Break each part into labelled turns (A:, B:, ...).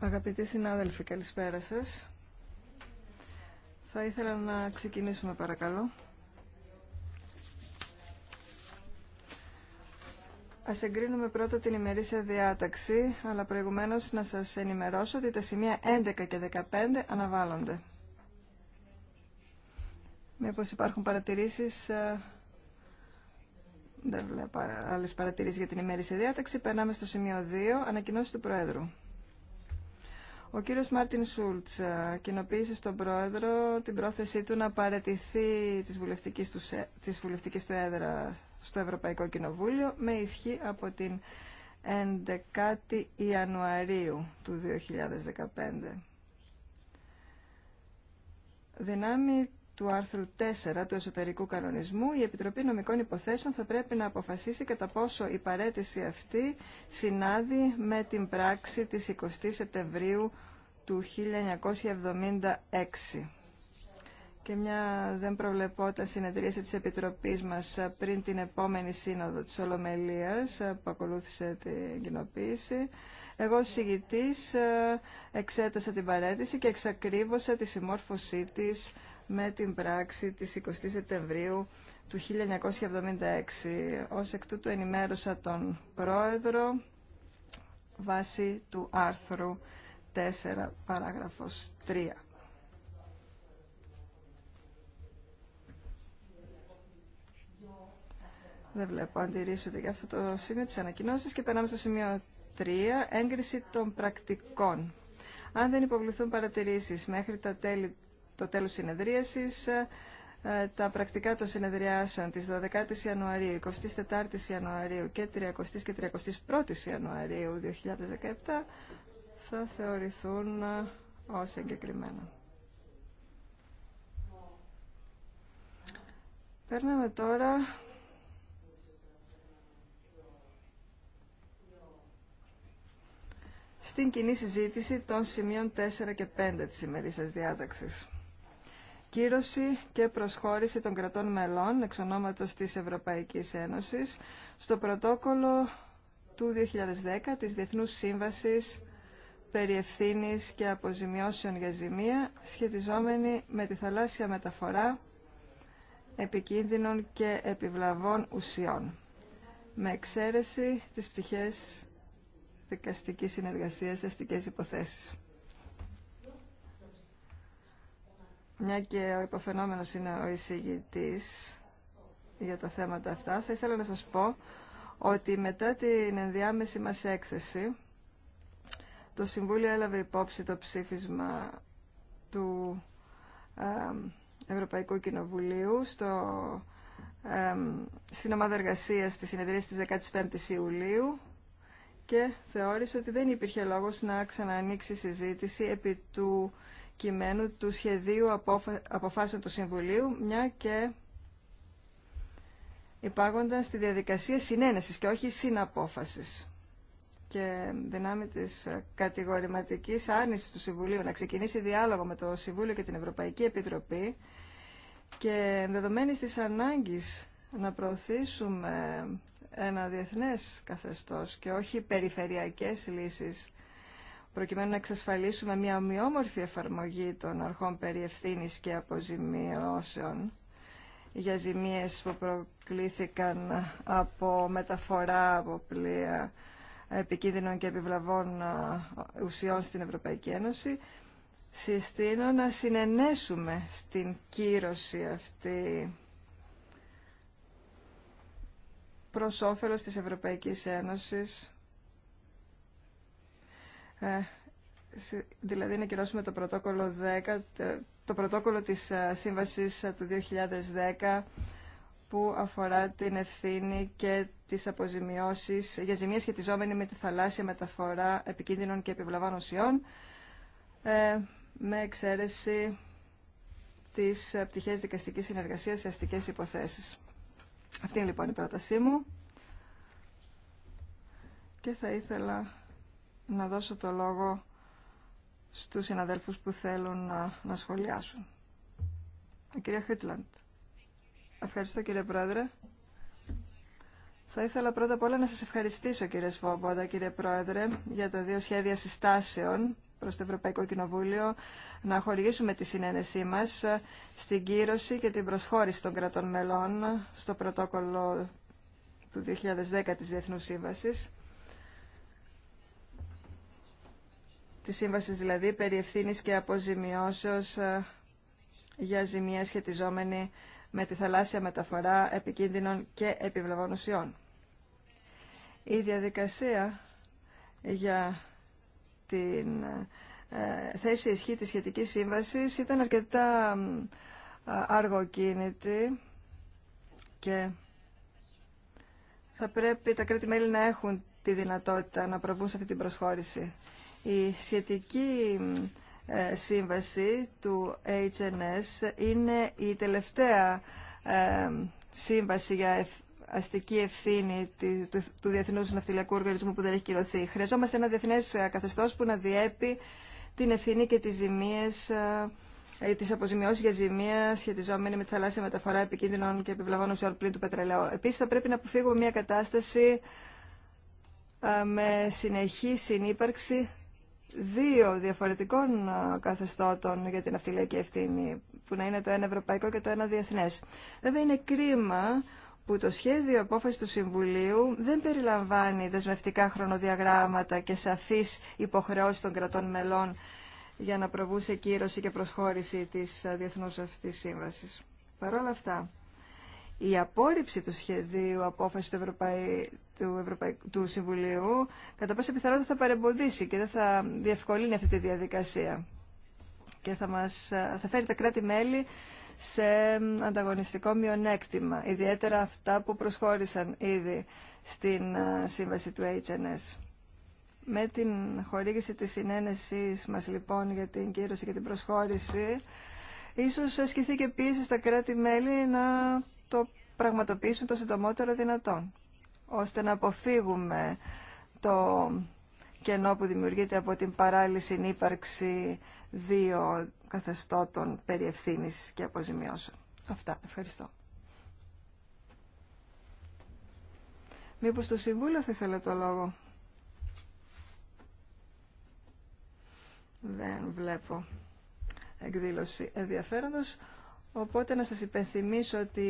A: Αγαπητοί συνάδελφοι, καλησπέρα σας. Θα ήθελα να ξεκινήσουμε παρακαλώ. Ας εγκρίνουμε πρώτα την ημερήσια διάταξη, αλλά προηγουμένως να σας ενημερώσω ότι τα σημεία 11 και 15 αναβάλλονται. Μήπως υπάρχουν παρατηρήσεις ε, δεν βλέπω άλλε παρατηρήσει για την ημέρηση διάταξη. Περνάμε στο σημείο 2, ανακοινώσει του Προέδρου. Ο κύριος Μάρτιν Σούλτ. Ε, κοινοποίησε στον Πρόεδρο την πρόθεσή του να παρετηθεί της βουλευτικής του, του έδρα στο Ευρωπαϊκό Κοινοβούλιο με ισχύ από την 11η Ιανουαρίου του 2015. Δυνάμει του άρθρου 4 του εσωτερικού κανονισμού, η Επιτροπή Νομικών Υποθέσεων θα πρέπει να αποφασίσει κατά πόσο η παρέτηση αυτή συνάδει με την πράξη της 20 Σεπτεμβρίου του 1976. Και μια δεν προβλεπόταν συνεδρίαση της Επιτροπής μας πριν την επόμενη σύνοδο της Ολομελίας που ακολούθησε την κοινοποίηση. Εγώ ως ε, εξέτασα την παρέτηση και εξακρίβωσα τη συμμόρφωσή της με την πράξη της 20 Σεπτεμβρίου του 1976. Ως εκ τούτου ενημέρωσα τον πρόεδρο βάσει του άρθρου 4 παράγραφος 3. Δεν βλέπω αντιρρήσει ούτε για αυτό το σημείο της ανακοινώσεις και περνάμε στο σημείο 3, έγκριση των πρακτικών. Αν δεν υποβληθούν παρατηρήσεις μέχρι τα τέλη το τέλος συνεδρίασης ε, τα πρακτικά των συνεδριάσεων της 12 η Ιανουαρίου, 24 η Ιανουαρίου και 30 η και 31 η Ιανουαρίου 2017 θα θεωρηθούν ε, ως εγκεκριμένα. Παίρναμε τώρα στην κοινή συζήτηση των σημείων 4 και 5 της σημερινής διάταξης κύρωση και προσχώρηση των κρατών μελών εξ ονόματος της Ευρωπαϊκής Ένωσης στο πρωτόκολλο του 2010 της Διεθνούς Σύμβασης περί ευθύνης και αποζημιώσεων για ζημία σχετιζόμενη με τη θαλάσσια μεταφορά επικίνδυνων και επιβλαβών ουσιών με εξαίρεση τις πτυχές δικαστικής συνεργασίας αστικές υποθέσεις. Μια και ο υποφαινόμενος είναι ο εισηγητής για τα θέματα αυτά, θα ήθελα να σας πω ότι μετά την ενδιάμεση μας έκθεση, το Συμβούλιο έλαβε υπόψη το ψήφισμα του Ευρωπαϊκού Κοινοβουλίου στο, ε, στην ομάδα εργασία της συνεδρίας της 15ης Ιουλίου και θεώρησε ότι δεν υπήρχε λόγος να η συζήτηση επί του κειμένου του σχεδίου αποφάσεων του Συμβουλίου, μια και υπάγονταν στη διαδικασία συνένεσης και όχι συναπόφασης. Και δυνάμει τη κατηγορηματική άρνηση του Συμβουλίου να ξεκινήσει διάλογο με το Συμβούλιο και την Ευρωπαϊκή Επιτροπή και δεδομένης της ανάγκης να προωθήσουμε ένα διεθνές καθεστώς και όχι περιφερειακές λύσεις προκειμένου να εξασφαλίσουμε μια ομοιόμορφη εφαρμογή των αρχών περί και αποζημιώσεων για ζημίες που προκλήθηκαν από μεταφορά από πλοία επικίνδυνων και επιβλαβών ουσιών στην Ευρωπαϊκή Ένωση, συστήνω να συνενέσουμε στην κύρωση αυτή προς όφελος της Ευρωπαϊκής Ένωσης ε, δηλαδή να κυρώσουμε το πρωτόκολλο 10, το πρωτόκολλο της ε, σύμβασης ε, του 2010 που αφορά την ευθύνη και τις αποζημιώσεις για ζημία σχετιζόμενη με τη θαλάσσια μεταφορά επικίνδυνων και επιβλαβών ουσιών με εξαίρεση τις πτυχές δικαστικής συνεργασίας σε αστικές υποθέσεις. Αυτή είναι λοιπόν η πρότασή μου και θα ήθελα να δώσω το λόγο στους συναδέλφους που θέλουν να, σχολιάσουν. κυρία Χίτλαντ. Ευχαριστώ κύριε Πρόεδρε. Θα ήθελα πρώτα απ' όλα να σας ευχαριστήσω κύριε Σβόμποντα κύριε Πρόεδρε, για τα δύο σχέδια συστάσεων προς το Ευρωπαϊκό Κοινοβούλιο να χορηγήσουμε τη συνένεσή μας στην κύρωση και την προσχώρηση των κρατών μελών στο πρωτόκολλο του 2010 της Διεθνούς Σύμβασης της σύμβασης δηλαδή περί ευθύνης και αποζημιώσεως ε, για ζημία σχετιζόμενη με τη θαλάσσια μεταφορά επικίνδυνων και επιβλαβών ουσιών. Η διαδικασία για την ε, θέση ισχύ της σχετικής σύμβασης ήταν αρκετά αργοκίνητη και θα πρέπει τα κράτη-μέλη να έχουν τη δυνατότητα να προβούν σε αυτή την προσχώρηση. Η σχετική ε, σύμβαση του HNS είναι η τελευταία ε, σύμβαση για αστική ευθύνη του Διεθνούς Ναυτιλιακού Οργανισμού που δεν έχει κυρωθεί. Χρειαζόμαστε ένα διεθνές ε, καθεστώς που να διέπει την ευθύνη και τις ζημίες τις αποζημιώσεις για ζημία σχετιζόμενη με τη θαλάσσια μεταφορά επικίνδυνων και επιβλαβών ουσιών πλήν του πετρελαίου. Επίσης θα πρέπει να αποφύγουμε μια κατάσταση με συνεχή συνύπαρξη δύο διαφορετικών καθεστώτων για την αυτιλιακή ευθύνη, που να είναι το ένα ευρωπαϊκό και το ένα διεθνές. Βέβαια είναι κρίμα που το σχέδιο απόφαση του Συμβουλίου δεν περιλαμβάνει δεσμευτικά χρονοδιαγράμματα και σαφείς υποχρεώσεις των κρατών μελών για να προβούσε σε κύρωση και προσχώρηση της διεθνούς αυτής σύμβασης. Παρ' όλα αυτά, η απόρριψη του σχεδίου απόφαση του, Ευρωπαϊ του, Ευρωπαϊκ... του Συμβουλίου κατά πάσα πιθανότητα θα παρεμποδίσει και δεν θα διευκολύνει αυτή τη διαδικασία και θα, μας, θα φέρει τα κράτη-μέλη σε ανταγωνιστικό μειονέκτημα, ιδιαίτερα αυτά που προσχώρησαν ήδη στην ε, σύμβαση του HNS. Με την χορήγηση της συνένεσης μας λοιπόν για την κύρωση και την προσχώρηση, ίσως ασκηθεί και πίεση στα κράτη-μέλη να το πραγματοποιήσουν το συντομότερο δυνατόν ώστε να αποφύγουμε το κενό που δημιουργείται από την παράλληλη συνύπαρξη δύο καθεστώτων περί και αποζημιώσεων. Αυτά. Ευχαριστώ. Μήπως το Συμβούλιο θα ήθελε το λόγο. Δεν βλέπω εκδήλωση ενδιαφέροντος. Οπότε να σας υπενθυμίσω ότι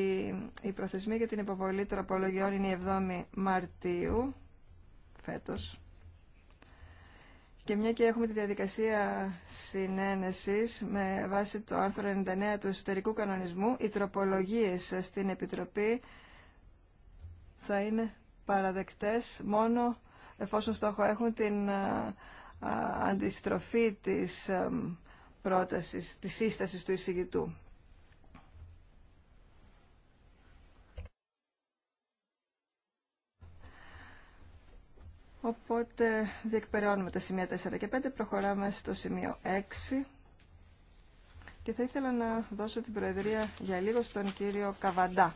A: η προθεσμία για την υποβολή τροπολογιών είναι η 7η Μαρτίου φέτος. Και μια και έχουμε τη διαδικασία συνένεσης με βάση το άρθρο 99 του εσωτερικού κανονισμού, οι τροπολογίες στην Επιτροπή θα είναι παραδεκτές μόνο εφόσον στόχο έχουν την αντιστροφή της πρότασης, της σύστασης του εισηγητού. Οπότε διεκπεραιώνουμε τα σημεία 4 και 5, προχωράμε στο σημείο 6 και θα ήθελα να δώσω την Προεδρία για λίγο στον κύριο Καβαντά.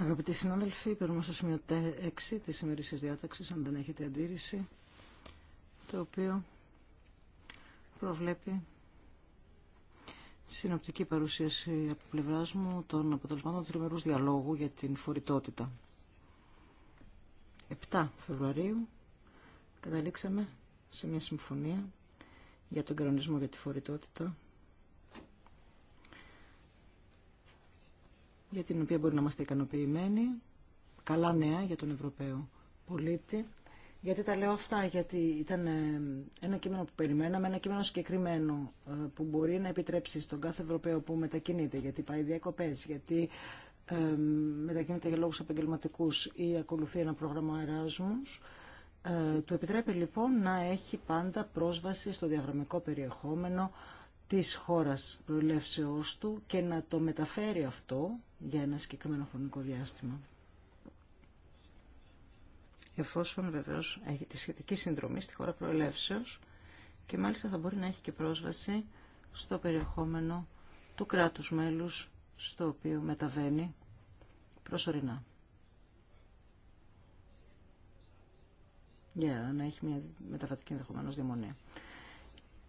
B: Αγαπητοί συνάδελφοι, περνούμε στο σημείο 6 της ημερήσιας διάταξης, αν δεν έχετε αντίρρηση, το οποίο προβλέπει συνοπτική παρουσίαση από πλευρά μου των αποτελεσμάτων του τριμερούς διαλόγου για την φορητότητα. 7 Φεβρουαρίου καταλήξαμε σε μια συμφωνία για τον κανονισμό για τη φορητότητα για την οποία μπορεί να είμαστε ικανοποιημένοι. Καλά νέα για τον Ευρωπαίο πολίτη. Γιατί τα λέω αυτά, γιατί ήταν ε, ένα κείμενο που περιμέναμε, ένα κείμενο συγκεκριμένο ε, που μπορεί να επιτρέψει στον κάθε Ευρωπαίο που μετακινείται, γιατί πάει διακοπέ, γιατί ε, μετακινείται για λόγους επαγγελματικού ή ακολουθεί ένα πρόγραμμα Εράσμου. του επιτρέπει λοιπόν να έχει πάντα πρόσβαση στο διαγραμμικό περιεχόμενο της χώρας προελεύσεώς του και να το μεταφέρει αυτό για ένα συγκεκριμένο χρονικό διάστημα. Εφόσον βεβαίως έχει τη σχετική συνδρομή στη χώρα προελεύσεως και μάλιστα θα μπορεί να έχει και πρόσβαση στο περιεχόμενο του κράτους μέλους στο οποίο μεταβαίνει προσωρινά. Για να έχει μια μεταβατική ενδεχομένω διαμονή.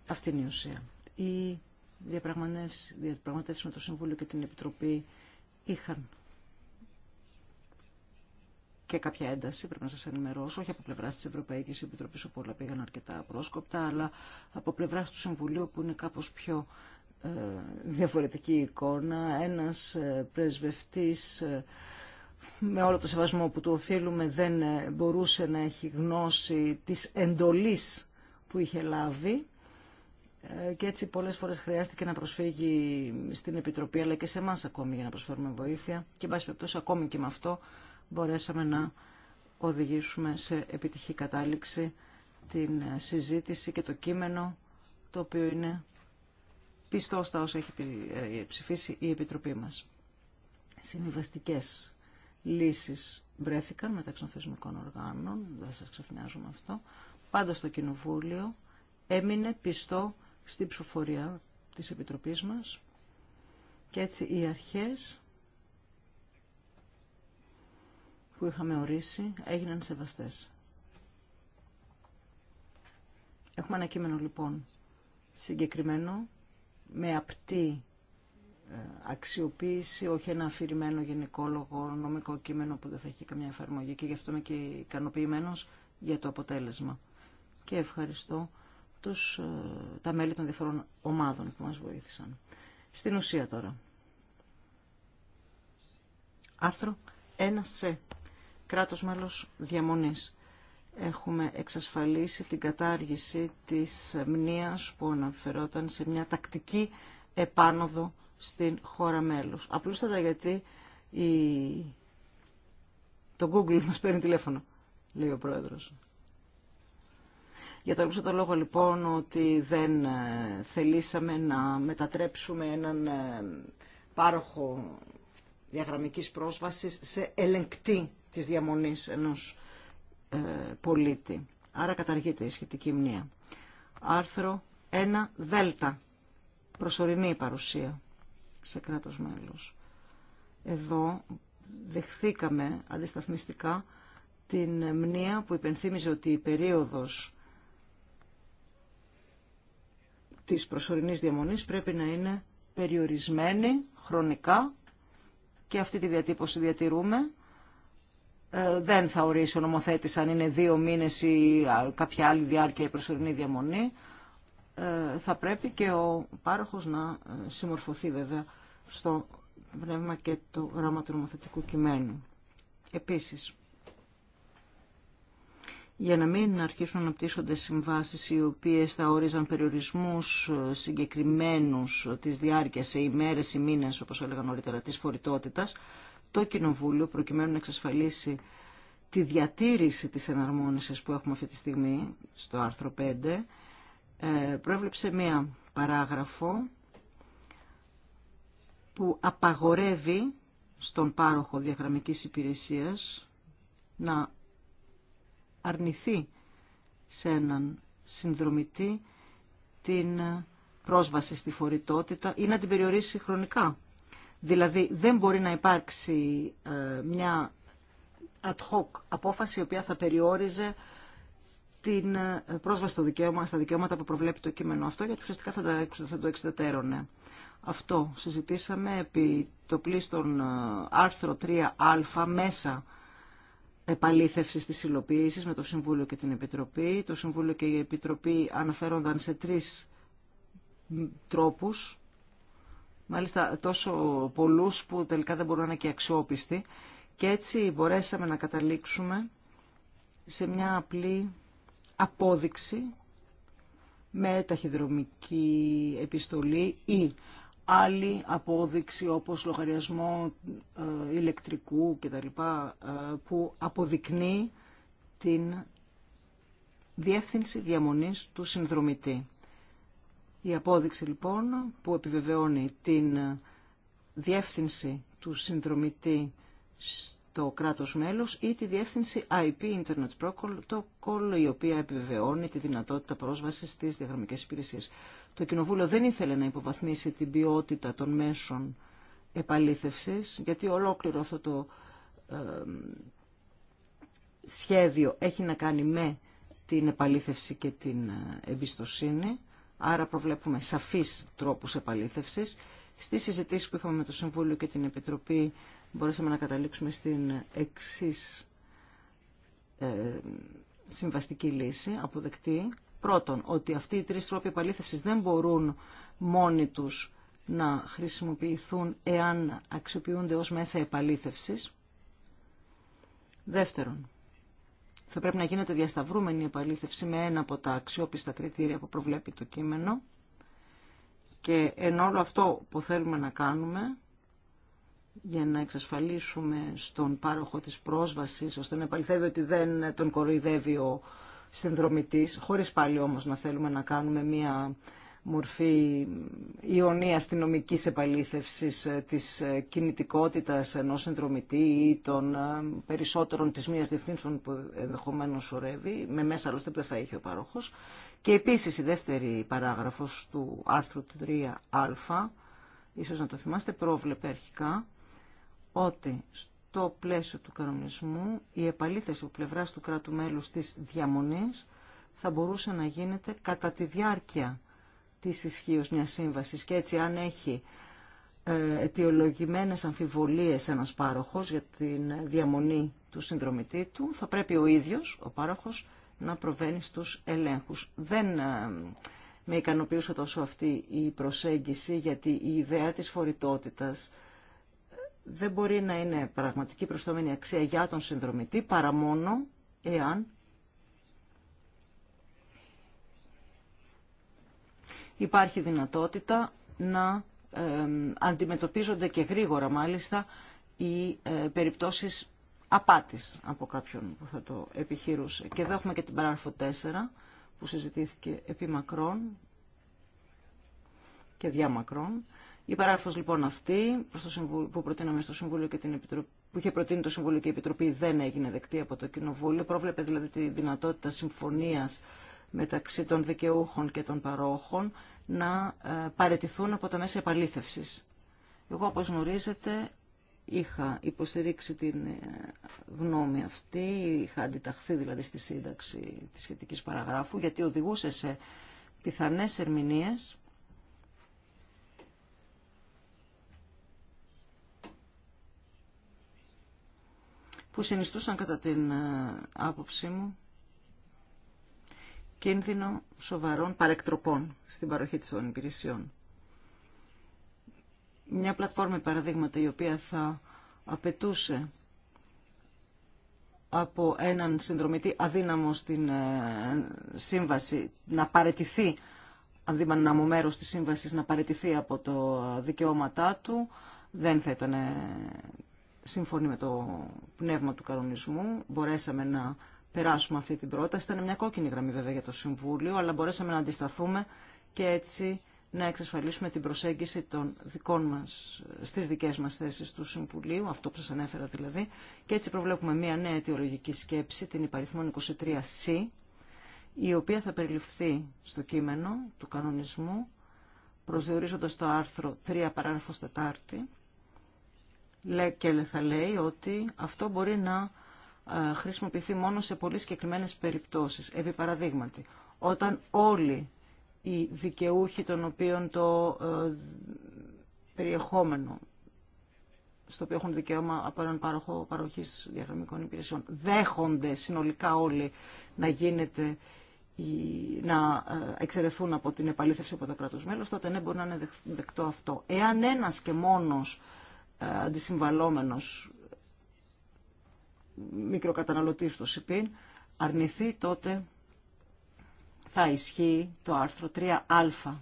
B: Αυτή είναι η ουσία. Οι διαπραγματεύσεις, με το Συμβούλιο και την Επιτροπή είχαν και κάποια ένταση, πρέπει να σας ενημερώσω, όχι από πλευράς της Ευρωπαϊκής Επιτροπής όπου όλα πήγαν αρκετά απρόσκοπτα, αλλά από πλευράς του Συμβουλίου που είναι κάπως πιο ε, διαφορετική εικόνα. Ένας ε, πρεσβευτής ε, με όλο το σεβασμό που του οφείλουμε δεν ε, μπορούσε να έχει γνώση της εντολής που είχε λάβει ε, και έτσι πολλέ φορέ χρειάστηκε να προσφύγει στην Επιτροπή αλλά και σε εμά ακόμη για να προσφέρουμε βοήθεια και πάση περιπτώσει ακόμη και με αυτό μπορέσαμε να οδηγήσουμε σε επιτυχή κατάληξη την ε, συζήτηση και το κείμενο το οποίο είναι πιστό στα όσα έχει ε, ψηφίσει η Επιτροπή μας. Συμβιβαστικές λύσεις βρέθηκαν μεταξύ των θεσμικών οργάνων, δεν σας ξεχνιάζουμε αυτό, πάντα στο Κοινοβούλιο έμεινε πιστό στην ψηφοφορία της Επιτροπής μας και έτσι οι αρχές που είχαμε ορίσει έγιναν σεβαστές. Έχουμε ένα κείμενο λοιπόν συγκεκριμένο με απτή ε, αξιοποίηση, όχι ένα αφηρημένο γενικόλογο νομικό κείμενο που δεν θα έχει καμιά εφαρμογή και γι' αυτό είμαι και ικανοποιημένο για το αποτέλεσμα. Και ευχαριστώ τους, ε, τα μέλη των διαφορών ομάδων που μας βοήθησαν. Στην ουσία τώρα. Άρθρο 1 σε κράτος μέλος διαμονής. Έχουμε εξασφαλίσει την κατάργηση της μνήας που αναφερόταν σε μια τακτική επάνωδο στην χώρα μέλους. Απλούστατα γιατί η... το Google μας παίρνει τηλέφωνο, λέει ο πρόεδρος. Για τον λόγο λοιπόν ότι δεν ε, θελήσαμε να μετατρέψουμε έναν ε, πάροχο διαγραμμικής πρόσβασης σε ελεγκτή της διαμονής ενός ε, πολίτη. Άρα καταργείται η σχετική μνήμα. Άρθρο 1 Δέλτα. Προσωρινή παρουσία σε κράτος μέλος. Εδώ δεχθήκαμε αντισταθμιστικά την μνήμα που υπενθύμιζε ότι η περίοδος της προσωρινής διαμονής πρέπει να είναι περιορισμένη χρονικά και αυτή τη διατύπωση διατηρούμε. Ε, δεν θα ορίσει ο νομοθέτης αν είναι δύο μήνες ή κάποια άλλη διάρκεια η προσωρινή διαμονή. Ε, θα πρέπει και ο πάροχος να ε, συμμορφωθεί βέβαια στο πνεύμα και το γράμμα του νομοθετικού κειμένου. Επίσης, για να μην αρχίσουν να πτήσονται συμβάσεις οι οποίες θα όριζαν περιορισμούς ε, συγκεκριμένους ε, της διάρκειας σε ημέρες ή μήνες, όπως έλεγα νωρίτερα, της φορητότητας, το Κοινοβούλιο προκειμένου να εξασφαλίσει τη διατήρηση της εναρμόνισης που έχουμε αυτή τη στιγμή στο άρθρο 5, ε, πρόβλεψε μία παράγραφο που απαγορεύει στον πάροχο διαγραμμικής υπηρεσίας να αρνηθεί σε έναν συνδρομητή την πρόσβαση στη φορητότητα ή να την περιορίσει χρονικά. Δηλαδή δεν μπορεί να υπάρξει ε, μια ad hoc απόφαση η οποία θα περιόριζε την ε, πρόσβαση στο δικαίωμα, στα δικαιώματα που προβλέπει το κείμενο αυτό, γιατί ουσιαστικά θα, τα, θα το εξετατέρωνε. Αυτό συζητήσαμε επί το πλήστον ε, άρθρο 3α μέσα επαλήθευσης της υλοποίησης με το Συμβούλιο και την Επιτροπή. Το Συμβούλιο και η Επιτροπή αναφέρονταν σε τρεις τρόπους, μάλιστα τόσο πολλούς που τελικά δεν μπορούν να είναι και αξιόπιστοι. Και έτσι μπορέσαμε να καταλήξουμε σε μια απλή απόδειξη με ταχυδρομική επιστολή ή άλλη απόδειξη όπως λογαριασμό ε, ηλεκτρικού κτλ. Ε, που αποδεικνύει την διεύθυνση διαμονής του συνδρομητή. Η απόδειξη λοιπόν που επιβεβαιώνει την διεύθυνση του συνδρομητή το κράτος μέλος ή τη διεύθυνση IP Internet Protocol, η οποία επιβεβαιώνει τη δυνατότητα πρόσβασης στις διαγραμμικές υπηρεσίες. Το Κοινοβούλιο δεν ήθελε να υποβαθμίσει την ποιότητα των μέσων επαλήθευσης, γιατί ολόκληρο αυτό το σχέδιο έχει να κάνει με την επαλήθευση και την ε, εμπιστοσύνη, άρα προβλέπουμε σαφείς τρόπους επαλήθευσης. Στις συζητήσεις που είχαμε με το Συμβούλιο και την Επιτροπή μπορέσαμε να καταλήξουμε στην εξή ε, συμβαστική λύση, αποδεκτή. Πρώτον, ότι αυτοί οι τρεις τρόποι επαλήθευσης δεν μπορούν μόνοι τους να χρησιμοποιηθούν εάν αξιοποιούνται ως μέσα επαλήθευσης. Δεύτερον, θα πρέπει να γίνεται διασταυρούμενη επαλήθευση με ένα από τα αξιόπιστα κριτήρια που προβλέπει το κείμενο και ενώ όλο αυτό που θέλουμε να κάνουμε για να εξασφαλίσουμε στον πάροχο της πρόσβασης, ώστε να επαληθεύει ότι δεν τον κοροϊδεύει ο συνδρομητής, χωρίς πάλι όμως να θέλουμε να κάνουμε μία μορφή ιωνία αστυνομική επαλήθευση ε, της ε, κινητικότητας ενός συνδρομητή ή των ε, περισσότερων της μίας διευθύνσεων που ενδεχομένω σωρεύει, με μέσα άλλωστε που δεν θα είχε ο παρόχος. Και επίσης η δεύτερη παράγραφος του άρθρου 3α, ίσως να το θυμάστε, πρόβλεπε αρχικά ότι στο πλαίσιο του κανονισμού η επαλήθευση από πλευρά του κράτου μέλου τη διαμονή θα μπορούσε να γίνεται κατά τη διάρκεια της ισχύω μια σύμβασης και έτσι αν έχει ε, αιτιολογημένες αμφιβολίες ένα πάροχο για την διαμονή του συνδρομητή του, θα πρέπει ο ίδιος, ο πάροχο να προβαίνει στους ελέγχους. Δεν ε, με ικανοποιούσε τόσο αυτή η προσέγγιση, γιατί η ιδέα της φορητότητας δεν μπορεί να είναι πραγματική προστομένη αξία για τον συνδρομητή παρά μόνο εάν υπάρχει δυνατότητα να αντιμετωπίζονται και γρήγορα μάλιστα οι ε, περιπτώσεις απάτης από κάποιον που θα το επιχειρούσε. Και εδώ έχουμε και την παράγραφο 4 που συζητήθηκε επί μακρόν και διαμακρόν η παράγραφος λοιπόν αυτή που, προτείναμε στο Συμβούλιο και την Επιτροπή που είχε προτείνει το Συμβούλιο και η Επιτροπή δεν έγινε δεκτή από το Κοινοβούλιο. Πρόβλεπε δηλαδή τη δυνατότητα συμφωνίας μεταξύ των δικαιούχων και των παρόχων να ε, παρετηθούν από τα μέσα επαλήθευσης. Εγώ, όπως γνωρίζετε, είχα υποστηρίξει την ε, γνώμη αυτή, είχα αντιταχθεί δηλαδή στη σύνταξη της σχετικής παραγράφου, γιατί οδηγούσε σε πιθανές ερμηνείες που συνιστούσαν κατά την ε, άποψή μου κίνδυνο σοβαρών παρεκτροπών στην παροχή των υπηρεσιών. Μια πλατφόρμα, παραδείγματα, η οποία θα απαιτούσε από έναν συνδρομητή αδύναμο στην ε, σύμβαση να παρετηθεί, αν δίμαναμε μέρος της σύμβασης, να παρετηθεί από το δικαιώματά του, δεν θα ήταν ε, σύμφωνοι με το πνεύμα του κανονισμού, μπορέσαμε να περάσουμε αυτή την πρόταση. Ήταν μια κόκκινη γραμμή βέβαια για το Συμβούλιο, αλλά μπορέσαμε να αντισταθούμε και έτσι να εξασφαλίσουμε την προσέγγιση των δικών μας, στις δικές μας θέσεις του Συμβουλίου, αυτό που σας ανέφερα δηλαδή, και έτσι προβλέπουμε μια νέα αιτιολογική σκέψη, την υπαριθμο 23 23C, η οποία θα περιληφθεί στο κείμενο του κανονισμού, προσδιορίζοντας το άρθρο 3 παράγραφος 4 και θα λέει ότι αυτό μπορεί να ε, χρησιμοποιηθεί μόνο σε πολύ συγκεκριμένες περιπτώσεις. Επί παραδείγματι, όταν όλοι οι δικαιούχοι των οποίων το ε, περιεχόμενο στο οποίο έχουν δικαίωμα από έναν παροχό παροχής υπηρεσιών δέχονται συνολικά όλοι να γίνεται να ε, εξαιρεθούν από την επαλήθευση από το κράτος μέλος, τότε ναι μπορεί να είναι δεκτό αυτό. Εάν ένας και μόνος αντισυμβαλόμενος μικροκαταναλωτής του ΣΥΠΗΝ αρνηθεί τότε θα ισχύει το άρθρο 3α.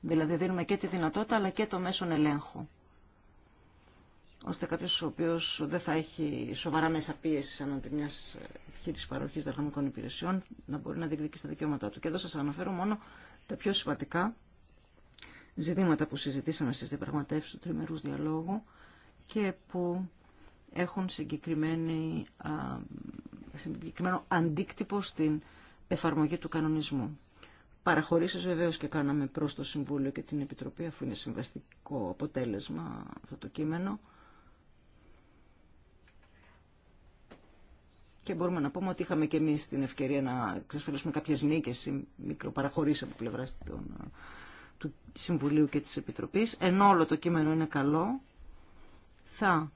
B: Δηλαδή δίνουμε και τη δυνατότητα αλλά και το μέσον ελέγχου. Ώστε κάποιος ο οποίος δεν θα έχει σοβαρά μέσα πίεση αναντι μιας επιχείρησης παροχής δραγμικών υπηρεσιών να μπορεί να διεκδικήσει τα δικαιώματά του. Και εδώ σας αναφέρω μόνο τα πιο σημαντικά ζητήματα που συζητήσαμε στις διαπραγματεύσεις του τριμερούς διαλόγου και που έχουν συγκεκριμένη, συγκεκριμένο αντίκτυπο στην εφαρμογή του κανονισμού. Παραχωρήσεις βεβαίως και κάναμε προς το Συμβούλιο και την Επιτροπή, αφού είναι συμβαστικό αποτέλεσμα αυτό το κείμενο. Και μπορούμε να πούμε ότι είχαμε και εμείς την ευκαιρία να εξασφαλίσουμε κάποιες νίκες ή μικροπαραχωρήσεις από πλευρά των του Συμβουλίου και της Επιτροπής, ενώ όλο το κείμενο είναι καλό, θα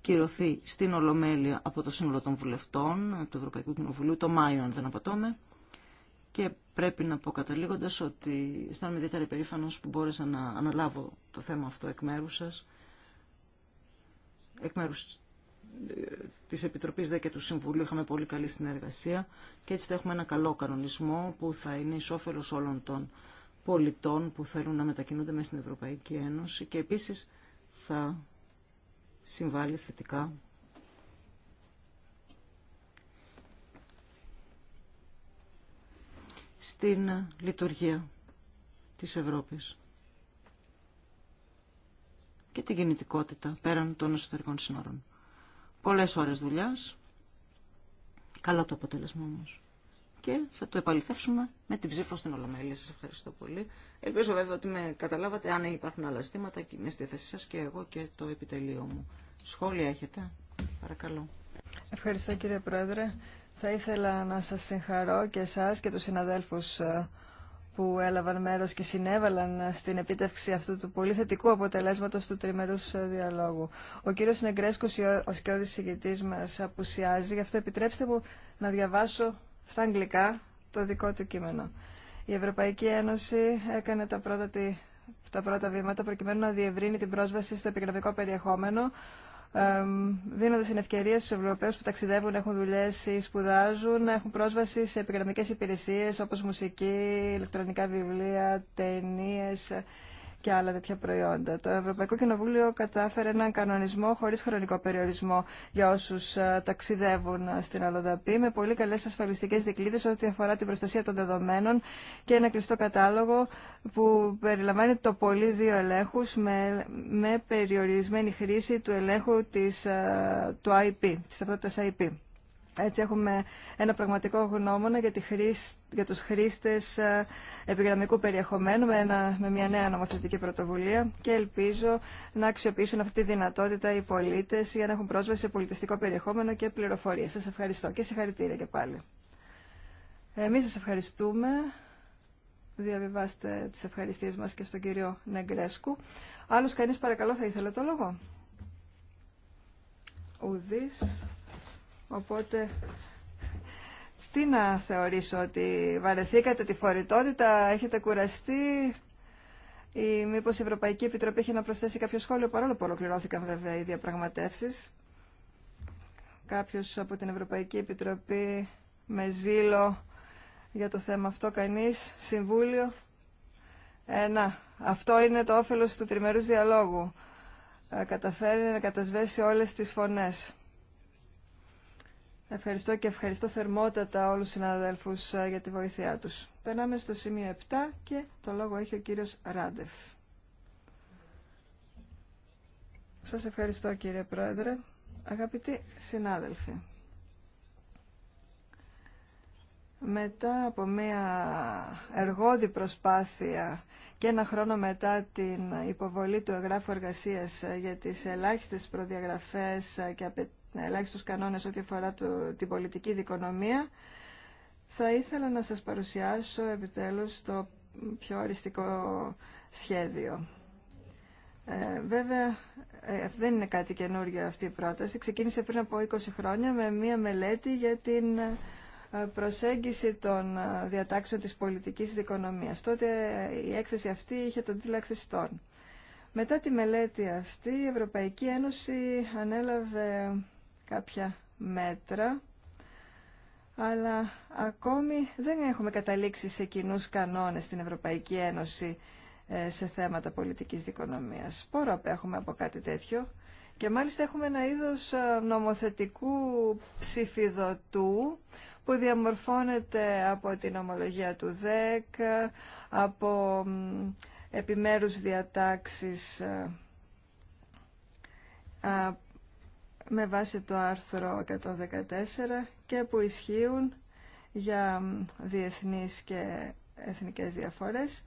B: κυρωθεί στην Ολομέλεια από το Σύνολο των Βουλευτών του Ευρωπαϊκού Κοινοβουλίου το Μάιο, αν δεν απατώμε. Και πρέπει να πω καταλήγοντας ότι αισθάνομαι ιδιαίτερα υπερήφανο που μπόρεσα να αναλάβω το θέμα αυτό εκ μέρου σα, εκ μέρου ε, τη Επιτροπή ΔΕ και του Συμβουλίου. Είχαμε πολύ καλή συνεργασία και έτσι θα έχουμε ένα καλό κανονισμό που θα είναι όλων των πολιτών που θέλουν να μετακινούνται μέσα στην Ευρωπαϊκή Ένωση και επίσης θα συμβάλλει θετικά στην λειτουργία της Ευρώπης και την κινητικότητα πέραν των εσωτερικών σύνορων. Πολλές ώρες δουλειάς, καλό το αποτέλεσμα όμως και θα το επαληθεύσουμε με την ψήφο στην Ολομέλεια. Σα ευχαριστώ πολύ. Ελπίζω βέβαια ότι με καταλάβατε αν υπάρχουν άλλα ζητήματα και είμαι στη θέση σα και εγώ και το επιτελείο μου. Σχόλια έχετε.
A: Παρακαλώ. Ευχαριστώ κύριε Πρόεδρε. Θα ήθελα να σας συγχαρώ και εσάς και τους συναδέλφους ε, που έλαβαν μέρος και συνέβαλαν στην επίτευξη αυτού του πολύ θετικού αποτελέσματος του τριμερούς ε, διαλόγου. Ο κύριος Νεγκρέσκος, ο σκιώδης συγκητής μας, απουσιάζει, γι' αυτό επιτρέψτε μου να διαβάσω στα αγγλικά το δικό του κείμενο. Η Ευρωπαϊκή Ένωση έκανε τα πρώτα, τα πρώτα βήματα προκειμένου να διευρύνει την πρόσβαση στο επικοινωνικό περιεχόμενο δίνοντα την ευκαιρία στους Ευρωπαίους που ταξιδεύουν, έχουν δουλειέ ή σπουδάζουν, έχουν πρόσβαση σε επικοινωνικέ υπηρεσίες όπως μουσική, ηλεκτρονικά βιβλία, ταινίε και άλλα τέτοια προϊόντα. Το Ευρωπαϊκό Κοινοβούλιο κατάφερε έναν κανονισμό χωρίς χρονικό περιορισμό για όσους ε, ταξιδεύουν ε, στην Αλοδαπή με πολύ καλές ασφαλιστικές δικλείδε ό,τι αφορά την προστασία των δεδομένων και ένα κλειστό κατάλογο που περιλαμβάνει το πολύ δύο ελέγχους με, με περιορισμένη χρήση του ελέγχου της, ε, του IP, IP. Έτσι έχουμε ένα πραγματικό γνώμονα για, τη για τους χρήστες ε, επιγραμμικού περιεχομένου με, ένα... με μια νέα νομοθετική πρωτοβουλία και ελπίζω να αξιοποιήσουν αυτή τη δυνατότητα οι πολίτες για να έχουν πρόσβαση σε πολιτιστικό περιεχόμενο και πληροφορίες. Σας ευχαριστώ και συγχαρητήρια και πάλι. Εμείς σας ευχαριστούμε. Διαβιβάστε τις ευχαριστίες μας και στον κύριο Νεγκρέσκου. Άλλος κανείς παρακαλώ θα ήθελε το λόγο. Ουδής. Οπότε, τι να θεωρήσω, ότι βαρεθήκατε τη φορητότητα, έχετε κουραστεί ή μήπως η Ευρωπαϊκή Επιτροπή έχει να προσθέσει κάποιο σχόλιο, παρόλο που ολοκληρώθηκαν βέβαια οι διαπραγματεύσεις. Κάποιος από την Ευρωπαϊκή Επιτροπή με ζήλο για το θέμα αυτό, κανείς, συμβούλιο. Ένα, αυτό είναι το όφελος του τριμερούς διαλόγου. Ε, καταφέρει να κατασβέσει όλες τις φωνές. Ευχαριστώ και ευχαριστώ θερμότατα όλους τους συναδέλφους ε, για τη βοήθειά τους. Περνάμε στο σημείο 7 και το λόγο έχει ο κύριος Ράντεφ. Σας ευχαριστώ κύριε Πρόεδρε. Αγαπητοί συνάδελφοι, μετά από μια εργόδη προσπάθεια και ένα χρόνο μετά την υποβολή του εγγράφου εργασίας ε, για τις ελάχιστες προδιαγραφές ε, και απαιτήσεις ελάχιστου κανόνες ό,τι αφορά το, την πολιτική δικονομία, θα ήθελα να σας παρουσιάσω επιτέλους το πιο αριστικό σχέδιο. Ε, βέβαια, ε, δεν είναι κάτι καινούργιο αυτή η πρόταση. Ξεκίνησε πριν από 20 χρόνια με μία μελέτη για την ε, προσέγγιση των ε, διατάξεων της πολιτικής δικονομίας. Τότε ε, η έκθεση αυτή είχε τον τίτλο Μετά τη μελέτη αυτή, η Ευρωπαϊκή Ένωση ανέλαβε κάποια μέτρα, αλλά ακόμη δεν έχουμε καταλήξει σε κοινού κανόνες στην Ευρωπαϊκή Ένωση ε, σε θέματα πολιτικής δικονομίας. Πόρο απέχουμε από κάτι τέτοιο και μάλιστα έχουμε ένα είδος ε, νομοθετικού ψηφιδοτού που διαμορφώνεται από την ομολογία του ΔΕΚ, από επιμέρους διατάξεις ε, με βάση το άρθρο 114 και που ισχύουν για διεθνείς και εθνικές διαφορές,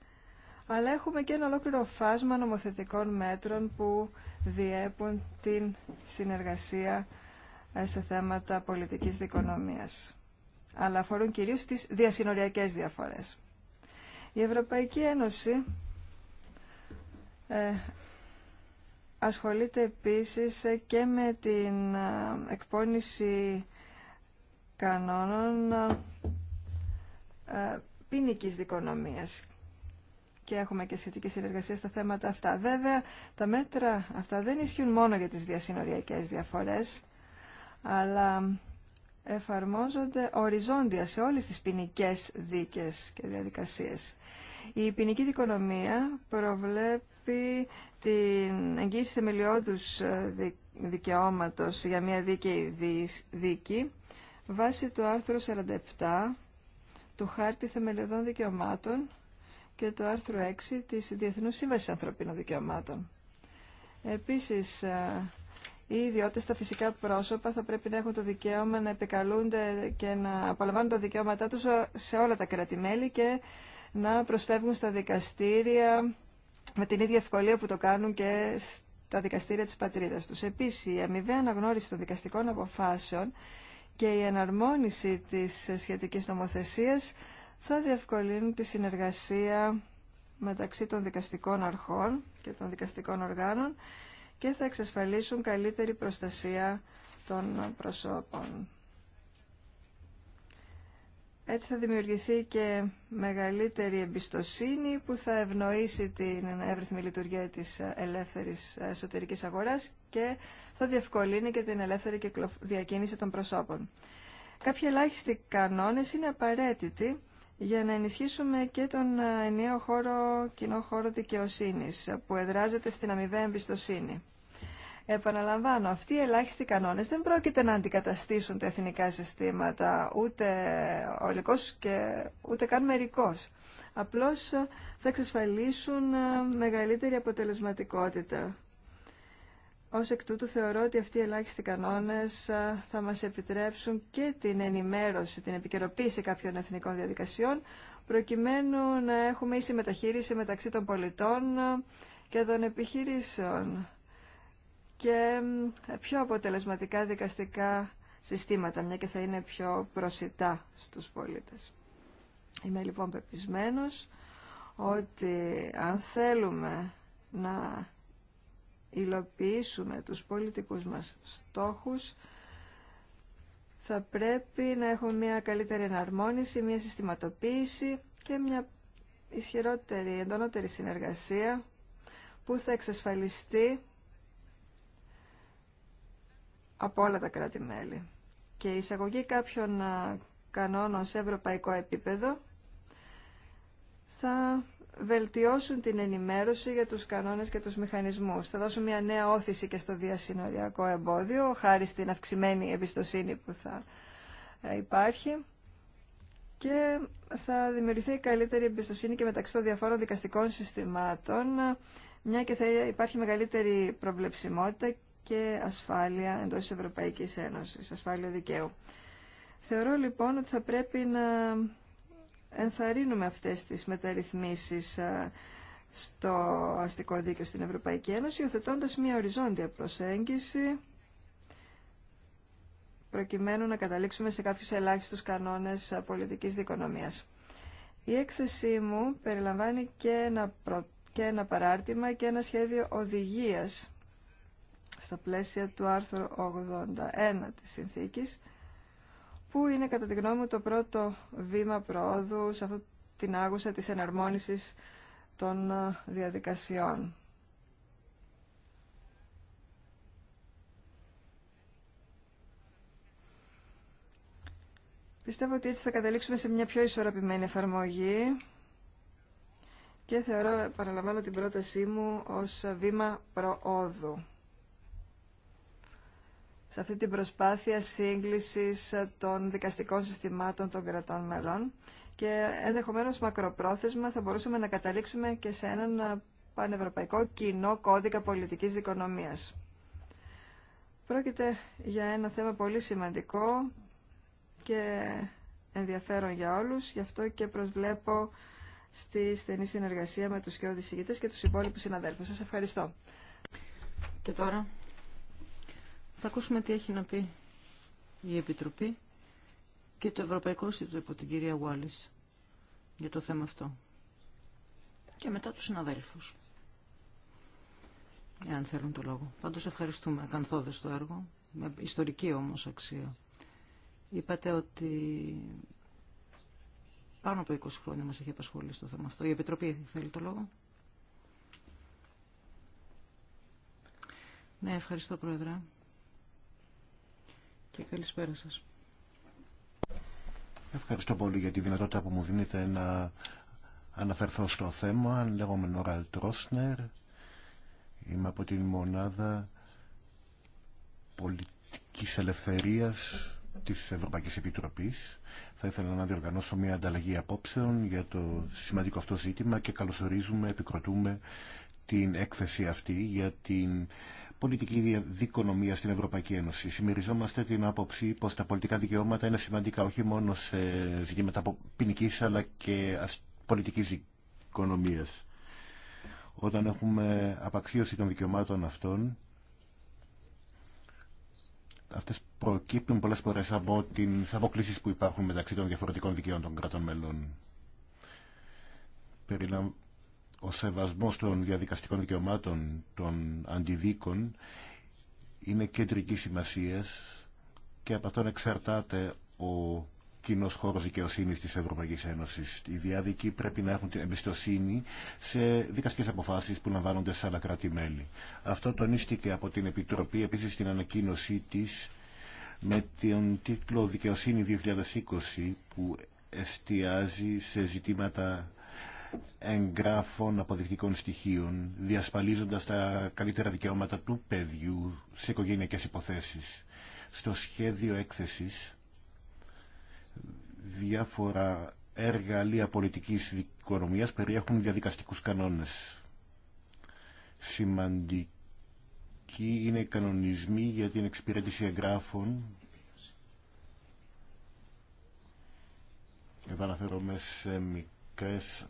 A: αλλά έχουμε και ένα ολόκληρο φάσμα νομοθετικών μέτρων που διέπουν την συνεργασία ε, σε θέματα πολιτικής δικονομίας, αλλά αφορούν κυρίως τις διασυνοριακές διαφορές. Η Ευρωπαϊκή Ένωση ε, ασχολείται επίσης και με την ε, εκπόνηση κανόνων ε, ποινικής δικονομίας και έχουμε και σχετική συνεργασία στα θέματα αυτά. Βέβαια, τα μέτρα αυτά δεν ισχύουν μόνο για τις διασυνοριακές διαφορές, αλλά εφαρμόζονται οριζόντια σε όλες τις ποινικέ δίκες και διαδικασίες. Η ποινική δικονομία προβλέπει την εγγύηση θεμελιώδους ε, δικαιώματος για μια δίκαιη δίκη βάσει του άρθρου 47 του Χάρτη Θεμελιωδών Δικαιωμάτων και του άρθρου 6 της Διεθνούς Σύμβασης Ανθρωπίνων Δικαιωμάτων. Επίσης, ε, οι ιδιώτες στα φυσικά πρόσωπα θα πρέπει να έχουν το δικαίωμα να επικαλούνται και να απολαμβάνουν τα δικαιώματά τους σε όλα τα κρατη και να προσφεύγουν στα δικαστήρια με την ίδια ευκολία που το κάνουν και στα δικαστήρια της πατρίδας τους. Επίσης, η αμοιβαία αναγνώριση των δικαστικών αποφάσεων και η εναρμόνιση της σχετικής νομοθεσίας θα διευκολύνουν τη συνεργασία μεταξύ των δικαστικών αρχών και των δικαστικών οργάνων και θα εξασφαλίσουν καλύτερη προστασία των προσώπων. Έτσι θα δημιουργηθεί και μεγαλύτερη εμπιστοσύνη που θα ευνοήσει την εύρυθμη λειτουργία της ελεύθερης εσωτερικής αγοράς και θα διευκολύνει και την ελεύθερη διακίνηση των προσώπων. Κάποιοι ελάχιστοι κανόνες είναι απαραίτητοι για να ενισχύσουμε και τον ενιαίο χώρο, κοινό χώρο δικαιοσύνης που εδράζεται στην αμοιβαία εμπιστοσύνη. Επαναλαμβάνω, αυτοί οι ελάχιστοι κανόνες δεν πρόκειται να αντικαταστήσουν τα εθνικά συστήματα, ούτε ολικό και ούτε καν μερικό. Απλώς θα εξασφαλίσουν ε, μεγαλύτερη αποτελεσματικότητα. Ω εκ τούτου θεωρώ ότι αυτοί οι ελάχιστοι κανόνες ε, θα μας επιτρέψουν και την ενημέρωση, την επικαιροποίηση κάποιων εθνικών διαδικασιών, προκειμένου να έχουμε ίση μεταχείριση μεταξύ των πολιτών ε, και των επιχειρήσεων και πιο αποτελεσματικά δικαστικά συστήματα, μια και θα είναι πιο προσιτά στους πολίτες. Είμαι λοιπόν πεπισμένος ότι αν θέλουμε να υλοποιήσουμε τους πολιτικούς μας στόχους, θα πρέπει να έχουμε μια καλύτερη εναρμόνιση, μια συστηματοποίηση και μια ισχυρότερη, εντονότερη συνεργασία που θα εξασφαλιστεί από όλα τα κράτη-μέλη. Και η εισαγωγή κάποιων κανόνων σε ευρωπαϊκό επίπεδο θα βελτιώσουν την ενημέρωση για τους κανόνες και τους μηχανισμούς. Θα δώσουν μια νέα όθηση και στο διασυνοριακό εμπόδιο, χάρη στην αυξημένη εμπιστοσύνη που θα ε, υπάρχει και θα δημιουργηθεί καλύτερη εμπιστοσύνη και μεταξύ των διαφόρων δικαστικών συστημάτων, ε, μια και θα υπάρχει μεγαλύτερη προβλεψιμότητα και ασφάλεια εντός της Ευρωπαϊκής Ένωσης, ασφάλεια δικαίου. Θεωρώ λοιπόν ότι θα πρέπει να ενθαρρύνουμε αυτές τις μεταρρυθμίσεις στο αστικό δίκαιο στην Ευρωπαϊκή Ένωση, υιοθετώντας μια οριζόντια προσέγγιση προκειμένου να καταλήξουμε σε κάποιους ελάχιστους κανόνες πολιτικής δικονομίας. Η έκθεσή μου περιλαμβάνει και ένα, και ένα παράρτημα και ένα σχέδιο οδηγίας στα πλαίσια του άρθρου 81 της συνθήκης, που είναι κατά τη γνώμη μου το πρώτο βήμα προόδου σε αυτή την άγουσα της εναρμόνισης των ε, διαδικασιών. Πιστεύω ότι έτσι θα καταλήξουμε σε μια πιο ισορροπημένη εφαρμογή και θεωρώ, παραλαμβάνω την πρότασή μου, ως βήμα προόδου σε αυτή την προσπάθεια σύγκλησης ε, των δικαστικών συστημάτων των κρατών μελών και ενδεχομένως μακροπρόθεσμα θα μπορούσαμε να καταλήξουμε και σε έναν ε, πανευρωπαϊκό κοινό κώδικα πολιτικής δικονομίας. Πρόκειται για ένα θέμα πολύ σημαντικό και ενδιαφέρον για όλους, γι' αυτό και προσβλέπω στη στενή συνεργασία με τους και και τους υπόλοιπους συναδέλφους. Σας ευχαριστώ. Θα ακούσουμε τι έχει
B: να πει η Επιτροπή και το Ευρωπαϊκό Ινστιτούτο από την κυρία Γουάλης για το θέμα αυτό. Και μετά τους συναδέλφους, εάν θέλουν το λόγο. Πάντως ευχαριστούμε, Ακανθόδες το έργο, με ιστορική όμως αξία. Είπατε ότι πάνω από 20 χρόνια μας έχει απασχολήσει το θέμα αυτό. Η Επιτροπή θέλει το λόγο. Ναι, ευχαριστώ Πρόεδρε και καλησπέρα σας.
C: Ευχαριστώ πολύ για τη δυνατότητα που μου δίνετε να αναφερθώ στο θέμα. Λέγομαι Νοραλ Τρόσνερ. Είμαι από την μονάδα πολιτικής ελευθερίας της Ευρωπαϊκής Επιτροπής. Θα ήθελα να διοργανώσω μια ανταλλαγή απόψεων για το σημαντικό αυτό ζήτημα και καλωσορίζουμε, επικροτούμε την έκθεση αυτή για την πολιτική δικονομία στην Ευρωπαϊκή Ένωση. Συμμεριζόμαστε την άποψη πως τα πολιτικά δικαιώματα είναι σημαντικά όχι μόνο σε ζητήματα ποινική αλλά και πολιτική οικονομίας. Όταν έχουμε απαξίωση των δικαιωμάτων αυτών, αυτές προκύπτουν πολλές φορέ από τι αποκλήσει που υπάρχουν μεταξύ των διαφορετικών δικαιών των κρατών μελών ο σεβασμός των διαδικαστικών δικαιωμάτων των αντιδίκων είναι κεντρική σημασίας και από αυτόν εξαρτάται ο κοινός χώρος δικαιοσύνη της ευρωπαϊκής ένωσης. Οι διάδικοι πρέπει να έχουν την εμπιστοσύνη σε δικαστικές αποφάσεις που λαμβάνονται σε άλλα κράτη-μέλη. Αυτό τονίστηκε από την Επιτροπή επίση στην ανακοίνωσή της με τον τίτλο Δικαιοσύνη 2020 που εστιάζει σε ζητήματα εγγράφων αποδεικτικών στοιχείων, διασφαλίζοντας τα καλύτερα δικαιώματα του παιδιού σε οικογενειακές υποθέσεις. Στο σχέδιο έκθεσης, διάφορα εργαλεία πολιτικής οικονομίας περιέχουν διαδικαστικούς κανόνες. Σημαντικοί είναι οι κανονισμοί για την εξυπηρέτηση εγγράφων Εδώ αναφέρομαι σε μικρές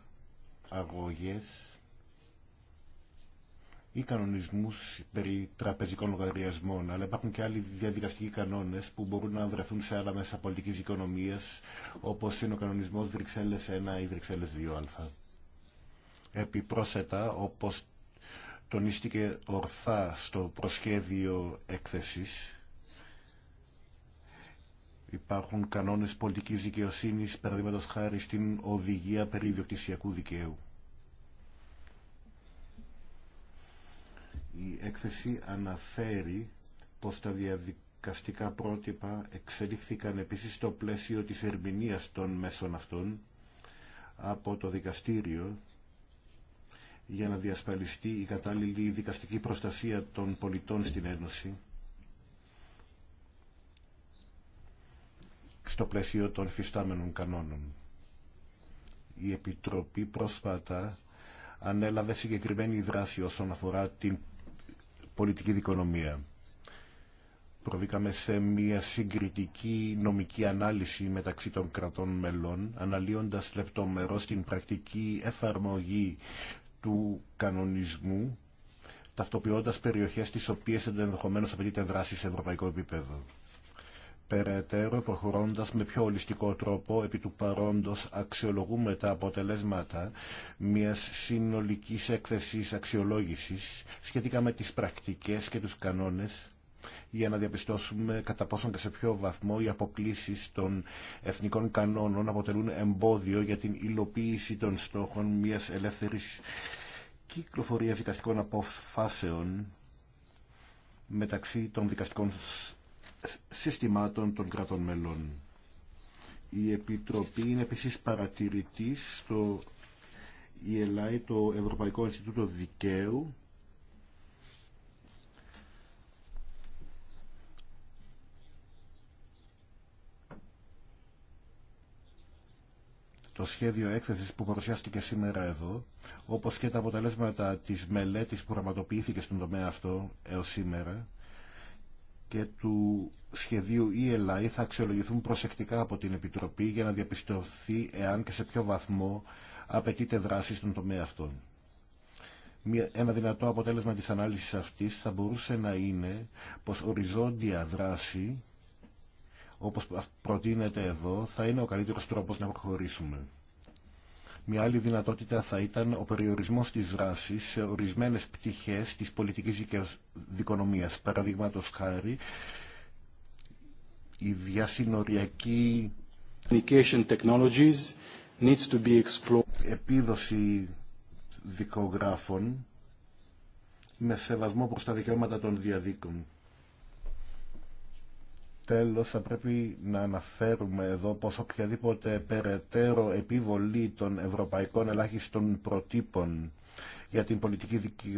C: αγωγές ή κανονισμούς περί τραπεζικών λογαριασμών, αλλά υπάρχουν και άλλοι διαδικαστικοί κανόνες που μπορούν να βρεθούν σε άλλα μέσα πολιτικής οικονομίας, όπως είναι ο κανονισμός Βρυξέλλες 1 ή Βρυξέλλες 2α. Επιπρόσθετα, όπως τονίστηκε ορθά στο προσχέδιο έκθεσης, Υπάρχουν κανόνες πολιτικής δικαιοσύνης, παραδείγματο χάρη στην οδηγία περί δικαίου. Η έκθεση αναφέρει πως τα διαδικαστικά πρότυπα εξελίχθηκαν επίσης στο πλαίσιο της ερμηνείας των μέσων αυτών από το δικαστήριο για να διασφαλιστεί η κατάλληλη δικαστική προστασία των πολιτών στην Ένωση στο πλαίσιο των φυστάμενων κανόνων. Η Επιτροπή πρόσφατα ανέλαβε συγκεκριμένη δράση όσον αφορά την πολιτική δικονομία. Προβήκαμε σε μια συγκριτική νομική ανάλυση μεταξύ των κρατών μελών, αναλύοντας λεπτομερώς την πρακτική εφαρμογή του κανονισμού, ταυτοποιώντας περιοχές τις οποίες ενδεχομένως απαιτείται δράση σε ευρωπαϊκό επίπεδο. Περαιτέρω προχωρώντας με πιο ολιστικό τρόπο επί του παρόντος αξιολογούμε τα αποτελέσματα μιας συνολικής έκθεσης αξιολόγησης σχετικά με τις πρακτικές και τους κανόνες για να διαπιστώσουμε κατά πόσον και σε ποιο βαθμό οι αποκλήσεις των εθνικών κανόνων αποτελούν εμπόδιο για την υλοποίηση των στόχων μιας ελεύθερης κυκλοφορίας δικαστικών αποφάσεων μεταξύ των δικαστικών συστημάτων των κρατών μελών. Η Επιτροπή είναι επίσης παρατηρητής στο ΙΕΛΑΙ, το Ευρωπαϊκό Ινστιτούτο Δικαίου, το σχέδιο έκθεσης που παρουσιάστηκε σήμερα εδώ, όπως και τα αποτελέσματα της μελέτης που πραγματοποιήθηκε στον τομέα αυτό έως σήμερα, και του σχεδίου ELI θα αξιολογηθούν προσεκτικά από την Επιτροπή για να διαπιστωθεί εάν και σε ποιο βαθμό απαιτείται δράση στον τομέα αυτών. Ένα δυνατό αποτέλεσμα της ανάλυσης αυτής θα μπορούσε να είναι πως οριζόντια δράση, όπως προτείνεται εδώ, θα είναι ο καλύτερος τρόπος να προχωρήσουμε. Μια άλλη δυνατότητα θα ήταν ο περιορισμός της δράσης σε ορισμένες πτυχές της πολιτικής δικονομίας. Παραδείγματος χάρη, η διασυνοριακή technologies needs to be explored. επίδοση δικογράφων με σεβασμό προς τα δικαιώματα των διαδίκων. Τέλος, θα πρέπει να αναφέρουμε εδώ πως οποιαδήποτε περαιτέρω επιβολή των ευρωπαϊκών ελάχιστων προτύπων για την πολιτική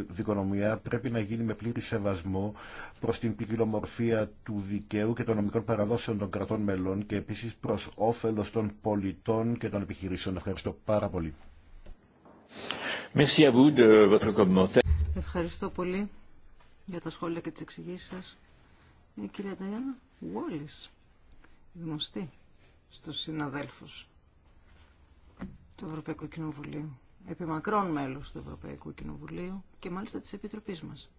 C: δικονομία πρέπει να γίνει με πλήρη σεβασμό προς την ποικιλομορφία του δικαίου και των νομικών παραδόσεων των κρατών μελών και επίσης προς όφελος των πολιτών και των επιχειρήσεων. Ευχαριστώ πάρα πολύ.
B: Ευχαριστώ πολύ για τα σχόλια και τις εξηγήσεις σας. Η κυρία Νταϊάννα Βόλης, γνωστή στους συναδέλφους του Ευρωπαϊκού Κοινοβουλίου μακρών μέλος του Ευρωπαϊκού Κοινοβουλίου και μάλιστα της Επιτροπής μας.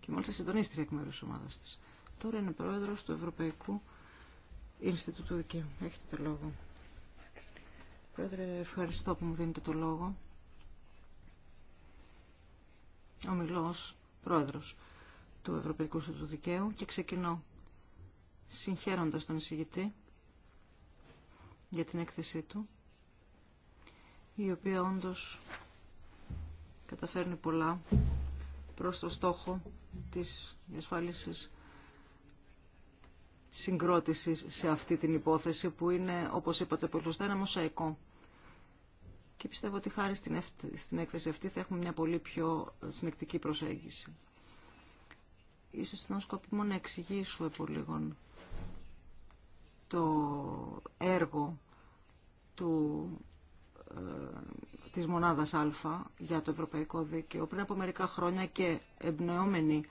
B: Και μάλιστα συντονίστρια εκ μέρους της ομάδας της. Τώρα είναι πρόεδρος του Ευρωπαϊκού Ινστιτούτου Δικαίου. Έχετε το λόγο. Πρόεδρε, ευχαριστώ που μου δίνετε το λόγο. ως πρόεδρος του Ευρωπαϊκού Ινστιτούτου Δικαίου και ξεκινώ συγχαίροντας τον εισηγητή για την έκθεσή του η οποία όντως καταφέρνει πολλά προς το στόχο της διασφάλισης συγκρότησης σε αυτή την υπόθεση που είναι, όπως είπατε πολύ σωστά, ένα μοσαϊκό. Και πιστεύω ότι χάρη στην, έκθεση αυτή θα έχουμε μια πολύ πιο συνεκτική προσέγγιση. Ίσως ήταν μου να εξηγήσω επό λίγο το έργο του ε, της μονάδας Α για το Ευρωπαϊκό Δίκαιο πριν από μερικά χρόνια και εμπνεώμενοι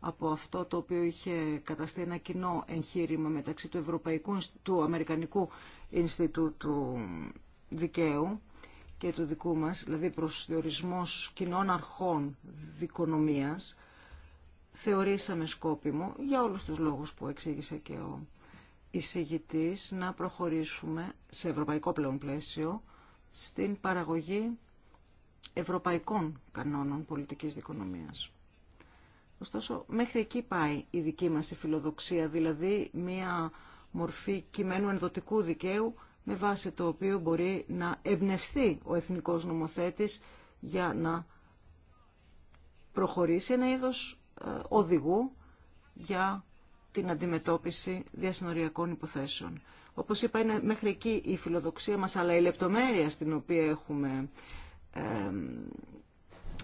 B: από αυτό το οποίο είχε καταστεί ένα κοινό εγχείρημα μεταξύ του, Ευρωπαϊκού, του Αμερικανικού Ινστιτούτου Δικαίου και του δικού μας, δηλαδή διορισμός κοινών αρχών δικονομίας, θεωρήσαμε σκόπιμο, για όλους τους λόγους που εξήγησε και ο εισηγητής, να προχωρήσουμε σε ευρωπαϊκό πλέον πλαίσιο, στην παραγωγή ευρωπαϊκών κανόνων πολιτικής δικονομίας. Ωστόσο, μέχρι εκεί πάει η δική μας η φιλοδοξία, δηλαδή μία μορφή κειμένου ενδοτικού δικαίου με βάση το οποίο μπορεί να εμπνευστεί ο εθνικός νομοθέτης για να προχωρήσει ένα είδος ε, οδηγού για την αντιμετώπιση διασυνοριακών υποθέσεων. Όπως είπα, είναι μέχρι εκεί η φιλοδοξία μας, αλλά η λεπτομέρεια στην οποία έχουμε ε,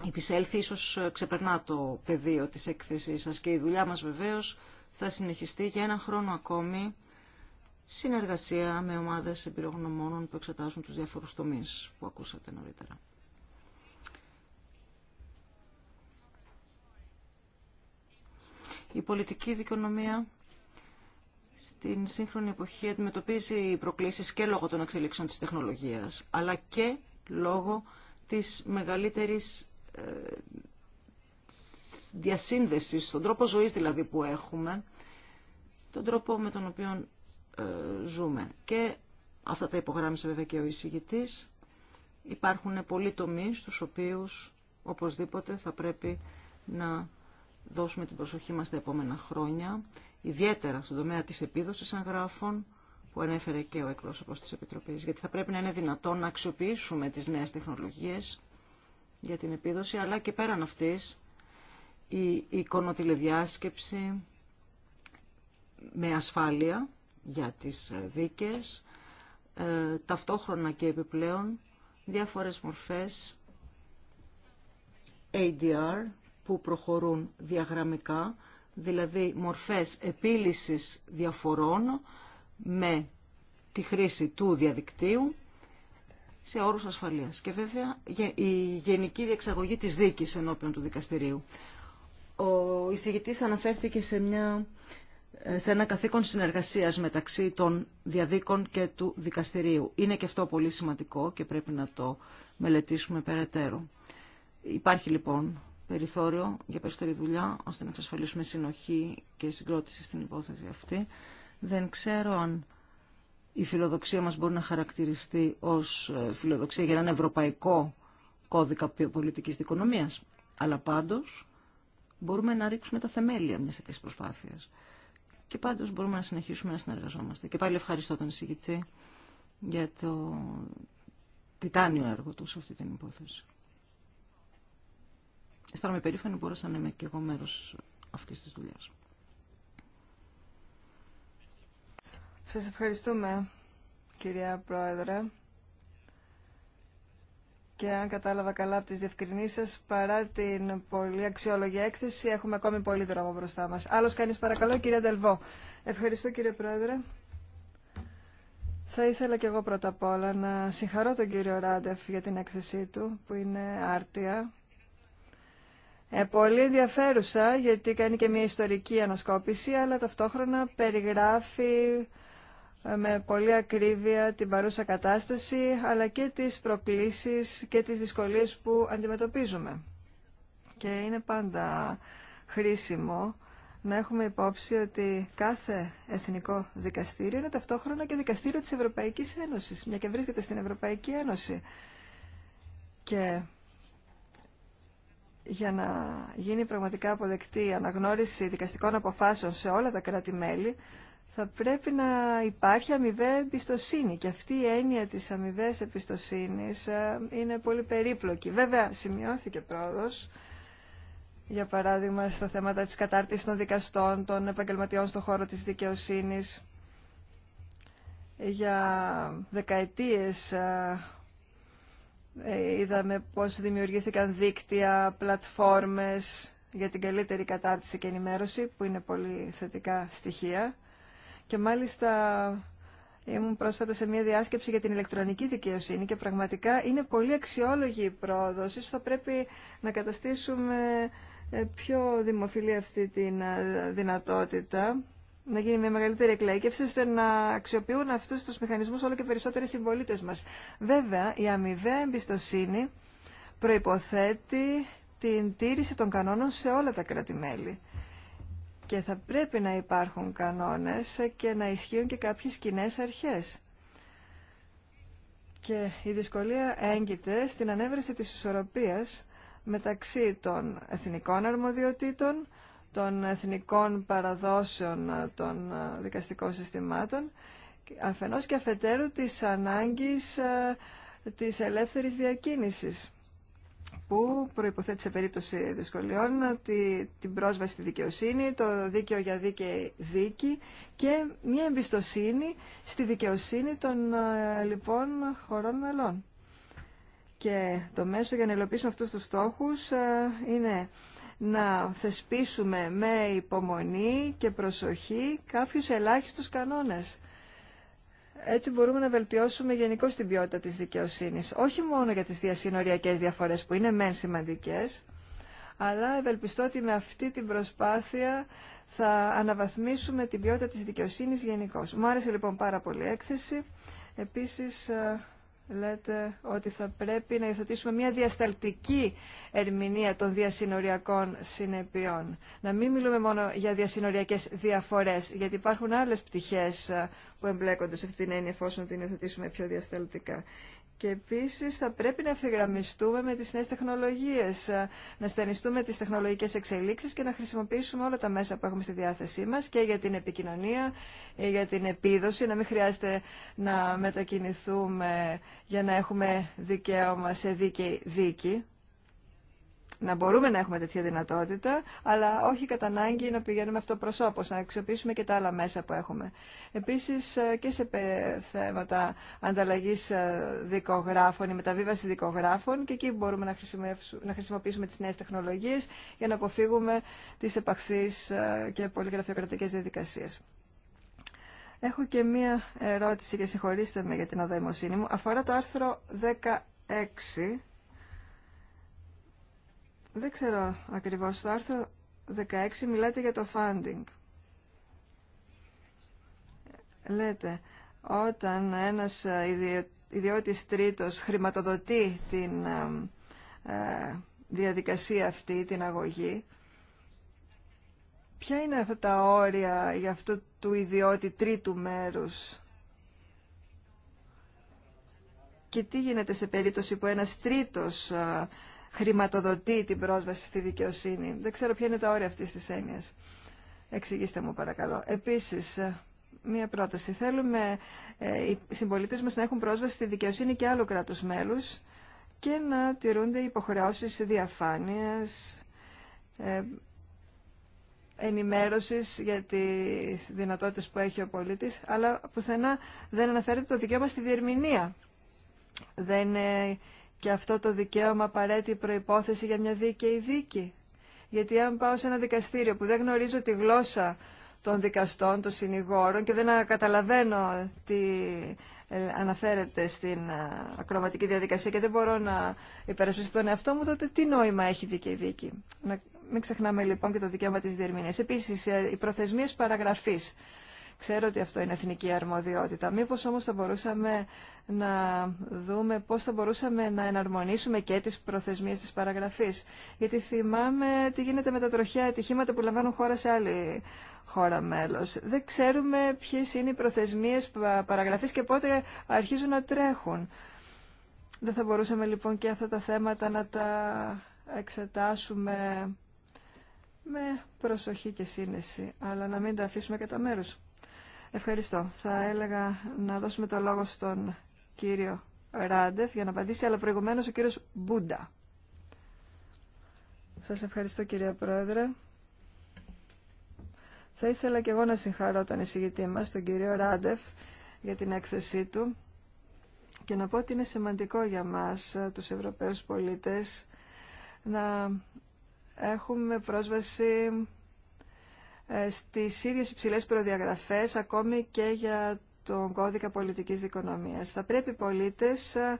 B: επισέλθει ίσως ξεπερνά το πεδίο της έκθεσής σας και η δουλειά μας βεβαίως θα συνεχιστεί για ένα χρόνο ακόμη συνεργασία με ομάδες εμπειρογνωμόνων που εξετάζουν τους διάφορους τομείς που ακούσατε νωρίτερα. Η πολιτική δικονομία την σύγχρονη εποχή αντιμετωπίζει προκλήσεις και λόγω των εξελίξεων της τεχνολογίας, αλλά και λόγω της μεγαλύτερης ε, διασύνδεσης, στον τρόπο ζωής δηλαδή που έχουμε, τον τρόπο με τον οποίο ε, ζούμε. Και αυτά τα υπογράμμισε βέβαια και ο εισηγητής. Υπάρχουν πολλοί τομεί στους οποίους οπωσδήποτε θα πρέπει να δώσουμε την προσοχή μας τα επόμενα χρόνια ιδιαίτερα στον τομέα της επίδοσης αγράφων που ανέφερε και ο εκπρόσωπος της Επιτροπής, γιατί θα πρέπει να είναι δυνατόν να αξιοποιήσουμε τις νέες τεχνολογίες για την επίδοση, αλλά και πέραν αυτής η εικονοτηλεδιάσκεψη με ασφάλεια για τις δίκες, ε, ταυτόχρονα και επιπλέον διάφορες μορφές ADR που προχωρούν διαγραμμικά δηλαδή μορφές επίλυσης διαφορών με τη χρήση του διαδικτύου σε όρους ασφαλείας. Και βέβαια η γενική διεξαγωγή της δίκης ενώπιον του δικαστηρίου. Ο εισηγητής αναφέρθηκε σε, μια, σε ένα καθήκον συνεργασίας μεταξύ των διαδίκων και του δικαστηρίου. Είναι και αυτό πολύ σημαντικό και πρέπει να το μελετήσουμε περαιτέρω. Υπάρχει λοιπόν περιθώριο για περισσότερη δουλειά, ώστε να εξασφαλίσουμε συνοχή και συγκρότηση στην υπόθεση αυτή. Δεν ξέρω αν η φιλοδοξία μας μπορεί να χαρακτηριστεί ως ε, φιλοδοξία για έναν ευρωπαϊκό κώδικα πολιτικής δικονομίας. Αλλά πάντως μπορούμε να ρίξουμε τα θεμέλια μιας τέτοιας προσπάθειας. Και πάντως μπορούμε να συνεχίσουμε να συνεργαζόμαστε. Και πάλι ευχαριστώ τον εισηγητή για το τιτάνιο έργο του σε αυτή την υπόθεση αισθάνομαι περήφανη μπορούσα να είμαι και εγώ μέρος αυτής της δουλειάς.
A: Σας ευχαριστούμε κυρία Πρόεδρε. Και αν κατάλαβα καλά από τις διευκρινήσεις σας, παρά την πολύ αξιόλογη έκθεση, έχουμε ακόμη πολύ δρόμο μπροστά μας. Άλλος κανείς παρακαλώ, κυρία Ντελβό. Ευχαριστώ κύριε Πρόεδρε. Θα ήθελα και εγώ πρώτα απ' όλα να συγχαρώ τον κύριο Ράντεφ για την έκθεσή του, που είναι άρτια ε, πολύ ενδιαφέρουσα γιατί κάνει και μια ιστορική ανασκόπηση αλλά ταυτόχρονα περιγράφει ε, με πολύ ακρίβεια την παρούσα κατάσταση αλλά και τις προκλήσεις και τις δυσκολίες που αντιμετωπίζουμε. Και είναι πάντα χρήσιμο να έχουμε υπόψη ότι κάθε εθνικό δικαστήριο είναι ταυτόχρονα και δικαστήριο της Ευρωπαϊκής Ένωσης, μια και βρίσκεται στην Ευρωπαϊκή Ένωση για να γίνει πραγματικά αποδεκτή η αναγνώριση δικαστικών αποφάσεων σε όλα τα κράτη-μέλη, θα πρέπει να υπάρχει αμοιβέ εμπιστοσύνη. Και αυτή η έννοια της αμοιβαία εμπιστοσύνη ε, είναι πολύ περίπλοκη. Βέβαια, σημειώθηκε πρόοδος, για παράδειγμα, στα θέματα της κατάρτισης των δικαστών, των επαγγελματιών στον χώρο της δικαιοσύνης. Για δεκαετίες ε, ε, είδαμε πώς δημιουργήθηκαν δίκτυα, πλατφόρμες για την καλύτερη κατάρτιση και ενημέρωση, που είναι πολύ θετικά στοιχεία. Και μάλιστα ήμουν πρόσφατα σε μια διάσκεψη για την ηλεκτρονική δικαιοσύνη και πραγματικά είναι πολύ αξιόλογη η πρόοδος. Ίσως θα πρέπει να καταστήσουμε ε, πιο δημοφιλή αυτή τη ε, δυνατότητα να γίνει μια μεγαλύτερη εκλαίκευση, ώστε να αξιοποιούν αυτούς τους μηχανισμούς όλο και περισσότεροι συμπολίτε μας. Βέβαια, η αμοιβαία εμπιστοσύνη προϋποθέτει την τήρηση των κανόνων σε όλα τα κρατη Και θα πρέπει να υπάρχουν κανόνες και να ισχύουν και κάποιες κοινέ αρχές. Και η δυσκολία έγκυται στην ανέβρεση της ισορροπίας μεταξύ των εθνικών αρμοδιοτήτων, των εθνικών παραδόσεων ε, των ε, δικαστικών συστημάτων αφενός και αφετέρου της ανάγκης ε, της ελεύθερης διακίνησης που προϋποθέτει σε περίπτωση δυσκολιών την πρόσβαση στη δικαιοσύνη, το δίκαιο για δίκαιη δίκη και μια εμπιστοσύνη στη δικαιοσύνη των λοιπόν χωρών μελών. Και το μέσο για να υλοποιήσουμε αυτούς τους στόχους είναι να θεσπίσουμε με υπομονή και προσοχή κάποιους ελάχιστους κανόνες. Έτσι μπορούμε να βελτιώσουμε γενικώ την ποιότητα της δικαιοσύνης, όχι μόνο για τις διασυνοριακές διαφορές που είναι μεν σημαντικές, αλλά ευελπιστώ ότι με αυτή την προσπάθεια θα αναβαθμίσουμε την ποιότητα της δικαιοσύνης γενικώ. Μου άρεσε λοιπόν πάρα πολύ έκθεση. Επίσης ε, λέτε ότι θα πρέπει να υιοθετήσουμε μια διασταλτική ερμηνεία των διασυνοριακών συνεπειών. Να μην μιλούμε μόνο για διασυνοριακές διαφορές, γιατί υπάρχουν άλλες πτυχές ε, που εμπλέκονται σε αυτήν την έννοια εφόσον την υιοθετήσουμε πιο διασταλτικά. Και επίση θα πρέπει να ευθυγραμμιστούμε με τις νέες τεχνολογίες, ε, να στενιστούμε τις τεχνολογικές εξελίξεις και να χρησιμοποιήσουμε όλα τα μέσα που έχουμε στη διάθεσή μας και για την επικοινωνία, ε, για την επίδοση, να μην χρειάζεται να μετακινηθούμε για να έχουμε δικαίωμα σε δίκαιη δίκη να μπορούμε να έχουμε τέτοια δυνατότητα, αλλά όχι κατά ανάγκη να πηγαίνουμε αυτοπροσώπως, να αξιοποιήσουμε και τα άλλα μέσα που έχουμε. Επίσης ε, και σε θέματα ανταλλαγής ε, δικογράφων ή μεταβίβαση δικογράφων και εκεί μπορούμε να χρησιμοποιήσουμε τις νέες τεχνολογίες για να αποφύγουμε τις επαχθείς ε, και πολύ διαδικασίε. διαδικασίες. Έχω και μία ερώτηση και συγχωρήστε με για την αδαιμοσύνη μου. Αφορά το άρθρο 16 δεν ξέρω ακριβώς. Στο άρθρο 16 μιλάτε για το funding. Λέτε, όταν ένας ιδιώτης τρίτος χρηματοδοτεί την ε, ε, διαδικασία αυτή, την αγωγή, ποια είναι αυτά τα όρια για αυτό του ιδιώτη τρίτου μέρους και τι γίνεται σε περίπτωση που ένας τρίτος ε, χρηματοδοτεί την πρόσβαση στη δικαιοσύνη. Δεν ξέρω ποια είναι τα όρια αυτής της έννοιας. Εξηγήστε μου παρακαλώ. Επίσης, ε, μία πρόταση. Θέλουμε ε, οι συμπολίτες μας να έχουν πρόσβαση στη δικαιοσύνη και άλλου κράτους μέλους και να τηρούνται οι υποχρεώσεις διαφάνειας, ε, ενημέρωσης για τις δυνατότητες που έχει ο πολίτης, αλλά πουθενά δεν αναφέρεται το δικαίωμα στη διερμηνία. Δεν και αυτό το δικαίωμα απαραίτητη προϋπόθεση για μια δίκαιη δίκη. Γιατί αν πάω σε ένα δικαστήριο που δεν γνωρίζω τη γλώσσα των δικαστών, των συνηγόρων και δεν καταλαβαίνω τι ε, αναφέρεται στην ε, ακροματική διαδικασία και δεν μπορώ να υπερασπιστώ τον εαυτό μου, τότε τι νόημα έχει δίκαιη δίκη. Να μην ξεχνάμε λοιπόν και το δικαίωμα της διερμηνίας. Επίσης, ε, οι προθεσμίες παραγραφής. Ξέρω ότι αυτό είναι εθνική αρμοδιότητα. Μήπως όμως θα μπορούσαμε να δούμε πώς θα μπορούσαμε να εναρμονίσουμε και τις προθεσμίες της παραγραφής. Γιατί θυμάμαι τι γίνεται με τα τροχιά ατυχήματα που λαμβάνουν χώρα σε άλλη χώρα μέλος. Δεν ξέρουμε ποιες είναι οι προθεσμίες παραγραφής και πότε αρχίζουν να τρέχουν. Δεν θα μπορούσαμε λοιπόν και αυτά τα θέματα να τα εξετάσουμε με προσοχή και σύνεση, αλλά να μην τα αφήσουμε κατά μέρους. Ευχαριστώ. Θα έλεγα να δώσουμε το λόγο στον κύριο Ράντεφ για να απαντήσει, αλλά προηγουμένως ο κύριος Μπούντα. Σας ευχαριστώ κύριε Πρόεδρε. Θα ήθελα και εγώ να συγχαρώ τον εισηγητή μας, τον κύριο Ράντεφ, για την έκθεσή του και να πω ότι είναι σημαντικό για μας, ε, τους Ευρωπαίους πολίτες, να έχουμε πρόσβαση ε, στις ίδιες υψηλές προδιαγραφές ακόμη και για τον κώδικα πολιτικής δικονομίας. Θα πρέπει οι πολίτες ε,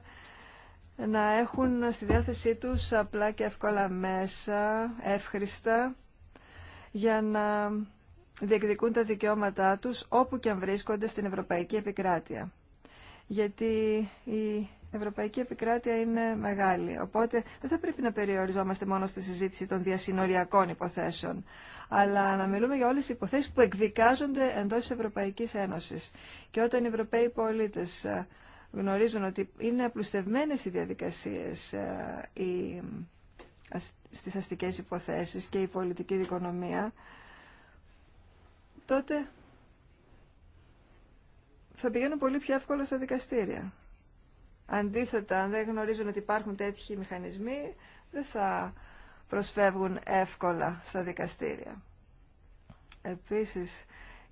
A: να έχουν στη διάθεσή τους απλά και εύκολα μέσα, εύχριστα, για να διεκδικούν τα δικαιώματά τους όπου και αν βρίσκονται στην Ευρωπαϊκή Επικράτεια. Γιατί η ευρωπαϊκή επικράτεια είναι μεγάλη. Οπότε δεν θα πρέπει να περιοριζόμαστε μόνο στη συζήτηση των διασυνοριακών υποθέσεων, αλλά να μιλούμε για όλε τι υποθέσεις που εκδικάζονται εντός της Ευρωπαϊκής Ένωσης. Και όταν οι Ευρωπαίοι πολίτες ε, γνωρίζουν ότι είναι απλουστευμένε οι διαδικασίες ε, στι αστικέ υποθέσει και η πολιτική δικονομία, τότε θα πηγαίνουν πολύ πιο εύκολα στα δικαστήρια. Αντίθετα, αν δεν γνωρίζουν ότι υπάρχουν τέτοιοι μηχανισμοί, δεν θα προσφεύγουν εύκολα στα δικαστήρια. Επίσης,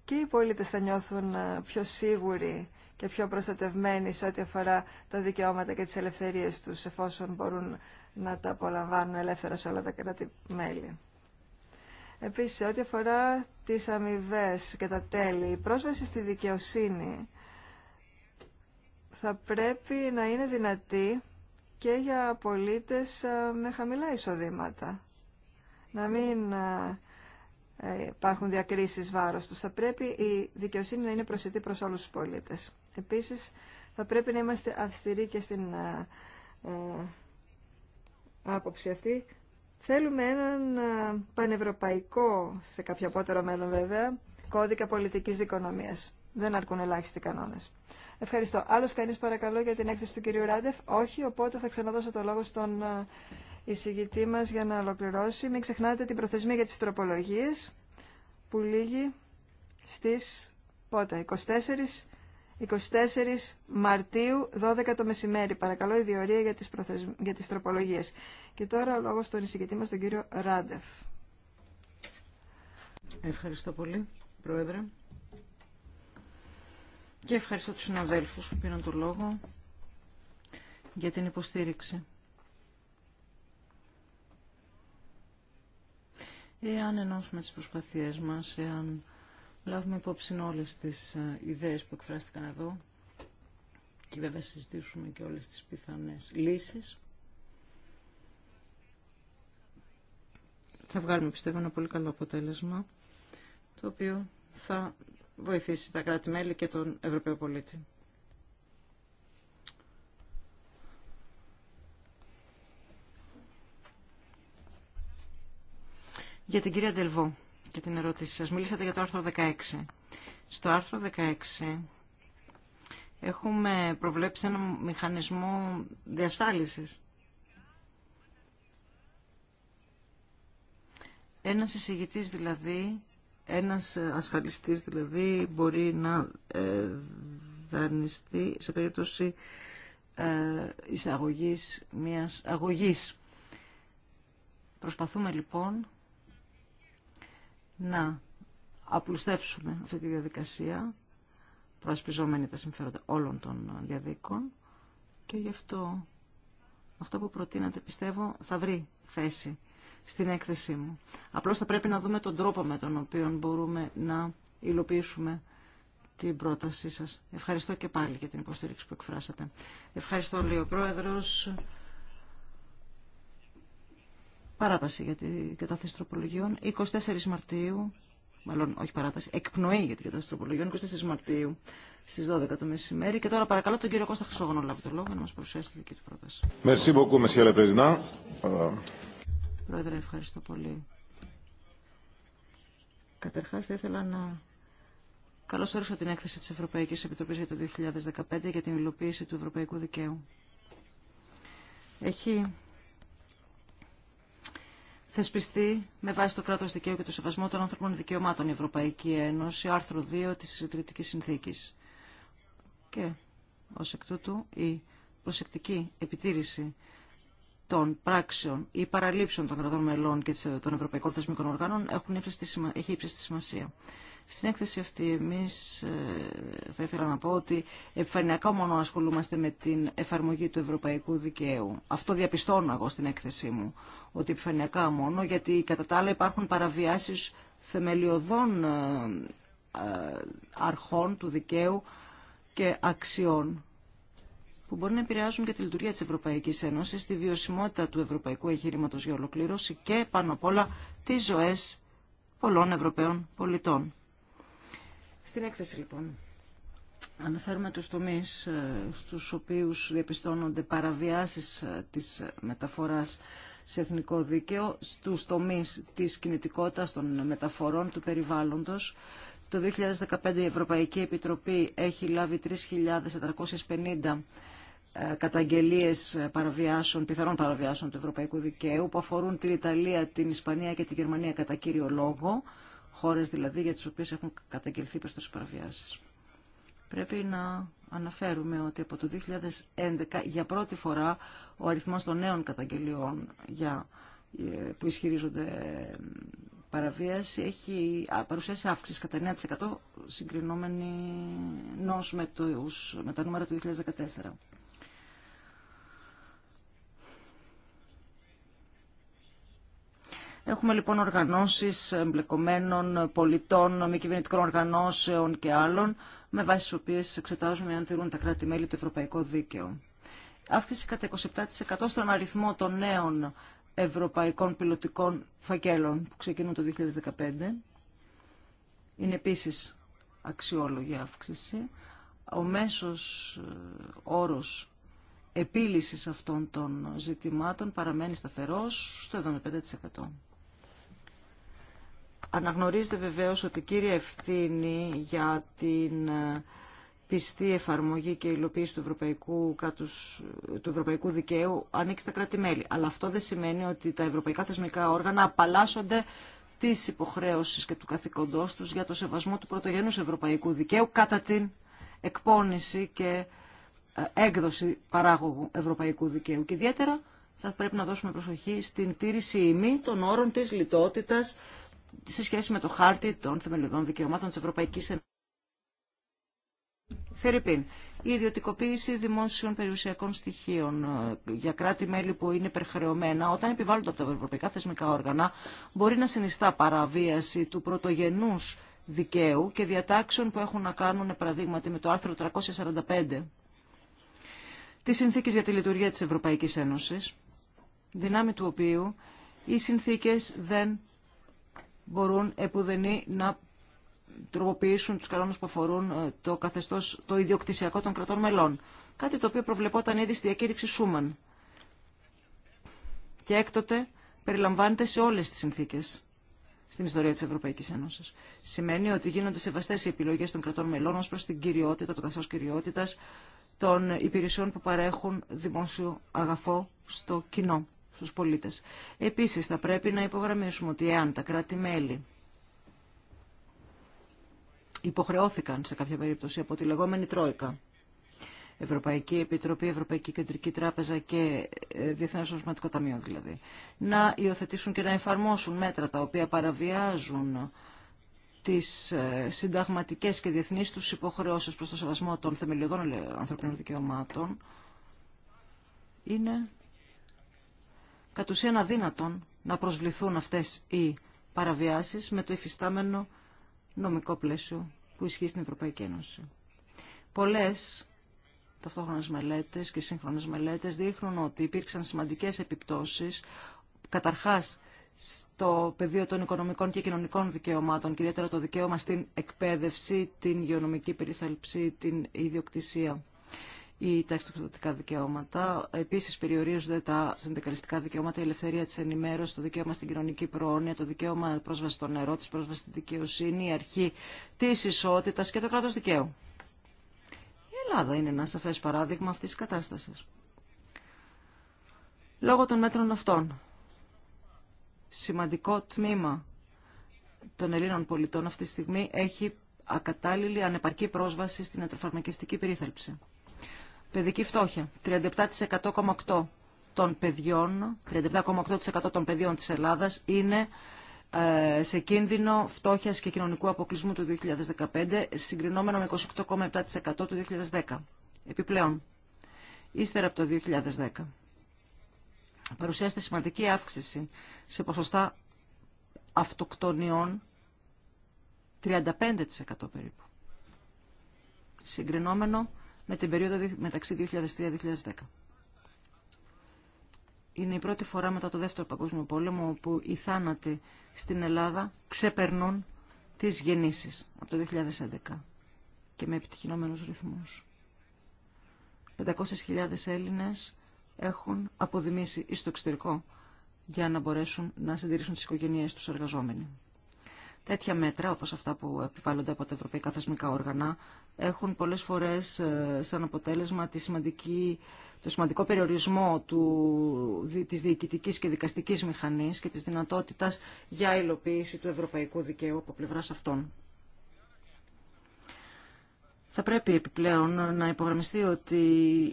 A: και οι πολίτες θα νιώθουν ε, πιο σίγουροι και πιο προστατευμένοι σε ό,τι αφορά τα δικαιώματα και τις ελευθερίες τους, εφόσον μπορούν να τα απολαμβάνουν ελεύθερα σε όλα τα κράτη-μέλη. Επίσης, σε ό,τι αφορά τις αμοιβέ και τα τέλη, η πρόσβαση στη δικαιοσύνη θα πρέπει να είναι δυνατή και για πολίτες ε, με χαμηλά εισοδήματα. Να μην ε, ε, υπάρχουν διακρίσεις βάρος τους. Θα πρέπει η δικαιοσύνη να είναι προσιτή προς όλους τους πολίτες. Επίσης, θα πρέπει να είμαστε αυστηροί και στην άποψη αυτή. Θέλουμε έναν πανευρωπαϊκό, σε κάποιο απότερο μέλλον βέβαια, κώδικα πολιτικής δικονομίας. Δεν αρκούν ελάχιστοι κανόνε. Ευχαριστώ. Άλλο κανεί παρακαλώ για την έκθεση του κυρίου Ράντεφ. Όχι, οπότε θα ξαναδώσω το λόγο στον ε, εισηγητή μα για να ολοκληρώσει. Μην ξεχνάτε την προθεσμία για τι τροπολογίε που λήγει στι 24, 24 Μαρτίου, 12 το μεσημέρι. Παρακαλώ η διορία για τι για τις τροπολογίες. Και τώρα ο λόγος στον εισηγητή μας, τον κύριο Ράντεφ. Ευχαριστώ πολύ, Πρόεδρε.
B: Και ευχαριστώ τους συναδέλφους που πήραν το λόγο για την υποστήριξη. Εάν ενώσουμε τις προσπαθίες μας, εάν λάβουμε υπόψη όλες τις ε, ιδέες που εκφράστηκαν εδώ και βέβαια συζητήσουμε και όλες τις πιθανές λύσεις, θα βγάλουμε πιστεύω ένα πολύ καλό αποτέλεσμα, το οποίο θα βοηθήσει τα κράτη-μέλη και τον Ευρωπαίο πολίτη. Για την κυρία Ντελβό και την ερώτηση σας. Μίλησατε για το άρθρο 16. Στο άρθρο 16 έχουμε προβλέψει ένα μηχανισμό διασφάλισης. Ένας εισηγητής δηλαδή ένας ε, ασφαλιστής δηλαδή μπορεί να ε, δανειστεί σε περίπτωση ε, εισαγωγής μιας αγωγής. Προσπαθούμε λοιπόν να απλουστεύσουμε αυτή τη διαδικασία προασπιζόμενη τα συμφέροντα όλων των διαδίκων και γι' αυτό αυτό που προτείνατε πιστεύω θα βρει θέση στην έκθεσή μου. Απλώς θα πρέπει να δούμε τον τρόπο με τον οποίο μπορούμε να υλοποιήσουμε την πρότασή σας. Ευχαριστώ και πάλι για την υποστήριξη που εκφράσατε. Ευχαριστώ, λέει ο Πρόεδρος. Παράταση για την κατάθεση τροπολογιών. 24 Μαρτίου, μάλλον όχι παράταση, εκπνοή για την κατάθεση τροπολογιών, 24 Μαρτίου στις 12 το μεσημέρι. Και τώρα παρακαλώ τον κύριο Κώστα Χρυσόγωνο λάβει το λόγο να μας παρουσιάσει τη δική του πρόταση. Πρόεδρε, ευχαριστώ πολύ. Καταρχάς θα ήθελα να καλωσορίσω την έκθεση της Ευρωπαϊκή επιτροπή για το 2015 για την υλοποίηση του Ευρωπαϊκού Δικαίου. Έχει θεσπιστεί με βάση το κράτος δικαίου και το σεβασμό των ανθρώπων δικαιωμάτων η Ευρωπαϊκή Ένωση, άρθρο 2 της Συντηρητικής Συνθήκης. Και ως εκ τούτου η προσεκτική επιτήρηση των πράξεων ή παραλήψεων των κρατών μελών και των ευρωπαϊκών θεσμικών οργάνων έχουν έχει ύψιστη σημασία. Στην έκθεση αυτή εμείς ε, θα ήθελα να πω ότι επιφανειακά μόνο ασχολούμαστε με την εφαρμογή του ευρωπαϊκού δικαίου. Αυτό διαπιστώνω εγώ στην έκθεσή μου, ότι επιφανειακά μόνο, γιατί κατά τα άλλα υπάρχουν παραβιάσεις θεμελιωδών ε, ε, αρχών του δικαίου και αξιών που μπορεί να επηρεάζουν και τη λειτουργία τη Ευρωπαϊκή Ένωση, τη βιωσιμότητα του ευρωπαϊκού εγχείρηματο για ολοκλήρωση και πάνω απ' όλα τι ζωέ πολλών Ευρωπαίων πολιτών. Στην έκθεση λοιπόν αναφέρουμε τους τομείς ε, στους οποίους διαπιστώνονται παραβιάσεις ε, της μεταφοράς σε εθνικό δίκαιο, στους τομείς της κινητικότητας των μεταφορών του περιβάλλοντος. Το 2015 η Ευρωπαϊκή Επιτροπή έχει λάβει 3.450 ε, καταγγελίες παραβιάσεων, πιθανών παραβιάσεων του ευρωπαϊκού δικαίου που αφορούν την Ιταλία, την Ισπανία και την Γερμανία κατά κύριο λόγο, χώρες δηλαδή για τις οποίες έχουν καταγγελθεί προς παραβιάσεις. Πρέπει να αναφέρουμε ότι από το 2011 για πρώτη φορά ο αριθμός των νέων καταγγελιών για, ε, που ισχυρίζονται ε, παραβίαση έχει παρουσιάσει αύξηση κατά 9% συγκρινόμενη νόσου με, με τα νούμερα του 2014. Έχουμε λοιπόν οργανώσεις εμπλεκομένων πολιτών, μη κυβερνητικών οργανώσεων και άλλων, με βάση τις οποίες εξετάζουμε αν τηρούν τα κράτη-μέλη το ευρωπαϊκό δίκαιο. Αύξηση κατά 27% στον αριθμό των νέων ευρωπαϊκών πιλωτικών φακέλων που ξεκινούν το 2015. Είναι επίσης αξιόλογη αύξηση. Ο μέσος ε, όρος επίλυσης αυτών των ζητημάτων παραμένει σταθερός στο 75%. Αναγνωρίζετε βεβαίως ότι κύρια ευθύνη για την ε, πιστή εφαρμογή και υλοποίηση του ευρωπαϊκού, κράτους, του ευρωπαϊκού δικαίου ανήκει στα κράτη-μέλη. Αλλά αυτό δεν σημαίνει ότι τα ευρωπαϊκά θεσμικά όργανα απαλλάσσονται τη υποχρέωση και του καθηκοντό του για το σεβασμό του πρωτογένου ευρωπαϊκού δικαίου κατά την εκπόνηση και ε, έκδοση παράγωγου ευρωπαϊκού δικαίου. Και ιδιαίτερα θα πρέπει να δώσουμε προσοχή στην τήρηση ημί των όρων τη λιτότητας σε σχέση με το χάρτη των θεμελιωδών δικαιωμάτων της Ευρωπαϊκής Ένωσης. Φερρυπίν, η ιδιωτικοποίηση δημόσιων περιουσιακών στοιχείων ε, για κράτη-μέλη που είναι υπερχρεωμένα, όταν επιβάλλονται από τα ευρωπαϊκά θεσμικά όργανα, μπορεί να συνιστά παραβίαση του πρωτογενούς δικαίου και διατάξεων που έχουν να κάνουν, παραδείγματι, με το άρθρο 345 τη συνθήκη για τη Λειτουργία της Ευρωπαϊκής Ένωσης, δυνάμει του οποίου οι συνθήκες δεν μπορούν επουδενή να τροποποιήσουν τους κανόνες που αφορούν ε, το καθεστώς το ιδιοκτησιακό των κρατών μελών. Κάτι το οποίο προβλεπόταν ήδη στη διακήρυξη Σούμαν. Και έκτοτε περιλαμβάνεται σε όλες τις συνθήκες στην ιστορία της Ευρωπαϊκής Ένωσης. Σημαίνει ότι γίνονται σεβαστές οι επιλογές των κρατών μελών ως προς την κυριότητα, το καθώς κυριότητας των υπηρεσιών που παρέχουν δημόσιο αγαθό στο κοινό στους Επίσης θα πρέπει να υπογραμμίσουμε ότι εάν τα κράτη-μέλη υποχρεώθηκαν σε κάποια περίπτωση από τη λεγόμενη Τρόικα, Ευρωπαϊκή Επιτροπή, Ευρωπαϊκή Κεντρική Τράπεζα και ε, Διεθνές Οσματικό Ταμείο δηλαδή, να υιοθετήσουν και να εφαρμόσουν μέτρα τα οποία παραβιάζουν τις ε, συνταγματικές και διεθνείς τους υποχρεώσεις προς το σεβασμό των θεμελιωδών ε, ανθρωπίνων δικαιωμάτων, είναι κατ' ουσίαν αδύνατον να προσβληθούν αυτές οι παραβιάσεις με το υφιστάμενο νομικό πλαίσιο που ισχύει στην Ευρωπαϊκή Ένωση. Πολλές ταυτόχρονες μελέτες και σύγχρονες μελέτες δείχνουν ότι υπήρξαν σημαντικές επιπτώσεις, καταρχάς στο πεδίο των οικονομικών και κοινωνικών δικαιωμάτων και ιδιαίτερα το δικαίωμα στην εκπαίδευση, την υγειονομική περιθαλψή, την ιδιοκτησία οι εξωτερικά δικαιώματα. Επίση, περιορίζονται τα συνδικαλιστικά δικαιώματα, η ελευθερία τη ενημέρωση, το δικαίωμα στην κοινωνική προόνοια, το δικαίωμα πρόσβαση στο νερό, τη πρόσβαση στη δικαιοσύνη, η αρχή τη ισότητα και το κράτο δικαίου. Η Ελλάδα είναι ένα σαφέ παράδειγμα αυτή τη κατάσταση. Λόγω των μέτρων αυτών, σημαντικό τμήμα των Ελλήνων πολιτών αυτή τη στιγμή έχει ακατάλληλη, ανεπαρκή πρόσβαση στην ατροφαρμακευτική περίθαλψη. Παιδική φτώχεια. 37,8% των παιδιών, 37,8% των παιδιών της Ελλάδας είναι ε, σε κίνδυνο φτώχειας και κοινωνικού αποκλεισμού του 2015, συγκρινόμενο με 28,7% του 2010. Επιπλέον, ύστερα από το 2010, παρουσιάζεται σημαντική αύξηση σε ποσοστά αυτοκτονιών 35% περίπου. Συγκρινόμενο με την περίοδο μεταξύ 2003-2010. Είναι η πρώτη φορά μετά το Δεύτερο Παγκόσμιο Πόλεμο που οι θάνατοι στην Ελλάδα ξεπερνούν τις γεννήσεις από το 2011 και με επιτυχημένους ρυθμούς. 500.000 Έλληνες έχουν αποδημήσει στο εξωτερικό για να μπορέσουν να συντηρήσουν τις οικογένειές τους εργαζόμενοι. Τέτοια μέτρα, όπως αυτά που επιβάλλονται από τα ευρωπαϊκά θεσμικά όργανα, έχουν πολλές φορές ε, σαν αποτέλεσμα το σημαντικό περιορισμό του, της διοικητικής και δικαστικής μηχανής και της δυνατότητας για υλοποίηση του ευρωπαϊκού δικαίου από πλευράς αυτών. Θα πρέπει επιπλέον να υπογραμμιστεί ότι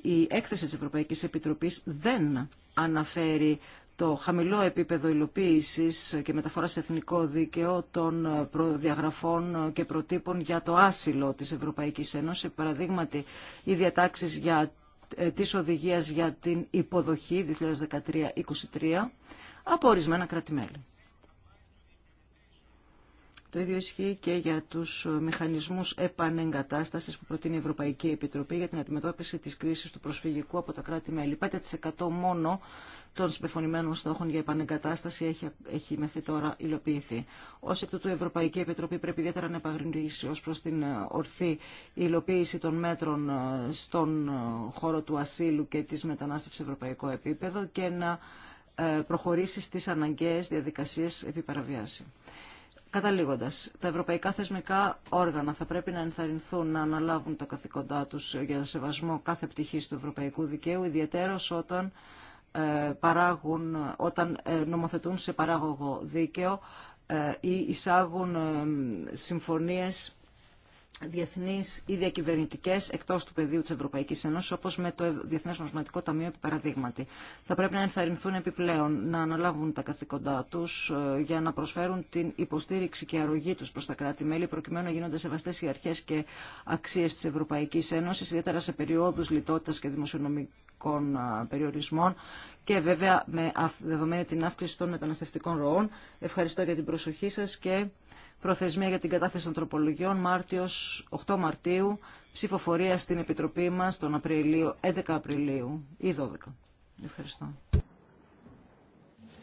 B: η έκθεση της Ευρωπαϊκής Επιτροπής δεν αναφέρει το χαμηλό επίπεδο υλοποίησης και μεταφοράς σε εθνικό δίκαιο των προδιαγραφών και προτύπων για το άσυλο της Ευρωπαϊκής Ένωσης. Παραδείγματι, οι διατάξεις για, ε, της οδηγίας για την υποδοχή 2013-2023 από ορισμένα το ίδιο ισχύει και για τους μηχανισμούς επανεγκατάστασης που προτείνει η Ευρωπαϊκή Επιτροπή για την αντιμετώπιση της κρίσης του προσφυγικού από τα κράτη-μέλη. 5% μόνο των συμπεφωνημένων στόχων για επανεγκατάσταση έχει, έχει μέχρι τώρα υλοποιηθεί. Ω εκ τούτου, η Ευρωπαϊκή Επιτροπή πρέπει ιδιαίτερα να επαγρυνήσει ω προ την ε, ορθή υλοποίηση των μέτρων ε, στον ε, χώρο του ασύλου και τη μετανάστευση σε ευρωπαϊκό επίπεδο και να προχωρήσει στις αναγκαίες διαδικασίες επί Καταλήγοντα, τα ευρωπαϊκά θεσμικά όργανα θα πρέπει να ενθαρρυνθούν να αναλάβουν τα καθήκοντά του για σεβασμό κάθε πτυχή του ευρωπαϊκού δικαίου, ιδιαίτερω όταν, ε, παράγουν, όταν ε, νομοθετούν σε παράγωγο δίκαιο ε, ή εισάγουν ε, συμφωνίες διεθνείς ή διακυβερνητικές εκτός του πεδίου της Ευρωπαϊκής Ένωσης, όπως με το Διεθνές Νοσματικό Ταμείο επί παραδείγματι. Θα πρέπει να ενθαρρυνθούν επιπλέον, να αναλάβουν τα καθήκοντά τους ε, για να προσφέρουν την υποστήριξη και αρρωγή τους προς τα κράτη-μέλη, προκειμένου να γίνονται σεβαστές οι αρχές και αξίες της Ευρωπαϊκής Ένωσης, ιδιαίτερα σε περιόδους λιτότητας και δημοσιονομικών ε, περιορισμών και βέβαια με δεδομένη την αύξηση των μεταναστευτικών ροών. Ευχαριστώ για την προσοχή σας και Προθεσμία για την κατάθεση των τροπολογιών Μάρτιος, 8 Μαρτίου, ψηφοφορία στην Επιτροπή μας τον Απριλίο, 11 Απριλίου ή 12. Ευχαριστώ.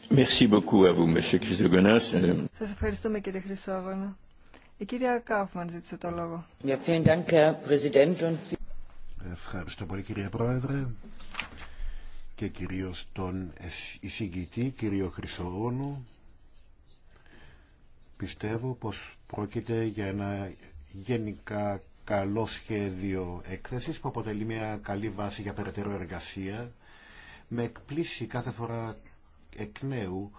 A: Merci beaucoup ε, Σας ευχαριστούμε κύριε Χρυσόγωνα. Η κυρία Κάφμαν ζήτησε το λόγο.
C: Ευχαριστώ πολύ κύριε Πρόεδρε και κυρίως τον εισηγητή κύριο Χρυσογόνου Πιστεύω πως πρόκειται για ένα γενικά καλό σχέδιο έκθεσης που αποτελεί μια καλή βάση για περαιτέρω εργασία. Με εκπλήσει κάθε φορά εκ νέου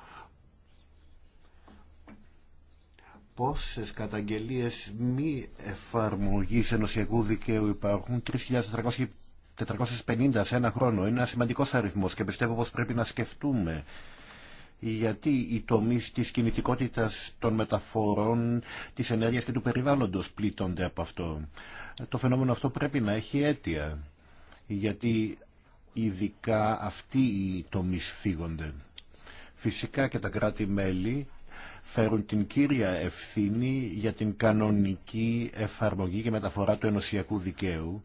C: πόσες καταγγελίες μη εφαρμογής ενωσιακού δικαίου υπάρχουν 3.450 σε ένα χρόνο. Είναι ένα σημαντικός αριθμός και πιστεύω πως πρέπει να σκεφτούμε γιατί οι τομείς της κινητικότητας των μεταφορών, της ενέργειας και του περιβάλλοντος πλήττονται από αυτό. Το φαινόμενο αυτό πρέπει να έχει αίτια, γιατί ειδικά αυτοί οι τομείς φύγονται. Φυσικά και τα κράτη-μέλη φέρουν την κύρια ευθύνη για την κανονική εφαρμογή και μεταφορά του ενωσιακού δικαίου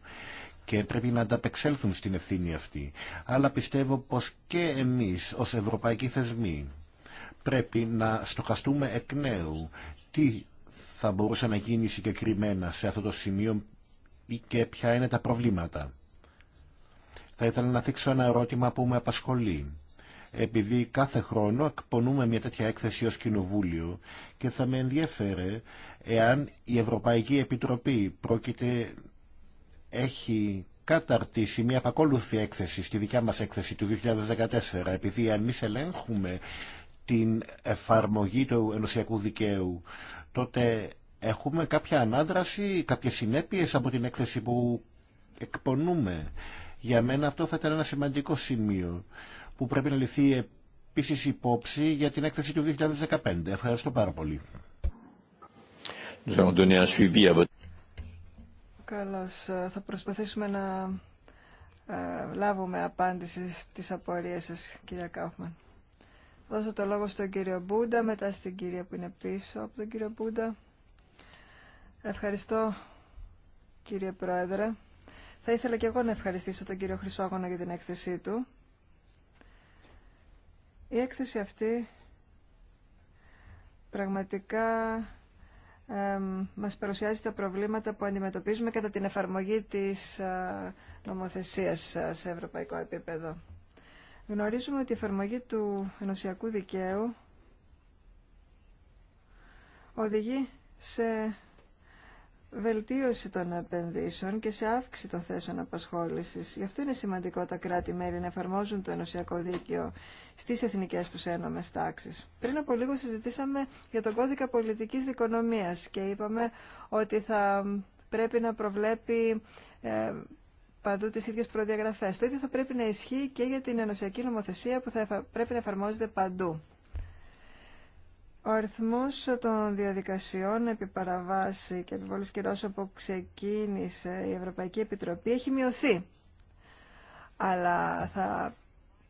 C: και πρέπει να ανταπεξέλθουν στην ευθύνη αυτή. Αλλά πιστεύω πως και εμείς ως ευρωπαϊκοί θεσμοί πρέπει να στοχαστούμε εκ νέου τι θα μπορούσε να γίνει συγκεκριμένα σε αυτό το σημείο ή και ποια είναι τα προβλήματα. Θα ήθελα να θίξω ένα ερώτημα που με απασχολεί. Επειδή κάθε χρόνο εκπονούμε μια τέτοια έκθεση ως κοινοβούλιο και θα με ενδιέφερε εάν η Ευρωπαϊκή Επιτροπή πρόκειται έχει καταρτήσει μια επακόλουθη έκθεση στη δικιά μας έκθεση του 2014 επειδή αν εμείς ελέγχουμε την εφαρμογή του ενωσιακού δικαίου τότε έχουμε κάποια ανάδραση, κάποιες συνέπειες από την έκθεση που εκπονούμε. Για μένα αυτό θα ήταν ένα σημαντικό σημείο που πρέπει να λυθεί επίσης υπόψη για την έκθεση του 2015. Ευχαριστώ πάρα πολύ.
A: Καλώς. Ε, θα προσπαθήσουμε να ε, λάβουμε απάντηση στις απορίες σας, κυρία Κάουφμαν. δώσω το λόγο στον κύριο Μπούντα, μετά στην κυρία που είναι πίσω από τον κύριο Μπούντα. Ευχαριστώ, κύριε Πρόεδρε. Θα ήθελα και εγώ να ευχαριστήσω τον κύριο Χρυσόγωνα για την έκθεσή του. Η έκθεση αυτή πραγματικά μας παρουσιάζει τα προβλήματα που αντιμετωπίζουμε κατά την εφαρμογή της ε, νομοθεσίας ε, σε ευρωπαϊκό επίπεδο. Γνωρίζουμε ότι η εφαρμογή του ενωσιακού δικαίου οδηγεί σε βελτίωση των επενδύσεων και σε αύξηση των θέσεων απασχόλησης. Γι' αυτό είναι σημαντικό τα κράτη-μέλη να εφαρμόζουν το ενωσιακό δίκαιο στις εθνικές τους ένομες τάξεις. Πριν από λίγο συζητήσαμε για τον κώδικα πολιτικής δικονομίας και είπαμε ότι θα πρέπει να προβλέπει ε, παντού τι ίδιε προδιαγραφές. Το ίδιο θα πρέπει να ισχύει και για την ενωσιακή νομοθεσία που θα πρέπει να εφαρμόζεται παντού. Ο αριθμός των διαδικασιών επί παραβάση και επιβόλης κυρώσεων που ξεκίνησε η Ευρωπαϊκή Επιτροπή έχει μειωθεί. Αλλά θα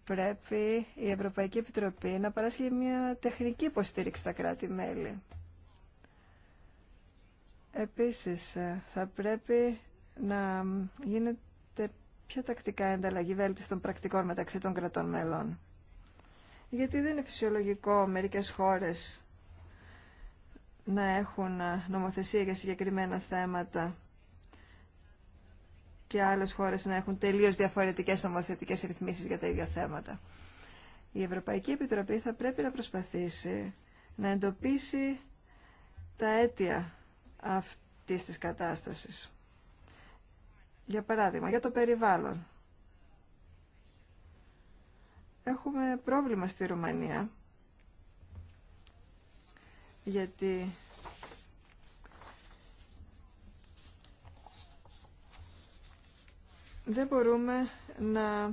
A: πρέπει η Ευρωπαϊκή Επιτροπή να παράσχει μια τεχνική υποστήριξη στα κράτη-μέλη. Επίσης, θα πρέπει να γίνεται πιο τακτικά ενταλλαγή των πρακτικών μεταξύ των κρατών μέλων. Γιατί δεν είναι φυσιολογικό μερικές χώρες να έχουν ε, νομοθεσία για συγκεκριμένα θέματα και άλλες χώρες να έχουν τελείως διαφορετικές νομοθετικές ρυθμίσεις για τα ίδια θέματα. Η Ευρωπαϊκή Επιτροπή θα πρέπει να προσπαθήσει να εντοπίσει τα αίτια αυτής της κατάστασης. Για παράδειγμα, για το περιβάλλον. Έχουμε πρόβλημα στη Ρουμανία γιατί δεν μπορούμε να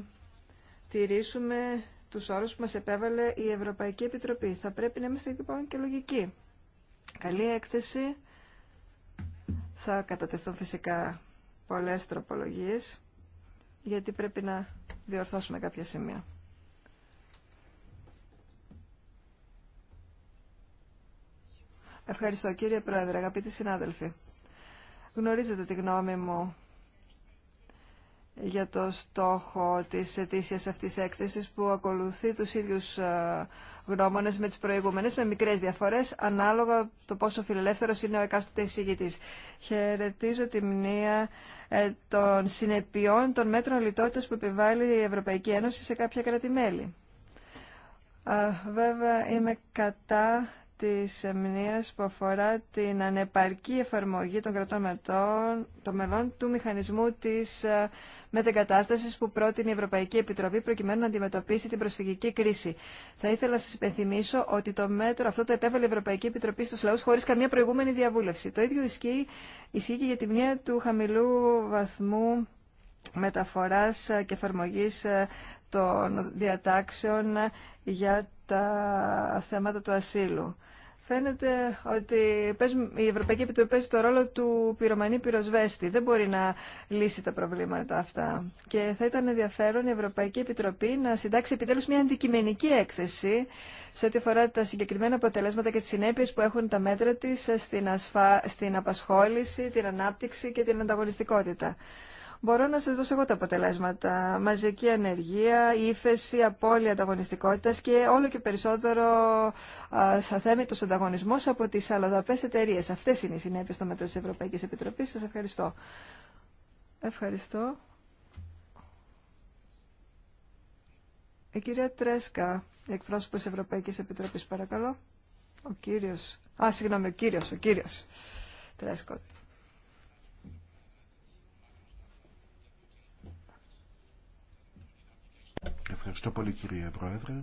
A: τηρήσουμε τους όρους που μας επέβαλε η Ευρωπαϊκή Επιτροπή. Θα πρέπει να είμαστε λοιπόν και λογικοί. Καλή έκθεση. Θα κατατεθούν φυσικά πολλές τροπολογίες, γιατί πρέπει να διορθώσουμε κάποια σημεία. Ευχαριστώ κύριε Πρόεδρε, αγαπητοί συνάδελφοι. Γνωρίζετε τη γνώμη μου για το στόχο της ετήσιας αυτής έκθεσης που ακολουθεί τους ίδιους ε, γνώμονες με τις προηγούμενες, με μικρές διαφορές, ανάλογα το πόσο φιλελεύθερος είναι ο εκάστοτε εισηγητής. Χαιρετίζω τη μνήα ε, των συνεπειών των μέτρων λιτότητας που επιβάλλει η Ευρωπαϊκή Ένωση σε κάποια κράτη-μέλη. Βέβαια, είμαι κατά της μνήας που αφορά την ανεπαρκή εφαρμογή των κρατών μετών, των μελών του μηχανισμού της ε, μετεγκατάστασης που πρότεινε η Ευρωπαϊκή Επιτροπή προκειμένου να αντιμετωπίσει την προσφυγική κρίση. Θα ήθελα να σας υπενθυμίσω ότι το μέτρο αυτό το επέβαλε η Ευρωπαϊκή Επιτροπή στους λαούς χωρίς καμία προηγούμενη διαβούλευση. Το ίδιο ισχύει, ισχύει και για τη μνήμα του χαμηλού βαθμού μεταφοράς ε, και εφαρμογή ε, των διατάξεων για τα θέματα του ασύλου. Φαίνεται ότι η Ευρωπαϊκή Επιτροπή παίζει το ρόλο του πυρομανή πυροσβέστη. Δεν μπορεί να λύσει τα προβλήματα αυτά. Και θα ήταν ενδιαφέρον η Ευρωπαϊκή Επιτροπή να συντάξει επιτέλους μια αντικειμενική έκθεση σε ό,τι αφορά τα συγκεκριμένα αποτελέσματα και τις συνέπειες που έχουν τα μέτρα της στην, ασφα... στην απασχόληση, την ανάπτυξη και την ανταγωνιστικότητα. Μπορώ να σας δώσω εγώ τα αποτελέσματα. Μαζική ανεργία, ύφεση, απώλεια ανταγωνιστικότητας και όλο και περισσότερο το ανταγωνισμό από τις αλλοδαπές εταιρείες. Αυτές είναι οι συνέπειες των μέτρων της Ευρωπαϊκής Επιτροπής. Σας ευχαριστώ. Ευχαριστώ. Η ε, κυρία Τρέσκα, εκπρόσωπο τη Ευρωπαϊκή Επιτροπή, παρακαλώ. Ο κύριο. Α, συγγνώμη, ο κύριο, ο κύριο Τρέσκοτ.
C: Ευχαριστώ πολύ κύριε Πρόεδρε.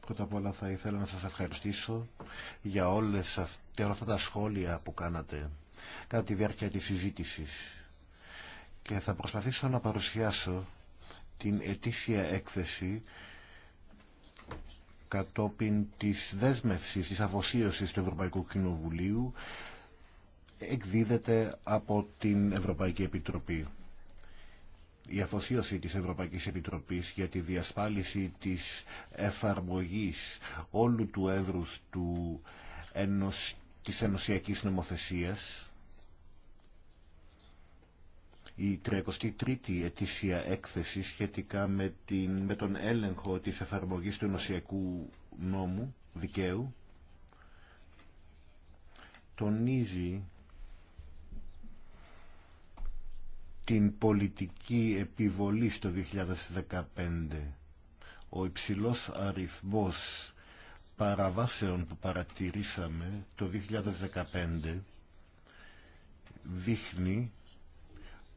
C: Πρώτα απ' όλα θα ήθελα να σας ευχαριστήσω για όλες αυτές, όλα αυτά τα σχόλια που κάνατε κατά τη διάρκεια της συζήτησης και θα προσπαθήσω να παρουσιάσω την ετήσια έκθεση κατόπιν της δέσμευσης, της αφοσίωσης του Ευρωπαϊκού Κοινοβουλίου εκδίδεται από την Ευρωπαϊκή Επιτροπή η αφοσίωση της Ευρωπαϊκής Επιτροπής για τη διασφάλιση της εφαρμογής όλου του εύρους του ενωσιακή της ενωσιακής νομοθεσίας η 33η ετήσια έκθεση σχετικά με, την, με τον έλεγχο της εφαρμογής του ενωσιακού νόμου δικαίου τονίζει την πολιτική επιβολή στο 2015. Ο υψηλός αριθμός παραβάσεων που παρατηρήσαμε το 2015 δείχνει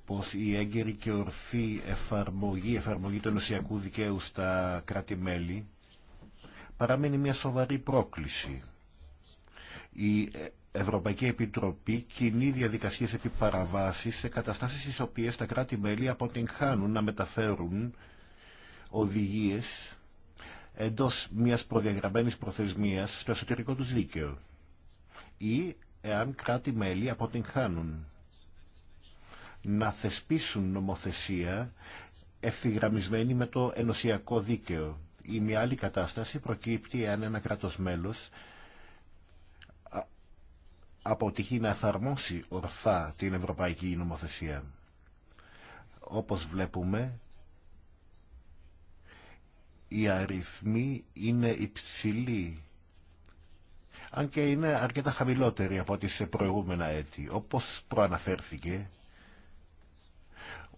C: πως η έγκαιρη και ορθή εφαρμογή, εφαρμογή του ενωσιακού δικαίου στα κράτη-μέλη παραμένει μια σοβαρή πρόκληση. Η Ευρωπαϊκή Επιτροπή κοινή διαδικασίες επί σε καταστάσεις στις οποίες τα κράτη-μέλη αποτυγχάνουν να μεταφέρουν οδηγίες εντός μιας προδιαγραμμένης προθεσμίας στο εσωτερικό τους δίκαιο ή εάν κράτη-μέλη αποτυγχάνουν να θεσπίσουν νομοθεσία ευθυγραμμισμένη με το ενωσιακό δίκαιο. Η μια άλλη κατάσταση προκύπτει εάν ένα κράτος μέλος αποτυχεί να εφαρμόσει ορθά την ευρωπαϊκή νομοθεσία. Όπως βλέπουμε, οι αριθμοί είναι υψηλοί, αν και είναι αρκετά χαμηλότεροι από ό,τι σε προηγούμενα έτη. Όπως προαναφέρθηκε,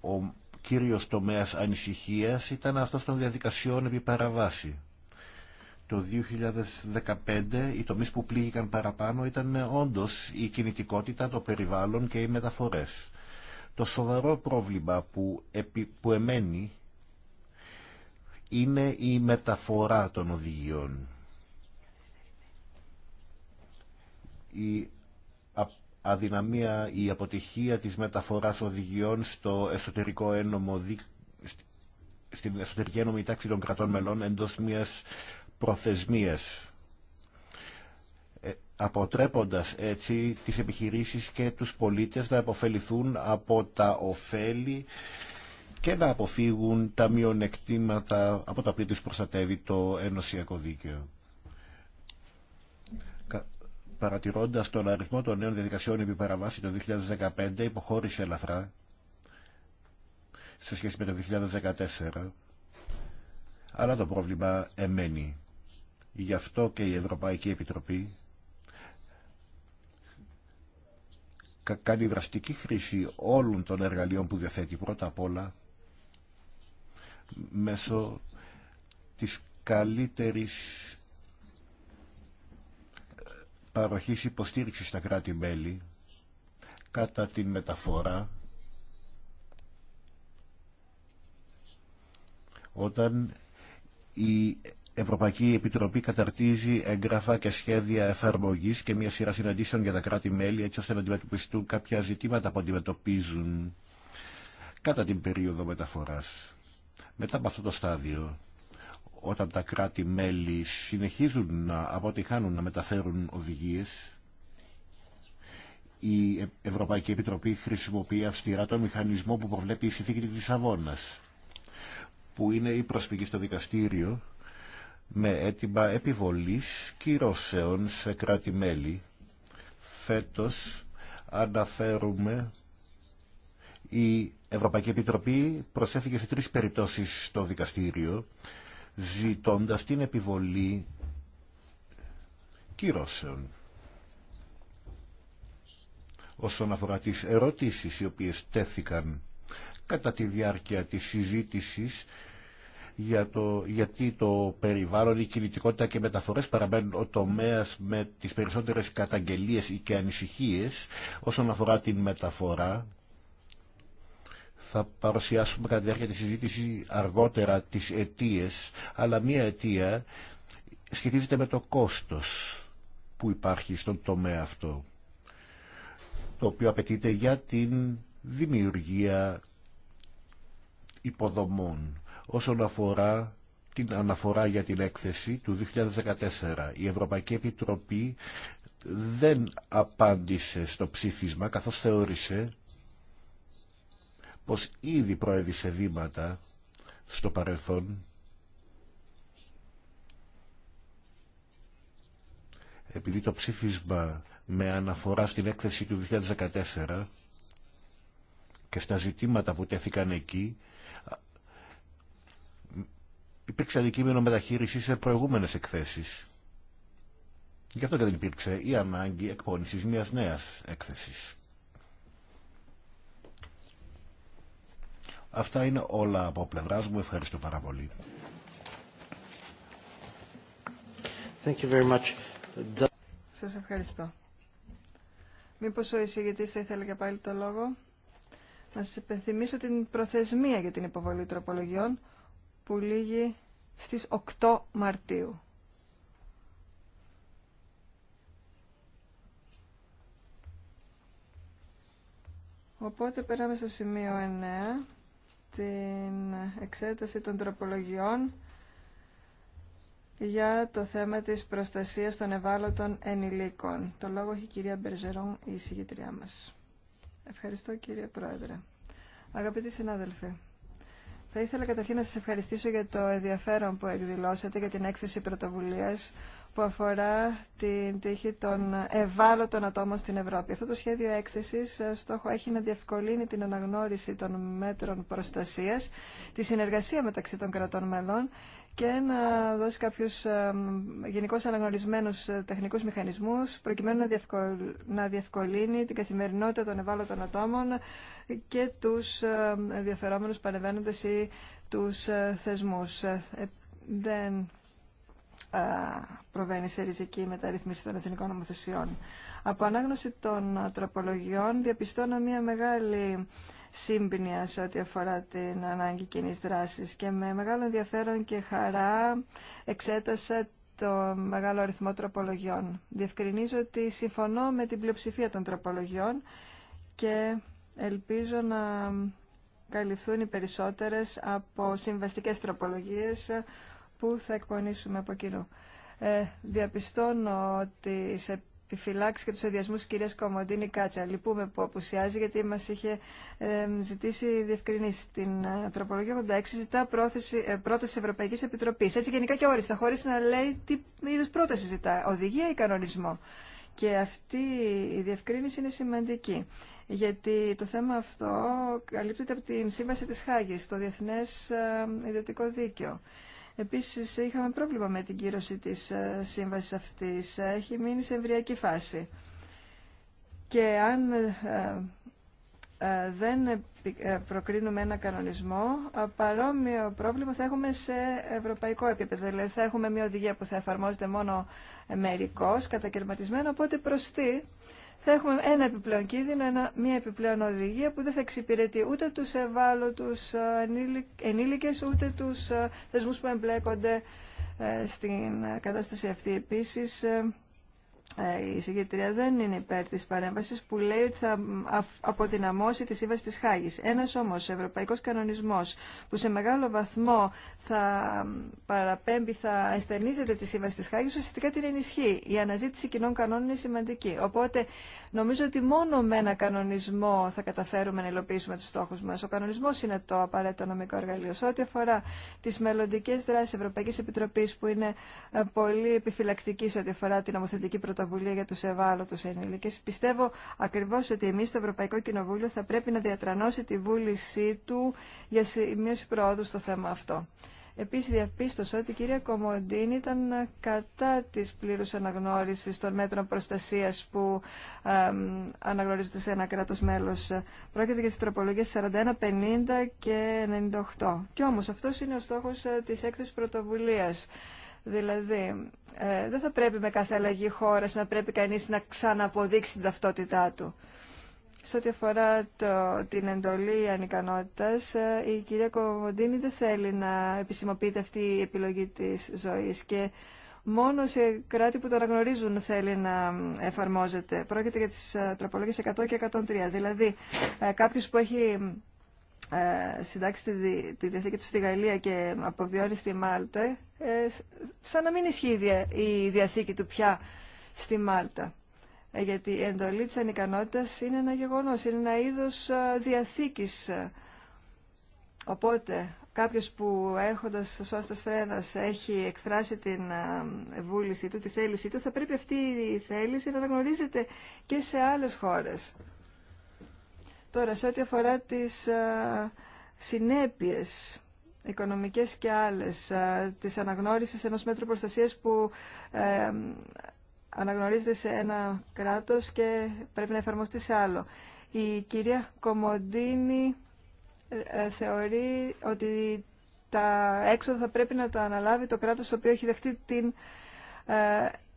C: ο κύριος τομέας ανησυχίας ήταν αυτός των διαδικασιών επί παραβάση. Το 2015 οι τομείς που πλήγηκαν παραπάνω ήταν όντως η κινητικότητα, το περιβάλλον και οι μεταφορές. Το σοβαρό πρόβλημα που, επι, που εμένει είναι η μεταφορά των οδηγιών. Η αδυναμία, η αποτυχία της μεταφοράς οδηγιών στο εσωτερικό ένομο στην εσωτερική ένωμη τάξη των κρατών μελών εντός μιας προθεσμίες ε, αποτρέποντας έτσι τις επιχειρήσεις και τους πολίτες να αποφεληθούν από τα ωφέλη και να αποφύγουν τα μειονεκτήματα από τα οποία τους προστατεύει το ενωσιακό δίκαιο. Παρατηρώντας τον αριθμό των νέων διαδικασιών επί παραβάση το 2015 υποχώρησε ελαφρά σε σχέση με το 2014 αλλά το πρόβλημα εμένει. Γι' αυτό και η Ευρωπαϊκή Επιτροπή κάνει δραστική χρήση όλων των εργαλείων που διαθέτει πρώτα απ' όλα μέσω της καλύτερης παροχής υποστήριξης στα κράτη-μέλη κατά την μεταφορά όταν η Ευρωπαϊκή Επιτροπή καταρτίζει έγγραφα και σχέδια εφαρμογής και μια σειρά συναντήσεων για τα κράτη-μέλη έτσι ώστε να αντιμετωπιστούν κάποια ζητήματα που αντιμετωπίζουν κατά την περίοδο μεταφοράς. Μετά από αυτό το στάδιο, όταν τα κράτη-μέλη συνεχίζουν να αποτυχάνουν να μεταφέρουν οδηγίε. η Ευρωπαϊκή Επιτροπή χρησιμοποιεί αυστηρά τον μηχανισμό που προβλέπει η συνθήκη τη Λισαβόνα που είναι η προσφυγή στο δικαστήριο με αίτημα επιβολής κυρώσεων σε κράτη-μέλη. Φέτος αναφέρουμε η Ευρωπαϊκή Επιτροπή προσέφηκε σε τρεις περιπτώσεις στο δικαστήριο ζητώντας την επιβολή κυρώσεων. Όσον αφορά τις ερωτήσεις οι οποίες τέθηκαν κατά τη διάρκεια της συζήτησης για το, γιατί το περιβάλλον, η κινητικότητα και οι μεταφορές παραμένουν ο τομέας με τις περισσότερες καταγγελίες και ανησυχίες όσον αφορά την μεταφορά. Θα παρουσιάσουμε κατά τη διάρκεια της συζήτηση αργότερα τις αιτίες, αλλά μία αιτία σχετίζεται με το κόστος που υπάρχει στον τομέα αυτό, το οποίο απαιτείται για την δημιουργία υποδομών όσον αφορά την αναφορά για την έκθεση του 2014. Η Ευρωπαϊκή Επιτροπή δεν απάντησε στο ψήφισμα καθώς θεώρησε πως ήδη προέβησε βήματα στο παρελθόν επειδή το ψήφισμα με αναφορά στην έκθεση του 2014 και στα ζητήματα που τέθηκαν εκεί υπήρξε αντικείμενο μεταχείριση σε προηγούμενες εκθέσεις. Γι' αυτό και δεν υπήρξε η ανάγκη εκπόνηση μιας νέας έκθεση. Αυτά είναι όλα από πλευρά μου. Ευχαριστώ πάρα πολύ. Thank
A: Σας ευχαριστώ. Μήπως ο εισηγητής θα ήθελε και πάλι το λόγο. Να σας υπενθυμίσω την προθεσμία για την υποβολή τροπολογιών που λύγει στις 8 Μαρτίου. Οπότε περάμε στο σημείο 9, την εξέταση των τροπολογιών για το θέμα της προστασίας των ευάλωτων ενηλίκων. Το λόγο έχει η κυρία Μπερζερόν, η συγγετριά μας. Ευχαριστώ κύριε Πρόεδρε. Αγαπητοί συνάδελφοι, θα ήθελα καταρχήν να σας ευχαριστήσω για το ενδιαφέρον που εκδηλώσατε για την έκθεση πρωτοβουλίας που αφορά την τύχη των ευάλωτων ατόμων στην Ευρώπη. Αυτό το σχέδιο έκθεσης ε, στόχο έχει να διευκολύνει την αναγνώριση των μέτρων προστασίας, τη συνεργασία μεταξύ των κρατών μελών και να δώσει κάποιους ε, γενικώ αναγνωρισμένους ε, τεχνικούς μηχανισμούς προκειμένου να διευκολύνει την καθημερινότητα των ευάλωτων ατόμων και τους ε, ενδιαφερόμενου πανεβαίνοντες ή τους θεσμούς. Δεν προβαίνει σε ριζική μεταρρύθμιση των εθνικών νομοθεσιών. Από ανάγνωση των τροπολογιών διαπιστώνω μια μεγάλη σύμπνοια σε ό,τι αφορά την ανάγκη κοινή δράση. Και με μεγάλο ενδιαφέρον και χαρά εξέτασα το μεγάλο αριθμό τροπολογιών. Διευκρινίζω ότι συμφωνώ με την πλειοψηφία των τροπολογιών και ελπίζω να καλυφθούν οι περισσότερες από συμβαστικές τροπολογίες που θα εκπονήσουμε από κοινού. Ε, διαπιστώνω ότι σε επιφυλάξει και του αδιασμού τη κυρία Κομοντίνη Κάτσα. Λυπούμε που απουσιάζει, γιατί μα είχε ζητήσει διευκρινήσει. Στην ε, τροπολογία 86 ζητά πρόθεση, ε, πρόταση Ευρωπαϊκή Επιτροπή. Έτσι γενικά και όριστα, χωρί να λέει τι είδου πρόταση ζητά, οδηγία ή κανονισμό. Και αυτή η διευκρίνηση είναι σημαντική, γιατί το θέμα αυτό καλύπτεται από την Σύμβαση της Χάγης, το Διεθνές ε, Ιδιωτικό Δίκαιο. Επίσης είχαμε πρόβλημα με την κύρωση της ε, σύμβασης αυτής. Έχει μείνει σε εμβριακή φάση. Και αν ε, ε, δεν ε, προκρίνουμε ένα κανονισμό, ε, παρόμοιο πρόβλημα θα έχουμε σε ευρωπαϊκό επίπεδο. Δηλαδή θα έχουμε μια οδηγία που θα εφαρμόζεται μόνο μερικώ, κατακαιρματισμένο, οπότε τι θα έχουμε ένα επιπλέον κίνδυνο, ένα, μια επιπλέον οδηγία που δεν θα εξυπηρετεί ούτε τους ευάλωτους ενήλικες, ούτε τους θεσμούς που εμπλέκονται στην κατάσταση αυτή επίσης. Ε, η συγκεκριτρία δεν είναι υπέρ τη παρέμβαση που λέει ότι θα αποδυναμώσει τη σύμβαση τη Χάγη. Ένα όμω ευρωπαϊκό κανονισμό που σε μεγάλο βαθμό θα παραπέμπει, θα εστερνίζεται τη σύμβαση τη Χάγη, ουσιαστικά την ενισχύει. Η αναζήτηση κοινών κανόνων είναι σημαντική. Οπότε νομίζω ότι μόνο με ένα κανονισμό θα καταφέρουμε να υλοποιήσουμε του στόχου μα. Ο κανονισμό είναι το απαραίτητο νομικό εργαλείο. Σε ό,τι αφορά τι μελλοντικέ δράσει Ευρωπαϊκή Επιτροπή, που είναι ε, πολύ επιφυλακτική σε ό,τι αφορά την νομοθετική πρωτοβουλία, πρωτοβουλία για τους ευάλωτους ενήλικες. Πιστεύω ακριβώς ότι εμείς το Ευρωπαϊκό Κοινοβούλιο θα πρέπει να διατρανώσει τη βούλησή του για σημείωση προόδου στο θέμα αυτό. Επίσης διαπίστωσα ότι η κυρία Κομοντίνη ήταν κατά της πλήρους αναγνώρισης των μέτρων προστασίας που αναγνωρίζονται σε ένα κράτος μέλος. Πρόκειται για τις τροπολογίες 41, 50 και 98. Κι όμως αυτό είναι ο στόχος ε, της έκθεσης πρωτοβουλίας Δηλαδή, ε, δεν θα πρέπει με κάθε αλλαγή χώρα να πρέπει κανείς να ξαναποδείξει την ταυτότητά του. Σε ό,τι αφορά την εντολή ανικανότητα, ε, η κυρία Κομοντίνη δεν θέλει να επισημοποιείται αυτή η επιλογή της ζωής και μόνο σε κράτη που το αναγνωρίζουν θέλει να εφαρμόζεται. Πρόκειται για τις ε, τροπολογίε 100 και 103. Δηλαδή, κάποιο που έχει ε, συντάξει τη, διαθήκη του στη Γαλλία και αποβιώνει στη Μάλτα, ε, σαν να μην ισχύει η διαθήκη του πια στη Μάλτα. Ε, γιατί η εντολή της ανικανότητας είναι ένα γεγονός, είναι ένα είδος διαθήκης. Οπότε κάποιος που έχοντας ο σώστας φρένας έχει εκφράσει την βούλησή του, τη θέλησή του, θα πρέπει αυτή η θέληση να αναγνωρίζεται και σε άλλες χώρες. Τώρα, σε ό,τι αφορά τις ε, συνέπειες οικονομικές και άλλες, ε, της αναγνώρισης ενός μέτρου προστασίας που ε, αναγνωρίζεται σε ένα κράτος και πρέπει να εφαρμοστεί σε άλλο. Η κυρία Κομοντίνη θεωρεί ότι τα έξοδα θα πρέπει να τα αναλάβει το κράτος το οποίο έχει δεχτεί την,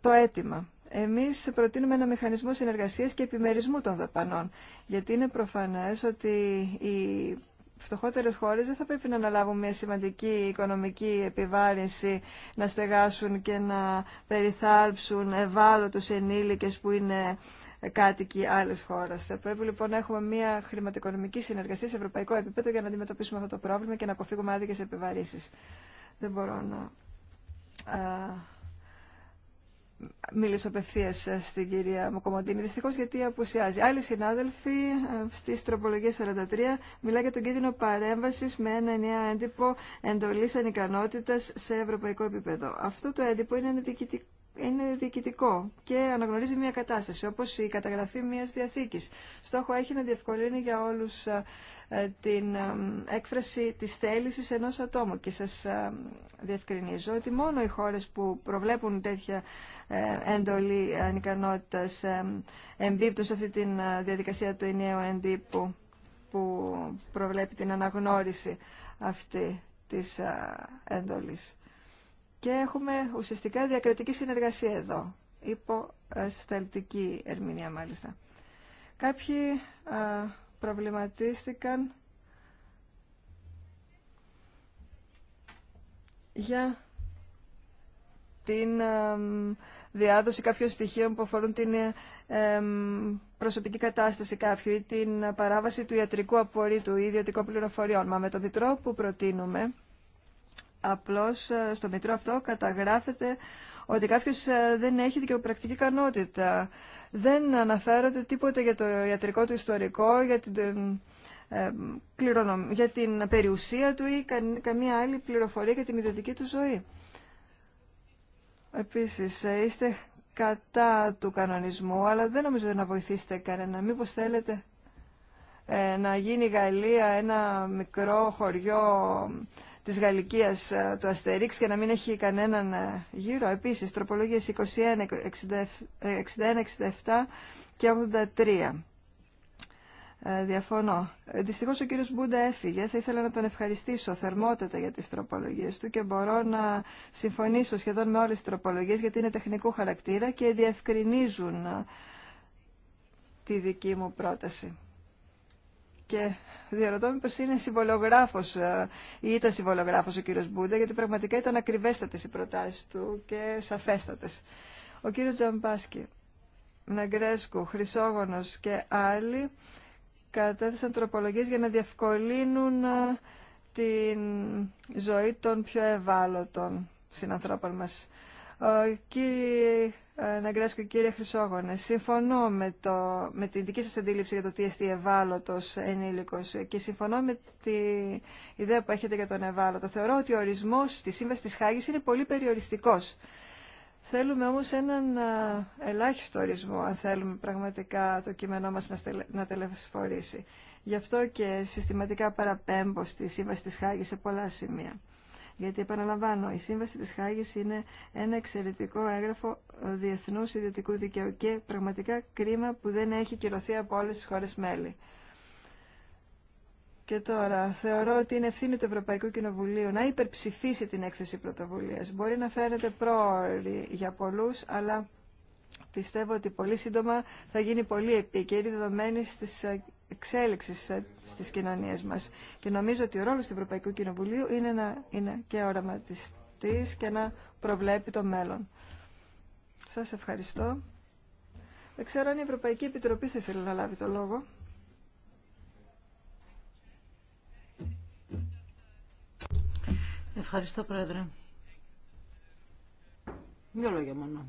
A: το αίτημα. Εμείς προτείνουμε ένα μηχανισμό συνεργασίας και επιμερισμού των δαπανών, γιατί είναι προφανές ότι οι φτωχότερε χώρε δεν θα πρέπει να αναλάβουν μια σημαντική οικονομική επιβάρυνση, να στεγάσουν και να περιθάλψουν ευάλωτου ενήλικε που είναι κάτοικοι άλλη χώρα. Θα πρέπει λοιπόν να έχουμε μια χρηματοοικονομική συνεργασία σε ευρωπαϊκό επίπεδο για να αντιμετωπίσουμε αυτό το πρόβλημα και να αποφύγουμε άδικε επιβαρύνσει. Δεν μπορώ να μιλήσω απευθεία ε, στην κυρία Μοκομοντίνη. Δυστυχώ γιατί απουσιάζει. Άλλοι συνάδελφοι ε, στι τροπολογίε 43 μιλά για τον κίνδυνο παρέμβαση με ένα νέο έντυπο εντολή ανικανότητα σε ευρωπαϊκό επίπεδο. Αυτό το έντυπο είναι ένα είναι διοικητικό και αναγνωρίζει μια κατάσταση, όπως η καταγραφή μιας διαθήκης. Στόχο έχει να διευκολύνει για όλους ε, την ε, έκφραση της θέλησης ενός ατόμου. Και σας ε, διευκρινίζω ότι μόνο οι χώρες που προβλέπουν τέτοια έντολη ανικανότητας εμπίπτουν σε αυτή τη διαδικασία του ενιαίου εντύπου που προβλέπει την αναγνώριση αυτή της έντολης και έχουμε ουσιαστικά διακριτική συνεργασία εδώ, υποσταλτική ε, ερμηνεία μάλιστα. Κάποιοι ε, προβληματίστηκαν για την ε, διάδοση κάποιων στοιχείων που αφορούν την προσωπική κατάσταση κάποιου ή την παράβαση του ιατρικού απορρίτου ή ιδιωτικών πληροφοριών. Μα με τον πιτρό που προτείνουμε απλώς ε, στο μητρό αυτό καταγράφεται ότι κάποιος ε, δεν έχει δικαιοπρακτική ικανότητα. Δεν αναφέρεται τίποτα για το ιατρικό του ιστορικό, για την, ε, ε για την περιουσία του ή καμία άλλη πληροφορία για την ιδιωτική του ζωή. Επίσης, είστε κατά του κανονισμού, αλλά δεν νομίζω να βοηθήσετε κανένα. Μήπως θέλετε ε, να γίνει η Γαλλία ένα μικρό χωριό της Γαλλικίας του Αστερίξ και να μην έχει κανέναν γύρο. Επίσης, τροπολογίες 21, 61, 67 και 83. Διαφωνώ. Δυστυχώ ο κύριο Μπούντα έφυγε. Θα ήθελα να τον ευχαριστήσω θερμότατα για τι τροπολογίε του και μπορώ να συμφωνήσω σχεδόν με όλε τι τροπολογίε γιατί είναι τεχνικού χαρακτήρα και διευκρινίζουν τη δική μου πρόταση. Και διαρωτώ μήπως είναι συμβολογράφος ε, ή ήταν συμβολογράφος ο κύριος Μπούντα, γιατί πραγματικά ήταν ακριβέστατες οι προτάσεις του και σαφέστατες. Ο κύριος Τζαμπάσκι, Ναγκρέσκου, Χρυσόγονος και άλλοι κατέθεσαν τροπολογίες για να διευκολύνουν ε, τη ζωή των πιο ευάλωτων συνανθρώπων μας. Κύριε ε, γράψω και κύριε Χρυσόγονε, συμφωνώ με, το, με την δική σας αντίληψη για το τι εστί ευάλωτος ενήλικος και συμφωνώ με την ιδέα που έχετε για τον ευάλωτο. Θεωρώ ότι ο ορισμός της σύμβαση της Χάγης είναι πολύ περιοριστικός. Θέλουμε όμως έναν ε, ελάχιστο ορισμό, αν θέλουμε πραγματικά το κείμενό μας να, να τελεσφορήσει. Γι' αυτό και συστηματικά παραπέμπω στη Σύμβαση της Χάγης σε πολλά σημεία. Γιατί, επαναλαμβάνω, η Σύμβαση της Χάγης είναι ένα εξαιρετικό έγγραφο ε, διεθνούς ιδιωτικού δικαίου και πραγματικά κρίμα που δεν έχει κυρωθεί από όλες τις χώρες μέλη. Και τώρα, θεωρώ ότι είναι ευθύνη του Ευρωπαϊκού Κοινοβουλίου να υπερψηφίσει την έκθεση πρωτοβουλία. Μπορεί να φαίνεται πρόωρη για πολλού, αλλά πιστεύω ότι πολύ σύντομα θα γίνει πολύ επίκαιρη δεδομένη τη ε, Εξέλιξη ε, στις κοινωνίε μας. Και νομίζω ότι ο ρόλος του Ευρωπαϊκού Κοινοβουλίου είναι να είναι και οραματιστής και να προβλέπει το μέλλον. Σας ευχαριστώ. Δεν ξέρω αν η Ευρωπαϊκή Επιτροπή θα ήθελε να λάβει το λόγο.
B: Ευχαριστώ, Πρόεδρε. Δύο λόγια μόνο.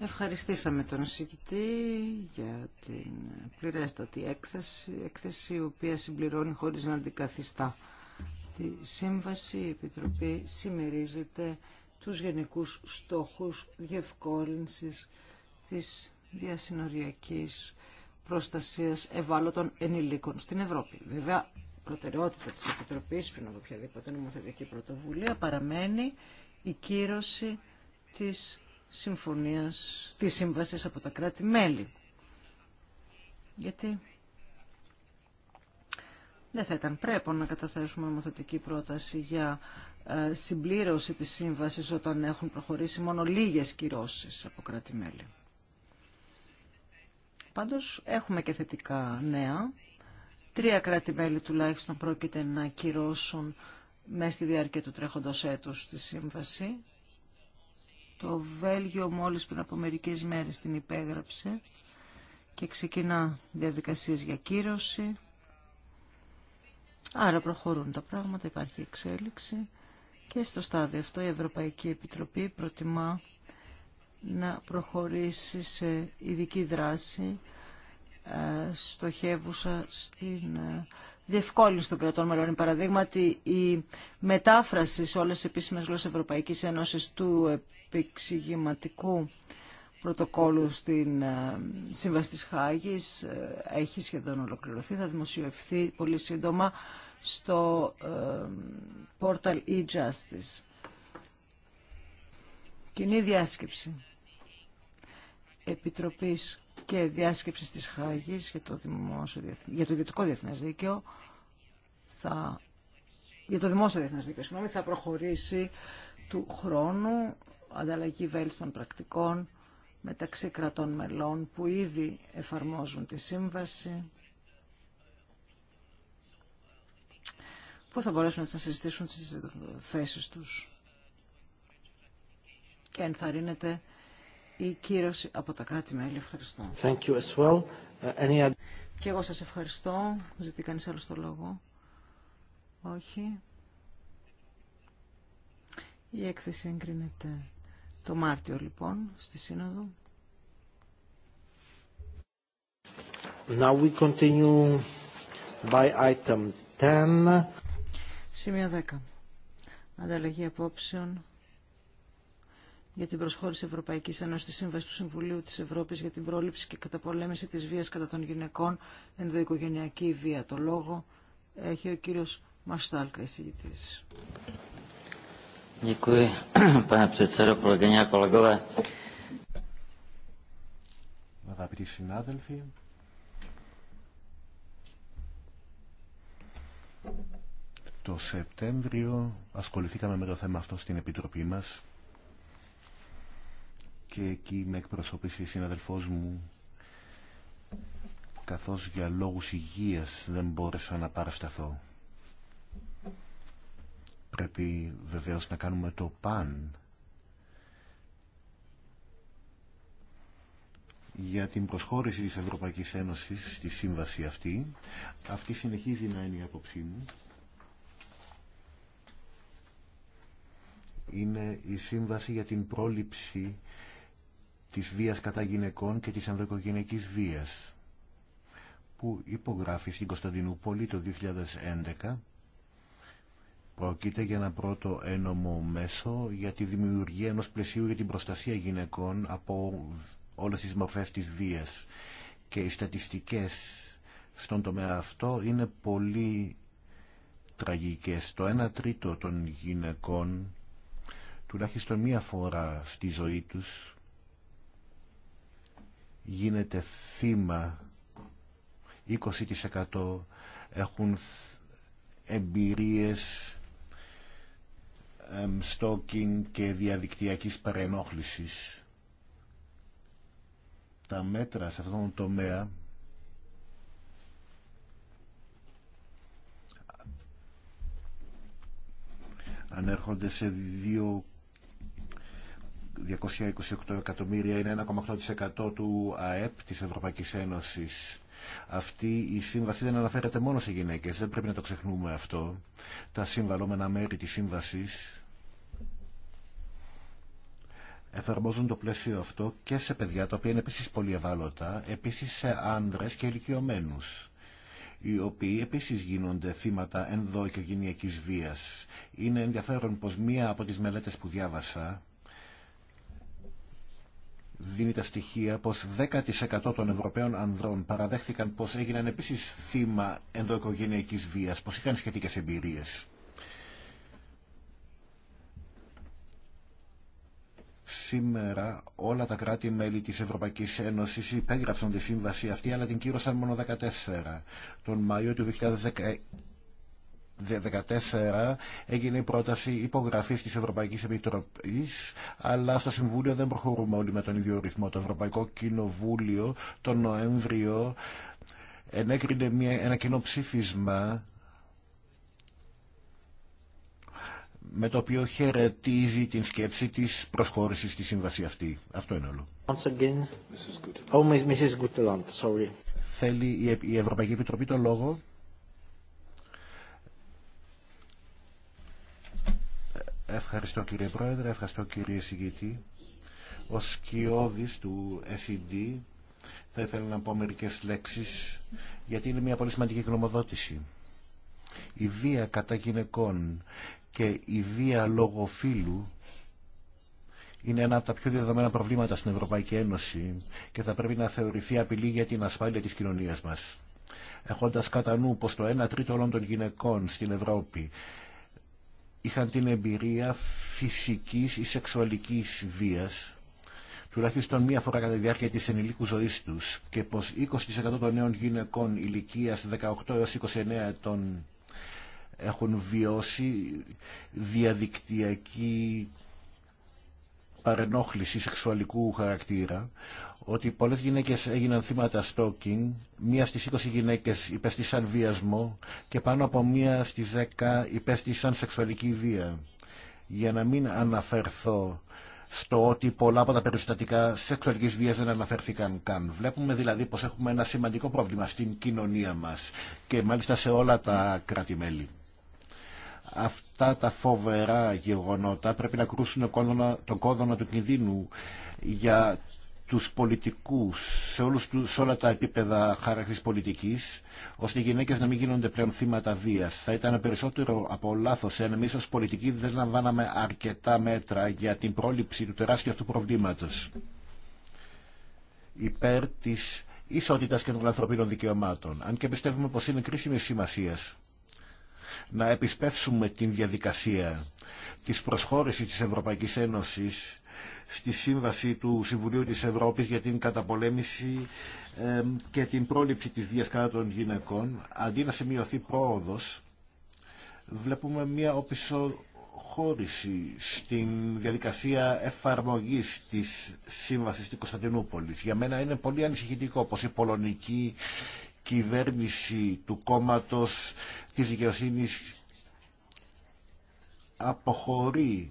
B: Ευχαριστήσαμε τον συγκητή για την πληρέστατη έκθεση, έκθεση η οποία συμπληρώνει χωρίς να αντικαθιστά τη σύμβαση. Η Επιτροπή συμμερίζεται τους γενικούς στόχους διευκόλυνσης της διασυνοριακής προστασίας ευάλωτων ενηλίκων στην Ευρώπη. Βέβαια, προτεραιότητα της Επιτροπής, πριν από οποιαδήποτε νομοθετική πρωτοβουλία, παραμένει η κύρωση της συμφωνίας, της σύμβασης από τα κράτη-μέλη. Γιατί δεν θα ήταν πρέπει να καταθέσουμε νομοθετική πρόταση για ε, συμπλήρωση της σύμβασης όταν έχουν προχωρήσει μόνο λίγες κυρώσεις από κράτη-μέλη. Πάντως έχουμε και θετικά νέα. Τρία κράτη-μέλη τουλάχιστον πρόκειται να κυρώσουν μέσα στη διάρκεια του τρέχοντος έτους τη σύμβαση το Βέλγιο μόλις πριν από μερικές μέρες την υπέγραψε και ξεκινά διαδικασίες για κύρωση. Άρα προχωρούν τα πράγματα, υπάρχει εξέλιξη και στο στάδιο αυτό η Ευρωπαϊκή Επιτροπή προτιμά να προχωρήσει σε ειδική δράση ε, στοχεύουσα στην ε, διευκόλυνση των κρατών μελών. Παραδείγματι, η μετάφραση σε όλες τις επίσημες γλώσσες Ευρωπαϊκής Ένωσης του επεξηγηματικού πρωτοκόλλου στην ε, Σύμβαση της Χάγης ε, έχει σχεδόν ολοκληρωθεί, θα δημοσιευθεί πολύ σύντομα στο ε, portal e e-justice. Κοινή διάσκεψη Επιτροπής και διάσκεψης της Χάγης για το, δημόσιο, για το διεθνές δίκαιο θα, για το δημόσιο διεθνές δίκαιο, συγγνώμη, θα προχωρήσει του χρόνου ανταλλαγή βέλτιστων πρακτικών μεταξύ κρατών μελών που ήδη εφαρμόζουν τη σύμβαση που θα μπορέσουν να συζητήσουν τις θέσεις τους και ενθαρρύνεται η κύρωση από τα κράτη-μέλη. Ευχαριστώ. Thank you as well. Uh, any Και εγώ σας ευχαριστώ. Ζητεί κανείς άλλο το λόγο. Όχι. Η έκθεση εγκρίνεται. Το Μάρτιο λοιπόν στη Σύνοδο.
C: Now we continue by item 10. Σημείο 10.
B: Ανταλλαγή απόψεων για την προσχώρηση Ευρωπαϊκή Ένωση τη Σύμβαση του Συμβουλίου τη Ευρώπη για την πρόληψη και καταπολέμηση τη βία κατά των γυναικών, ενδοοικογενειακή βία. Το λόγο έχει ο κύριο Μαστάλκα, εισηγητή. pane předsedo, kolegyně
C: το Σεπτέμβριο ασχοληθήκαμε με το θέμα αυτό στην Επιτροπή μας και εκεί με εκπροσώπησε η συναδελφός μου καθώς για λόγους υγείας δεν μπόρεσα να παρασταθώ πρέπει βεβαίως να κάνουμε το παν για την προσχώρηση της Ευρωπαϊκής Ένωσης στη σύμβαση αυτή. Αυτή συνεχίζει να είναι η άποψή μου. Είναι η σύμβαση για την πρόληψη της βίας κατά γυναικών και της ανδροκογενειακής βίας που υπογράφει στην Κωνσταντινούπολη το 2011 Πρόκειται για ένα πρώτο ένομο μέσο για τη δημιουργία ενός πλαισίου για την προστασία γυναικών από όλες τις μορφές της βίας. Και οι στατιστικές στον τομέα αυτό είναι πολύ τραγικές. Το 1 τρίτο των γυναικών, τουλάχιστον μία φορά στη ζωή τους, γίνεται θύμα 20% έχουν εμπειρίες stalking και διαδικτυακής παρενόχλησης. Τα μέτρα σε αυτόν τον τομέα ανέρχονται σε δύο 228 εκατομμύρια είναι 1,8% του ΑΕΠ της Ευρωπαϊκής Ένωσης. Αυτή η σύμβαση δεν αναφέρεται μόνο σε γυναίκες, δεν πρέπει να το ξεχνούμε αυτό. Τα συμβαλόμενα μέρη της σύμβασης εφαρμόζουν το πλαίσιο αυτό και σε παιδιά τα οποία είναι επίσης πολύ ευάλωτα, επίσης σε άνδρες και ηλικιωμένους οι οποίοι επίσης γίνονται θύματα ενδοοικογενειακής βίας. Είναι ενδιαφέρον πως μία από τις μελέτες που διάβασα δίνει τα στοιχεία πως 10% των Ευρωπαίων ανδρών παραδέχθηκαν πως έγιναν επίσης θύμα ενδοοικογενειακής βίας, πως είχαν σχετικές εμπειρίες. Σήμερα όλα τα κράτη-μέλη της Ευρωπαϊκής Ένωσης υπέγραψαν τη σύμβαση αυτή, αλλά την κύρωσαν μόνο 14. Τον Μάιο του 2014 έγινε η πρόταση υπογραφής της Ευρωπαϊκής Επιτροπής, αλλά στο Συμβούλιο δεν προχωρούμε όλοι με τον ίδιο ρυθμό. Το Ευρωπαϊκό Κοινοβούλιο τον Νοέμβριο ενέκρινε μια, ένα κοινό ψήφισμα με το οποίο χαιρετίζει την σκέψη της προσχώρησης στη σύμβαση αυτή. Αυτό είναι όλο. Θέλει η Ευρωπαϊκή Επιτροπή το λόγο. Ευχαριστώ κύριε Πρόεδρε, ευχαριστώ κύριε Συγητή. Ο σκιώδης του SED θα ήθελα να πω μερικές λέξεις γιατί είναι μια πολύ σημαντική γνωμοδότηση. Η βία κατά γυναικών και η βία λόγω είναι ένα από τα πιο δεδομένα προβλήματα στην Ευρωπαϊκή Ένωση και θα πρέπει να θεωρηθεί απειλή για την ασφάλεια της κοινωνίας μας. Έχοντας κατά νου πως το 1 τρίτο όλων των γυναικών στην Ευρώπη είχαν την εμπειρία φυσικής ή σεξουαλικής βίας, τουλάχιστον μία φορά κατά τη διάρκεια της ενηλίκου ζωής τους, και πως 20% των νέων γυναικών ηλικίας 18 έως 29 ετών έχουν βιώσει διαδικτυακή παρενόχληση σεξουαλικού χαρακτήρα, ότι πολλές γυναίκες έγιναν θύματα stalking, μία στις 20 γυναίκες υπέστησαν βιασμό και πάνω από μία στις 10 υπέστησαν σεξουαλική βία. Για να μην αναφερθώ στο ότι πολλά από τα περιστατικά σεξουαλικής βίας δεν αναφερθήκαν καν. Βλέπουμε δηλαδή πως έχουμε ένα σημαντικό πρόβλημα στην κοινωνία μας και μάλιστα σε όλα τα κράτη-μέλη αυτά τα φοβερά γεγονότα πρέπει να κρούσουν τον κόδωνα του κινδύνου για τους πολιτικούς σε, όλους, σε όλα τα επίπεδα χάραξης πολιτικής, ώστε οι γυναίκες να μην γίνονται πλέον θύματα βίας. Θα ήταν περισσότερο από λάθος εάν εμείς ως πολιτικοί δεν λαμβάναμε αρκετά μέτρα για την πρόληψη του τεράστιου αυτού προβλήματος υπέρ της ισότητας και των ανθρωπίνων δικαιωμάτων, αν και πιστεύουμε πως είναι κρίσιμη σημασία να επισπεύσουμε την διαδικασία της προσχώρησης της Ευρωπαϊκής Ένωσης στη Σύμβαση του Συμβουλίου της Ευρώπης για την καταπολέμηση και την πρόληψη της βίας των γυναικών, αντί να σημειωθεί πρόοδος, βλέπουμε μια οπισοχώρηση στην διαδικασία εφαρμογής της Σύμβασης της Κωνσταντινούπολης. Για μένα είναι πολύ ανησυχητικό πως η πολωνική κυβέρνηση του κόμματος της δικαιοσύνη αποχωρεί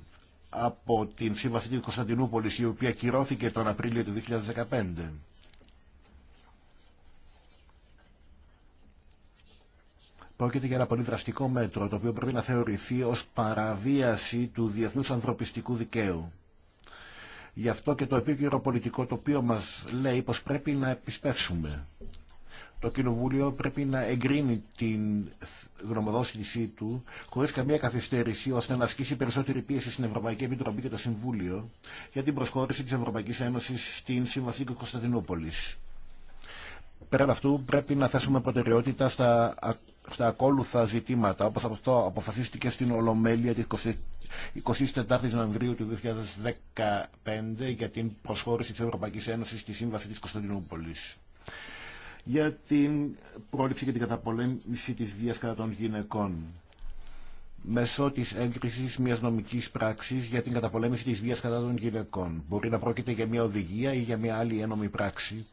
C: από την Σύμβαση της Κωνσταντινούπολης η οποία κυρώθηκε τον Απρίλιο του 2015. Πρόκειται για ένα πολύ δραστικό μέτρο το οποίο πρέπει να θεωρηθεί ως παραβίαση του διεθνούς ανθρωπιστικού δικαίου. Γι' αυτό και το επίκυρο πολιτικό το οποίο μας λέει πως πρέπει να επισπεύσουμε το Κοινοβούλιο πρέπει να εγκρίνει την γνωμοδότησή του χωρίς καμία καθυστέρηση ώστε να ασκήσει περισσότερη πίεση στην Ευρωπαϊκή Επιτροπή και το Συμβούλιο για την προσχώρηση της Ευρωπαϊκής Ένωσης στην Σύμβαση του Κωνσταντινούπολης. Πέραν αυτού πρέπει να θέσουμε προτεραιότητα στα, στα ακόλουθα ζητήματα όπως αυτό αποφασίστηκε στην Ολομέλεια της 24 Νοεμβρίου του 2015 για την προσχώρηση της Ευρωπαϊκής Ένωσης στη Σύμβαση της Κωνσταντινούπολης για την πρόληψη και την καταπολέμηση της βίας κατά των γυναικών μέσω της έγκρισης μιας νομικής πράξης για την καταπολέμηση της βίας κατά των γυναικών. Μπορεί να πρόκειται για μια οδηγία ή για μια άλλη ένομη πράξη,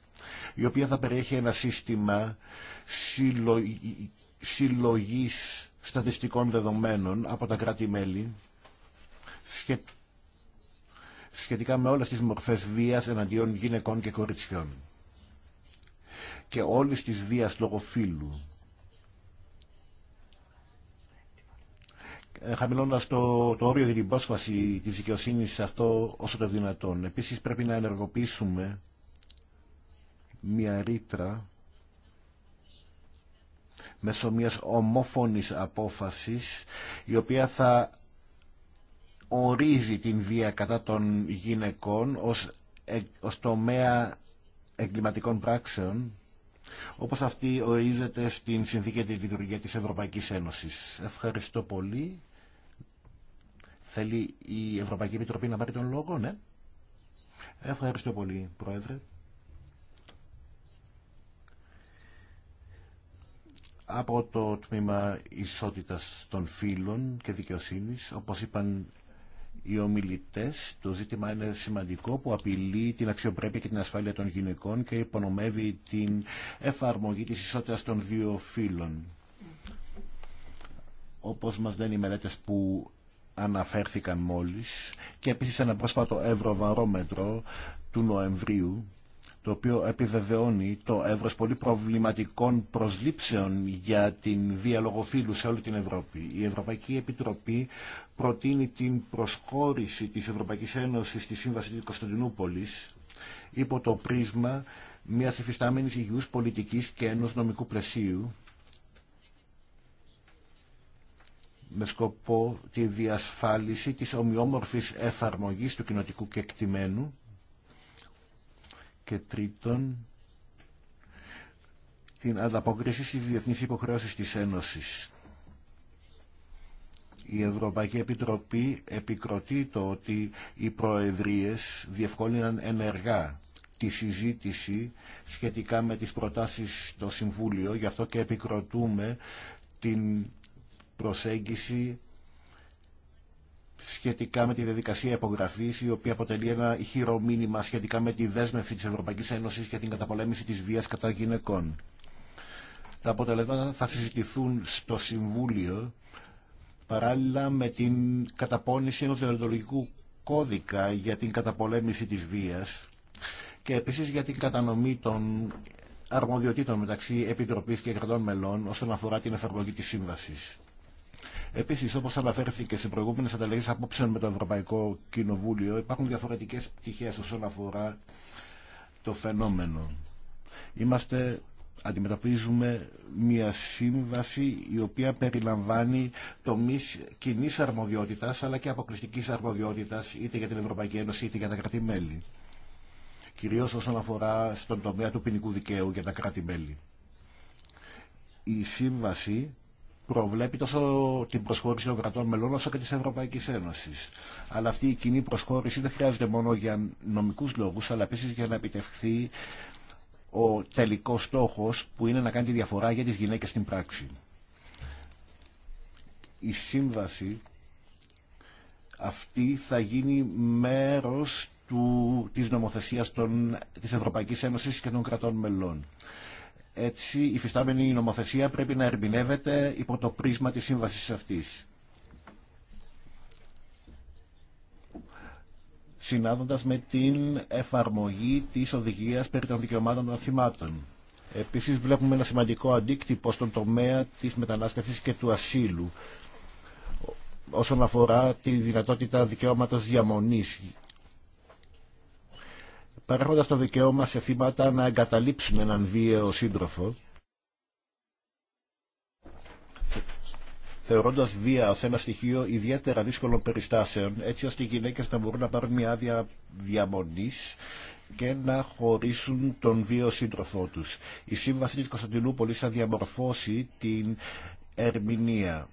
C: η οποία θα περιέχει ένα σύστημα συλλογής στατιστικών δεδομένων από τα κράτη-μέλη σχετικά με όλες τις μορφές βίας εναντίον γυναικών και κοριτσιών και όλης της βίας λόγω ε, χαμηλώντα το, το όριο για την πρόσφαση τη δικαιοσύνη σε αυτό όσο το δυνατόν. Επίση πρέπει να ενεργοποιήσουμε μια ρήτρα μέσω μια ομόφωνη απόφασης η οποία θα ορίζει την βία κατά των γυναικών ως, ε, ως τομέα εγκληματικών πράξεων όπως αυτή ορίζεται στην Συνθήκη της λειτουργία της Ευρωπαϊκής Ένωσης. Ευχαριστώ πολύ. Θέλει η Ευρωπαϊκή Επιτροπή να πάρει τον λόγο, ναι. Ευχαριστώ πολύ, Πρόεδρε. από το τμήμα ισότητας των φύλων και δικαιοσύνης, όπως είπαν οι ομιλητές το ζήτημα είναι σημαντικό που απειλεί την αξιοπρέπεια και την ασφάλεια των γυναικών και υπονομεύει την εφαρμογή της ισότητας των δύο φύλων. Όπως μας λένε οι μελέτες που αναφέρθηκαν μόλις και επίσης ένα πρόσφατο ευρωβαρόμετρο του Νοεμβρίου το οποίο επιβεβαιώνει το εύρος πολύ προβληματικών προσλήψεων για την διαλογοφύλου σε όλη την Ευρώπη. Η Ευρωπαϊκή Επιτροπή προτείνει την προσχώρηση της Ευρωπαϊκής Ένωσης στη Σύμβαση της Κωνσταντινούπολης υπό το πρίσμα μιας εφιστάμενης υγιούς πολιτικής και ενός νομικού πλαισίου με σκοπό τη διασφάλιση της ομοιόμορφης εφαρμογής του κοινοτικού κεκτημένου και τρίτον την ανταπόκριση στις διεθνείς υποχρεώσεις της Ένωσης. Η Ευρωπαϊκή Επιτροπή επικροτεί το ότι οι προεδρίες διευκόλυναν ενεργά τη συζήτηση σχετικά με τις προτάσεις στο Συμβούλιο, γι' αυτό και επικροτούμε την προσέγγιση σχετικά με τη διαδικασία υπογραφή, η οποία αποτελεί ένα ηχηρό μήνυμα σχετικά με τη δέσμευση τη Ευρωπαϊκή Ένωση για την καταπολέμηση τη βία κατά γυναικών. Τα αποτελέσματα θα συζητηθούν στο Συμβούλιο παράλληλα με την καταπώνηση ενός διοντολογικού κώδικα για την καταπολέμηση της βίας και επίσης για την κατανομή των αρμοδιοτήτων μεταξύ Επιτροπής και κρατών μελών όσον αφορά την εφαρμογή της σύμβαση Επίση, όπω αναφέρθηκε σε προηγούμενε ανταλλαγέ απόψεων με το Ευρωπαϊκό Κοινοβούλιο, υπάρχουν διαφορετικέ πτυχέ όσον αφορά το φαινόμενο. Είμαστε αντιμετωπίζουμε μια σύμβαση η οποία περιλαμβάνει τομεί κοινή αρμοδιότητα αλλά και αποκλειστική αρμοδιότητα είτε για την Ευρωπαϊκή Ένωση είτε για τα κράτη-μέλη. Κυρίω όσον αφορά στον τομέα του ποινικού δικαίου για τα κράτη-μέλη. Η σύμβαση προβλέπει τόσο την προσχώρηση των κρατών μελών όσο και της Ευρωπαϊκής Ένωσης. Αλλά αυτή η κοινή προσχώρηση δεν χρειάζεται μόνο για νομικούς λόγους, αλλά επίσης για να επιτευχθεί ο τελικός στόχος που είναι να κάνει τη διαφορά για τις γυναίκες στην πράξη. Η σύμβαση αυτή θα γίνει μέρος του, της νομοθεσίας των, της Ευρωπαϊκής Ένωσης και των κρατών μελών. Έτσι η φυστάμενη νομοθεσία πρέπει να ερμηνεύεται υπό το πρίσμα της σύμβασης αυτής. συνάδοντας με την εφαρμογή της οδηγίας περί των δικαιωμάτων των θυμάτων. Επίσης βλέπουμε ένα σημαντικό αντίκτυπο στον τομέα της μετανάστευσης και του ασύλου όσον αφορά τη δυνατότητα δικαιώματος διαμονής παρέχοντας το δικαίωμα σε θύματα να εγκαταλείψουν έναν βίαιο σύντροφο θεωρώντας βία ως ένα στοιχείο ιδιαίτερα δύσκολων περιστάσεων, έτσι ώστε οι γυναίκες να μπορούν να πάρουν μια άδεια διαμονής και να χωρίσουν τον βίαιο σύντροφό τους. Η Σύμβαση της Κωνσταντινούπολης θα διαμορφώσει την ερμηνεία.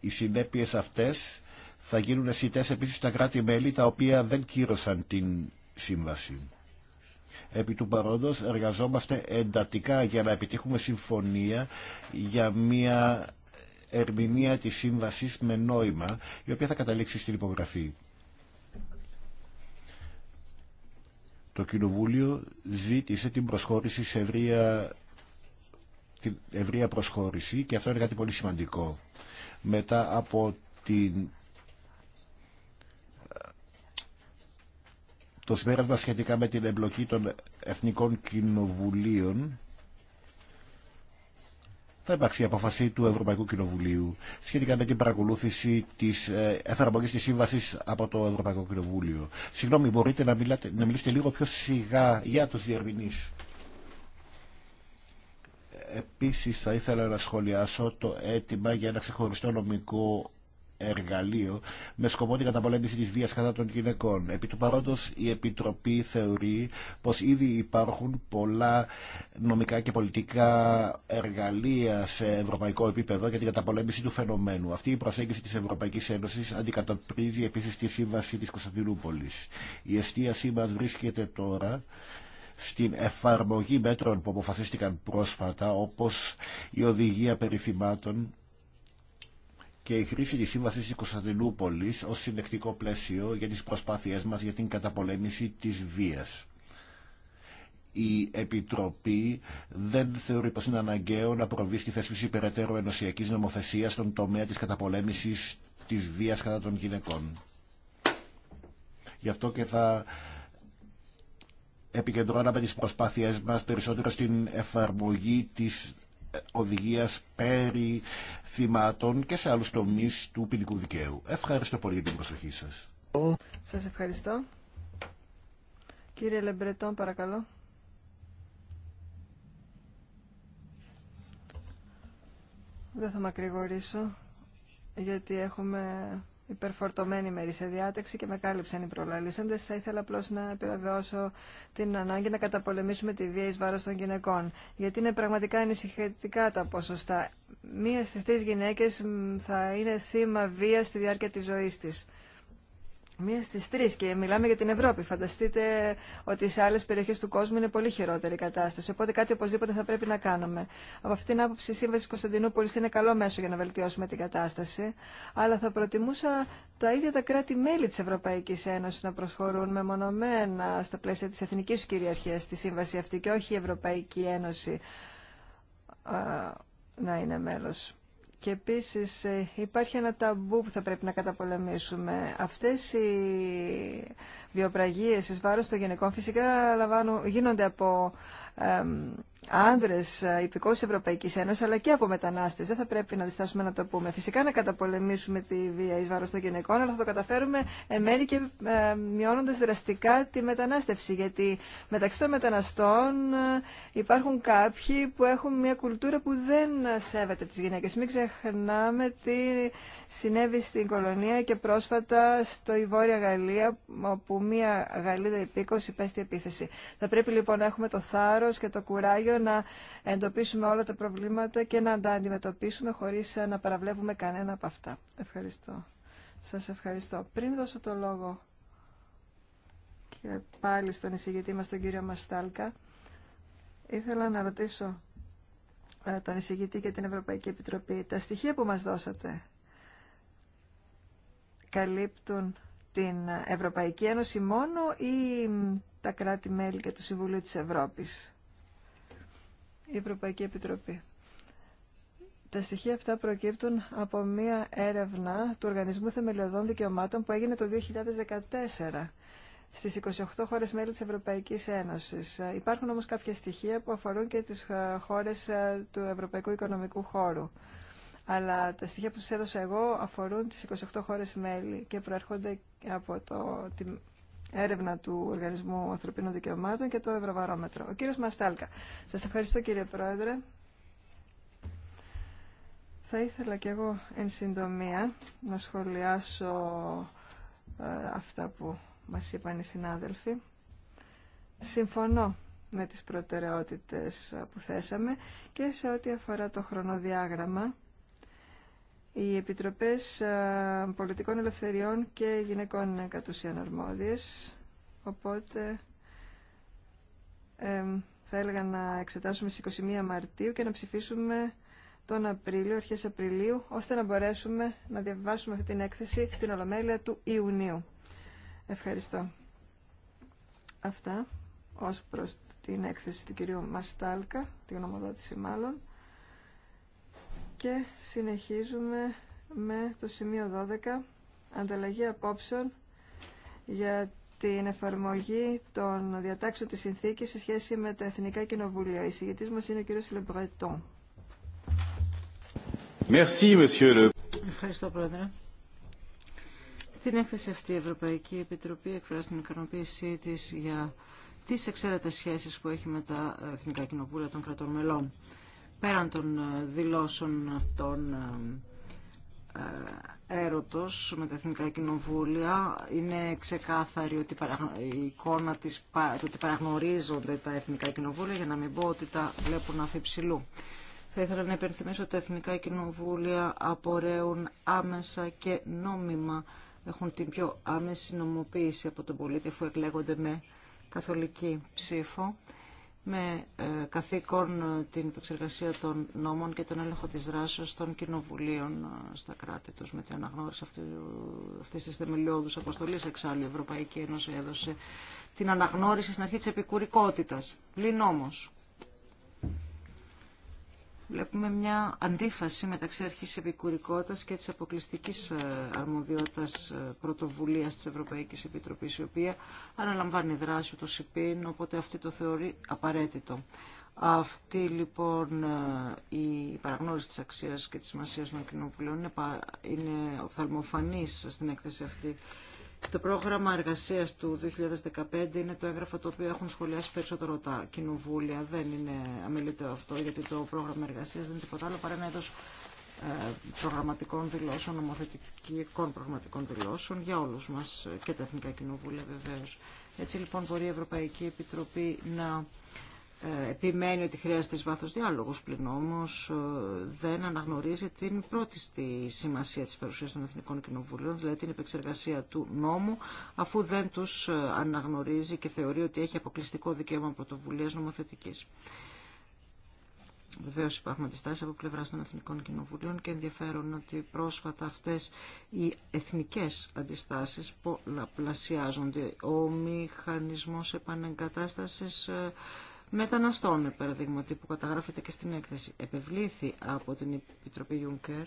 C: Οι συνέπειες αυτές θα γίνουν σε επίσης στα κράτη-μέλη τα οποία δεν κύρωσαν την σύμβαση. Επί του παρόντος εργαζόμαστε εντατικά για να επιτύχουμε συμφωνία για μια ερμηνεία της σύμβασης με νόημα, η οποία θα καταλήξει στην υπογραφή. Το Κοινοβούλιο ζήτησε την προσχώρηση σε ευρεία, την ευρεία προσχώρηση και αυτό είναι κάτι πολύ σημαντικό. Μετά από την το συμπέρασμα σχετικά με την εμπλοκή των Εθνικών Κοινοβουλίων θα υπάρξει η αποφασή του Ευρωπαϊκού Κοινοβουλίου σχετικά με την παρακολούθηση της ε, εφαρμογής της σύμβασης από το Ευρωπαϊκό Κοινοβούλιο. Συγγνώμη, μπορείτε να, μιλάτε, να μιλήσετε λίγο πιο σιγά για τους διερμηνείς. Επίσης θα ήθελα να σχολιάσω το αίτημα για ένα ξεχωριστό νομικό εργαλείο με σκοπό την καταπολέμηση της βίας κατά των γυναικών. Επί του παρόντος η Επιτροπή θεωρεί πως ήδη υπάρχουν πολλά νομικά και πολιτικά εργαλεία σε ευρωπαϊκό επίπεδο για την καταπολέμηση του φαινομένου. Αυτή η προσέγγιση της Ευρωπαϊκής Ένωσης αντικατοπτρίζει επίσης τη Σύμβαση της Κωνσταντινούπολης. Η εστίασή μας βρίσκεται τώρα στην εφαρμογή μέτρων που αποφασίστηκαν πρόσφατα όπως η οδηγία περιθυμάτων και η χρήση της Σύμβασης της Κωνσταντινούπολης ως συνεκτικό πλαίσιο για τις προσπάθειές μας για την καταπολέμηση της βίας. Η Επιτροπή δεν θεωρεί πως είναι αναγκαίο να προβεί στη θέσπιση περαιτέρω ενωσιακής νομοθεσίας στον τομέα της καταπολέμησης της βίας κατά των γυναικών. Γι' αυτό και θα επικεντρώναμε τις προσπάθειές μας περισσότερο στην εφαρμογή της οδηγίας περί θυμάτων και σε άλλους τομείς του ποινικού δικαίου. Ευχαριστώ πολύ για την προσοχή σας.
A: Σας ευχαριστώ. Κύριε Λεμπρετών, παρακαλώ. Δεν θα μακρηγορήσω, γιατί έχουμε υπερφορτωμένη σε διάταξη και με κάλυψαν οι προλαλήσαντες. Θα ήθελα απλώ να επιβεβαιώσω την ανάγκη να καταπολεμήσουμε τη βία εις βάρος των γυναικών. Γιατί είναι πραγματικά ανησυχητικά τα ποσοστά. Μία στις τρεις γυναίκες θα είναι θύμα βία στη διάρκεια της ζωής της. Μία στι τρει και μιλάμε για την Ευρώπη. Φανταστείτε ότι σε άλλε περιοχέ του κόσμου είναι πολύ χειρότερη η κατάσταση. Οπότε κάτι οπωσδήποτε θα πρέπει να κάνουμε. Από αυτήν την άποψη η Σύμβαση Κωνσταντινούπολη είναι καλό μέσο για να βελτιώσουμε την κατάσταση. Αλλά θα προτιμούσα τα ίδια τα κράτη-μέλη τη Ευρωπαϊκή Ένωση να προσχωρούν μεμονωμένα στα πλαίσια τη εθνική κυριαρχία στη σύμβαση αυτή και όχι η Ευρωπαϊκή Ένωση να είναι μέλος. Και επίσης ε, υπάρχει ένα ταμπού που θα πρέπει να καταπολεμήσουμε. Αυτές οι βιοπραγίες εις βάρος των γυναικών φυσικά γίνονται από άντρε υπηκό Ευρωπαϊκή Ένωση, αλλά και από μετανάστε. Δεν θα πρέπει να διστάσουμε να το πούμε. Φυσικά να καταπολεμήσουμε τη βία ει βάρο των γυναικών, αλλά θα το καταφέρουμε εν μέρει και ε, μειώνοντα δραστικά τη μετανάστευση. Γιατί μεταξύ των μεταναστών ε, υπάρχουν κάποιοι που έχουν μια κουλτούρα που δεν σέβεται τι γυναίκε. Μην ξεχνάμε τι συνέβη στην κολονία και πρόσφατα στο η Γαλλία, όπου μια Γαλλίδα υπήκο υπέστη επίθεση. Θα πρέπει λοιπόν να έχουμε το θάρρο και το κουράγιο να εντοπίσουμε όλα τα προβλήματα και να τα αντιμετωπίσουμε χωρίς να παραβλέπουμε κανένα από αυτά. Ευχαριστώ. Σας ευχαριστώ. Πριν δώσω το λόγο και πάλι στον εισηγητή μας τον κύριο Μαστάλκα, ήθελα να ρωτήσω ε, τον εισηγητή και την Ευρωπαϊκή Επιτροπή. Τα στοιχεία που μας δώσατε καλύπτουν την Ευρωπαϊκή Ένωση μόνο ή τα κράτη-μέλη και το Συμβουλίο της Ευρώπης η Ευρωπαϊκή Επιτροπή. Τα στοιχεία αυτά προκύπτουν από μία έρευνα του Οργανισμού Θεμελιωδών Δικαιωμάτων που έγινε το 2014 στις 28 χώρες μέλη της Ευρωπαϊκής Ένωσης. Υπάρχουν όμως κάποια στοιχεία που αφορούν και τις ε, χώρες ε, του Ευρωπαϊκού Οικονομικού Χώρου. Αλλά τα στοιχεία που σας έδωσα εγώ αφορούν τις 28 χώρες μέλη και προέρχονται από το, έρευνα του Οργανισμού Ανθρωπίνων Δικαιωμάτων και το Ευρωβαρόμετρο. Ο κύριος Μαστάλκα. Σας ευχαριστώ κύριε Πρόεδρε. Θα ήθελα κι εγώ εν συντομία να σχολιάσω ε, αυτά που μας είπαν οι συνάδελφοι. Συμφωνώ με τις προτεραιότητες ε, που θέσαμε και σε ό,τι αφορά το χρονοδιάγραμμα οι Επιτροπές ε, Πολιτικών Ελευθεριών και Γυναικών είναι κατ' αρμόδιες, οπότε ε, θα έλεγα να εξετάσουμε στις 21 Μαρτίου και να ψηφίσουμε τον Απρίλιο, αρχές Απριλίου, ώστε να μπορέσουμε να διαβάσουμε αυτή την έκθεση στην Ολομέλεια του Ιουνίου. Ευχαριστώ. Αυτά ως προς την έκθεση του κυρίου Μαστάλκα, τη γνωμοδότηση μάλλον. Και συνεχίζουμε με το σημείο 12, ανταλλαγή απόψεων για την εφαρμογή των διατάξεων της συνθήκης σε σχέση με τα Εθνικά Κοινοβούλια. Η συγγετής μας είναι ο κύριος Λεμπρετών. Ευχαριστώ, Πρόεδρε. Στην
B: έκθεση αυτή η Ευρωπαϊκή Επιτροπή εκφράζει την ικανοποίησή τη για τις εξαίρετες σχέσεις που έχει με τα Εθνικά Κοινοβούλια των κρατών μελών πέραν των ε, δηλώσεων των ε, ε, έρωτος με τα Εθνικά Κοινοβούλια είναι ξεκάθαρη ότι η εικόνα της, ότι παραγνωρίζονται τα Εθνικά Κοινοβούλια για να μην πω ότι τα βλέπουν αφιψηλού. Θα ήθελα να υπενθυμίσω ότι τα Εθνικά Κοινοβούλια απορρέουν άμεσα και νόμιμα έχουν την πιο άμεση νομοποίηση από τον πολίτη αφού εκλέγονται με καθολική ψήφο με ε, καθήκον ε, την επεξεργασία των νόμων και τον έλεγχο της δράσης των κοινοβουλίων ε, στα κράτη τους. Με την αναγνώριση αυτή, αυτής της θεμελιώδους αποστολής εξάλλου η Ευρωπαϊκή Ένωση έδωσε την αναγνώριση στην αρχή της επικουρικότητας. Πλην όμως, βλέπουμε μια αντίφαση μεταξύ αρχής επικουρικότητας και της αποκλειστικής ε, αρμοδιότητας ε, πρωτοβουλίας της Ευρωπαϊκής Επιτροπής, η οποία αναλαμβάνει δράση το ΣΥΠΗΝ, οπότε αυτή το θεωρεί απαραίτητο. Αυτή λοιπόν ε, η παραγνώριση της αξίας και της σημασίας των κοινοβουλίων είναι, είναι οφθαλμοφανής στην έκθεση αυτή το πρόγραμμα εργασίας του 2015 είναι το έγγραφο το οποίο έχουν σχολιάσει περισσότερο τα κοινοβούλια. Δεν είναι αμεληταίο αυτό γιατί το πρόγραμμα εργασίας δεν είναι τίποτα άλλο παρά ένα ε, προγραμματικών δηλώσεων, νομοθετικών προγραμματικών δηλώσεων για όλους μας και τα Εθνικά Κοινοβούλια βεβαίως. Έτσι λοιπόν μπορεί η Ευρωπαϊκή Επιτροπή να ε, επιμένει ότι χρειάζεται βάθος διάλογος πλην όμως ε, δεν αναγνωρίζει την πρώτη στη σημασία της παρουσίας των Εθνικών Κοινοβουλίων, δηλαδή την επεξεργασία του νόμου, αφού δεν τους ε, αναγνωρίζει και θεωρεί ότι έχει αποκλειστικό δικαίωμα πρωτοβουλία νομοθετικής. Βεβαίω υπάρχουν αντιστάσει από πλευρά των Εθνικών Κοινοβουλίων και ενδιαφέρον ότι πρόσφατα αυτέ οι εθνικέ αντιστάσει πολλαπλασιάζονται. Ο μηχανισμό επανεγκατάσταση μεταναστών, παραδείγμα που καταγράφεται και στην έκθεση, επευλήθη από την Επιτροπή Juncker,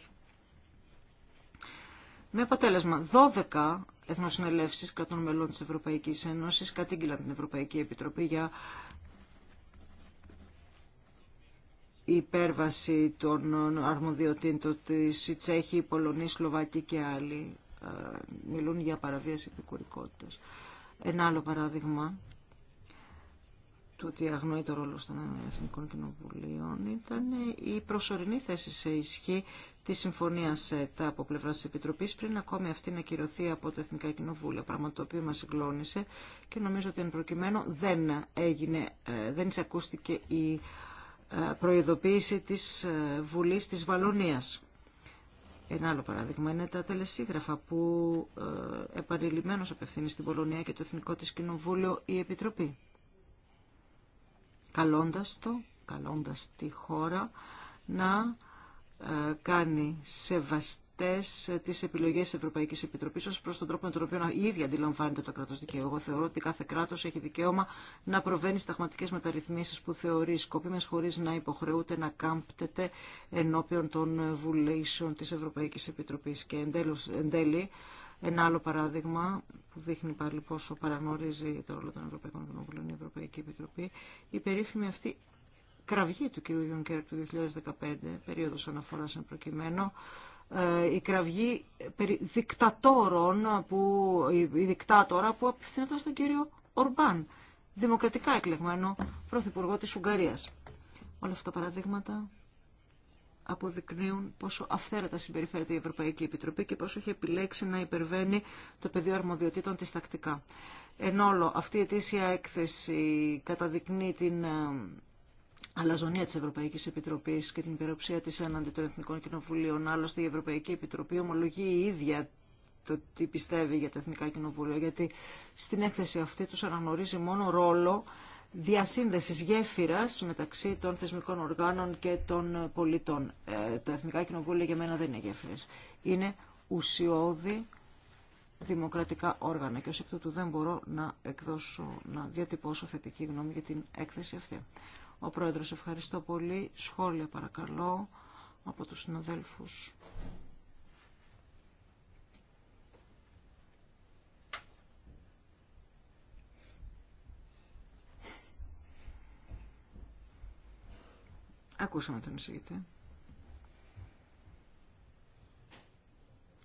B: με αποτέλεσμα 12 εθνοσυνελεύσεις κρατών μελών της Ευρωπαϊκής Ένωσης κατήγγυλαν την Ευρωπαϊκή Επιτροπή για υπέρβαση των αρμοδιοτήτων της, Τσέχη, Πολωνή, Σλοβακή και άλλοι ε, μιλούν για παραβίαση επικουρικότητας. Ένα άλλο παράδειγμα του ότι αγνοεί το ρόλο των Εθνικών Κοινοβουλίων ήταν η προσωρινή θέση σε ισχύ τη συμφωνία από πλευρά τη Επιτροπή πριν ακόμη αυτή να κυρωθεί από τα Εθνικά Κοινοβούλια. Πράγμα το οποίο μα συγκλώνησε και νομίζω ότι εν προκειμένου δεν, έγινε, ε, δεν εισακούστηκε η ε, προειδοποίηση τη ε, βουλή τη Βαλωνία. Ένα άλλο παράδειγμα είναι τα τελεσίγραφα που επανειλημμένως απευθύνει στην Πολωνία και το Εθνικό τη Κοινοβούλιο η Επιτροπή καλώντας το, καλώντας τη χώρα να ε, κάνει σεβαστές ε, τις επιλογές της Ευρωπαϊκής Επιτροπής ως προς τον τρόπο με τον οποίο η ίδια αντιλαμβάνεται το κράτος δικαίου. Εγώ θεωρώ ότι κάθε κράτος έχει δικαίωμα να προβαίνει σταγματικές μεταρρυθμίσεις που θεωρεί σκόπιμες χωρίς να υποχρεούται να κάμπτεται ενώπιον των βουλέσεων της Ευρωπαϊκής Επιτροπής. Και εν τέλει, ένα άλλο παράδειγμα που δείχνει πάλι πόσο παραγνωρίζει το ρόλο των Ευρωπαϊκών Κοινοβουλίων η Ευρωπαϊκή Επιτροπή, η περίφημη αυτή κραυγή του κ. Γιονκέρ του 2015, περίοδος αναφοράς εν προκειμένου, ε, η κραυγή περί δικτατόρων, που, η δικτάτορα που απευθυνόταν στον κύριο Ορμπάν, δημοκρατικά εκλεγμένο πρωθυπουργό της Ουγγαρίας. Όλα αυτά τα παραδείγματα αποδεικνύουν πόσο αυθαίρετα συμπεριφέρεται η Ευρωπαϊκή Επιτροπή και πόσο έχει επιλέξει να υπερβαίνει το πεδίο αρμοδιοτήτων της τακτικά. Εν όλο, αυτή η αιτήσια έκθεση καταδεικνύει την ε, αλαζονία της Ευρωπαϊκής Επιτροπής και την υπεροψία της έναντι των Εθνικών Κοινοβουλίων. Άλλωστε, η Ευρωπαϊκή Επιτροπή ομολογεί η ίδια το τι πιστεύει για τα Εθνικά Κοινοβούλια, γιατί στην έκθεση αυτή τους αναγνωρίζει μόνο ρόλο διασύνδεσης γέφυρας μεταξύ των θεσμικών οργάνων και των πολιτών. Ε, τα Εθνικά Κοινοβούλια για μένα δεν είναι γέφυρες. Είναι ουσιώδη δημοκρατικά όργανα και ως εκ τούτου δεν μπορώ να, εκδώσω, να διατυπώσω θετική γνώμη για την έκθεση αυτή. Ο Πρόεδρος, ευχαριστώ πολύ. Σχόλια παρακαλώ από τους συναδέλφους. Ακούσαμε τον εισηγητή.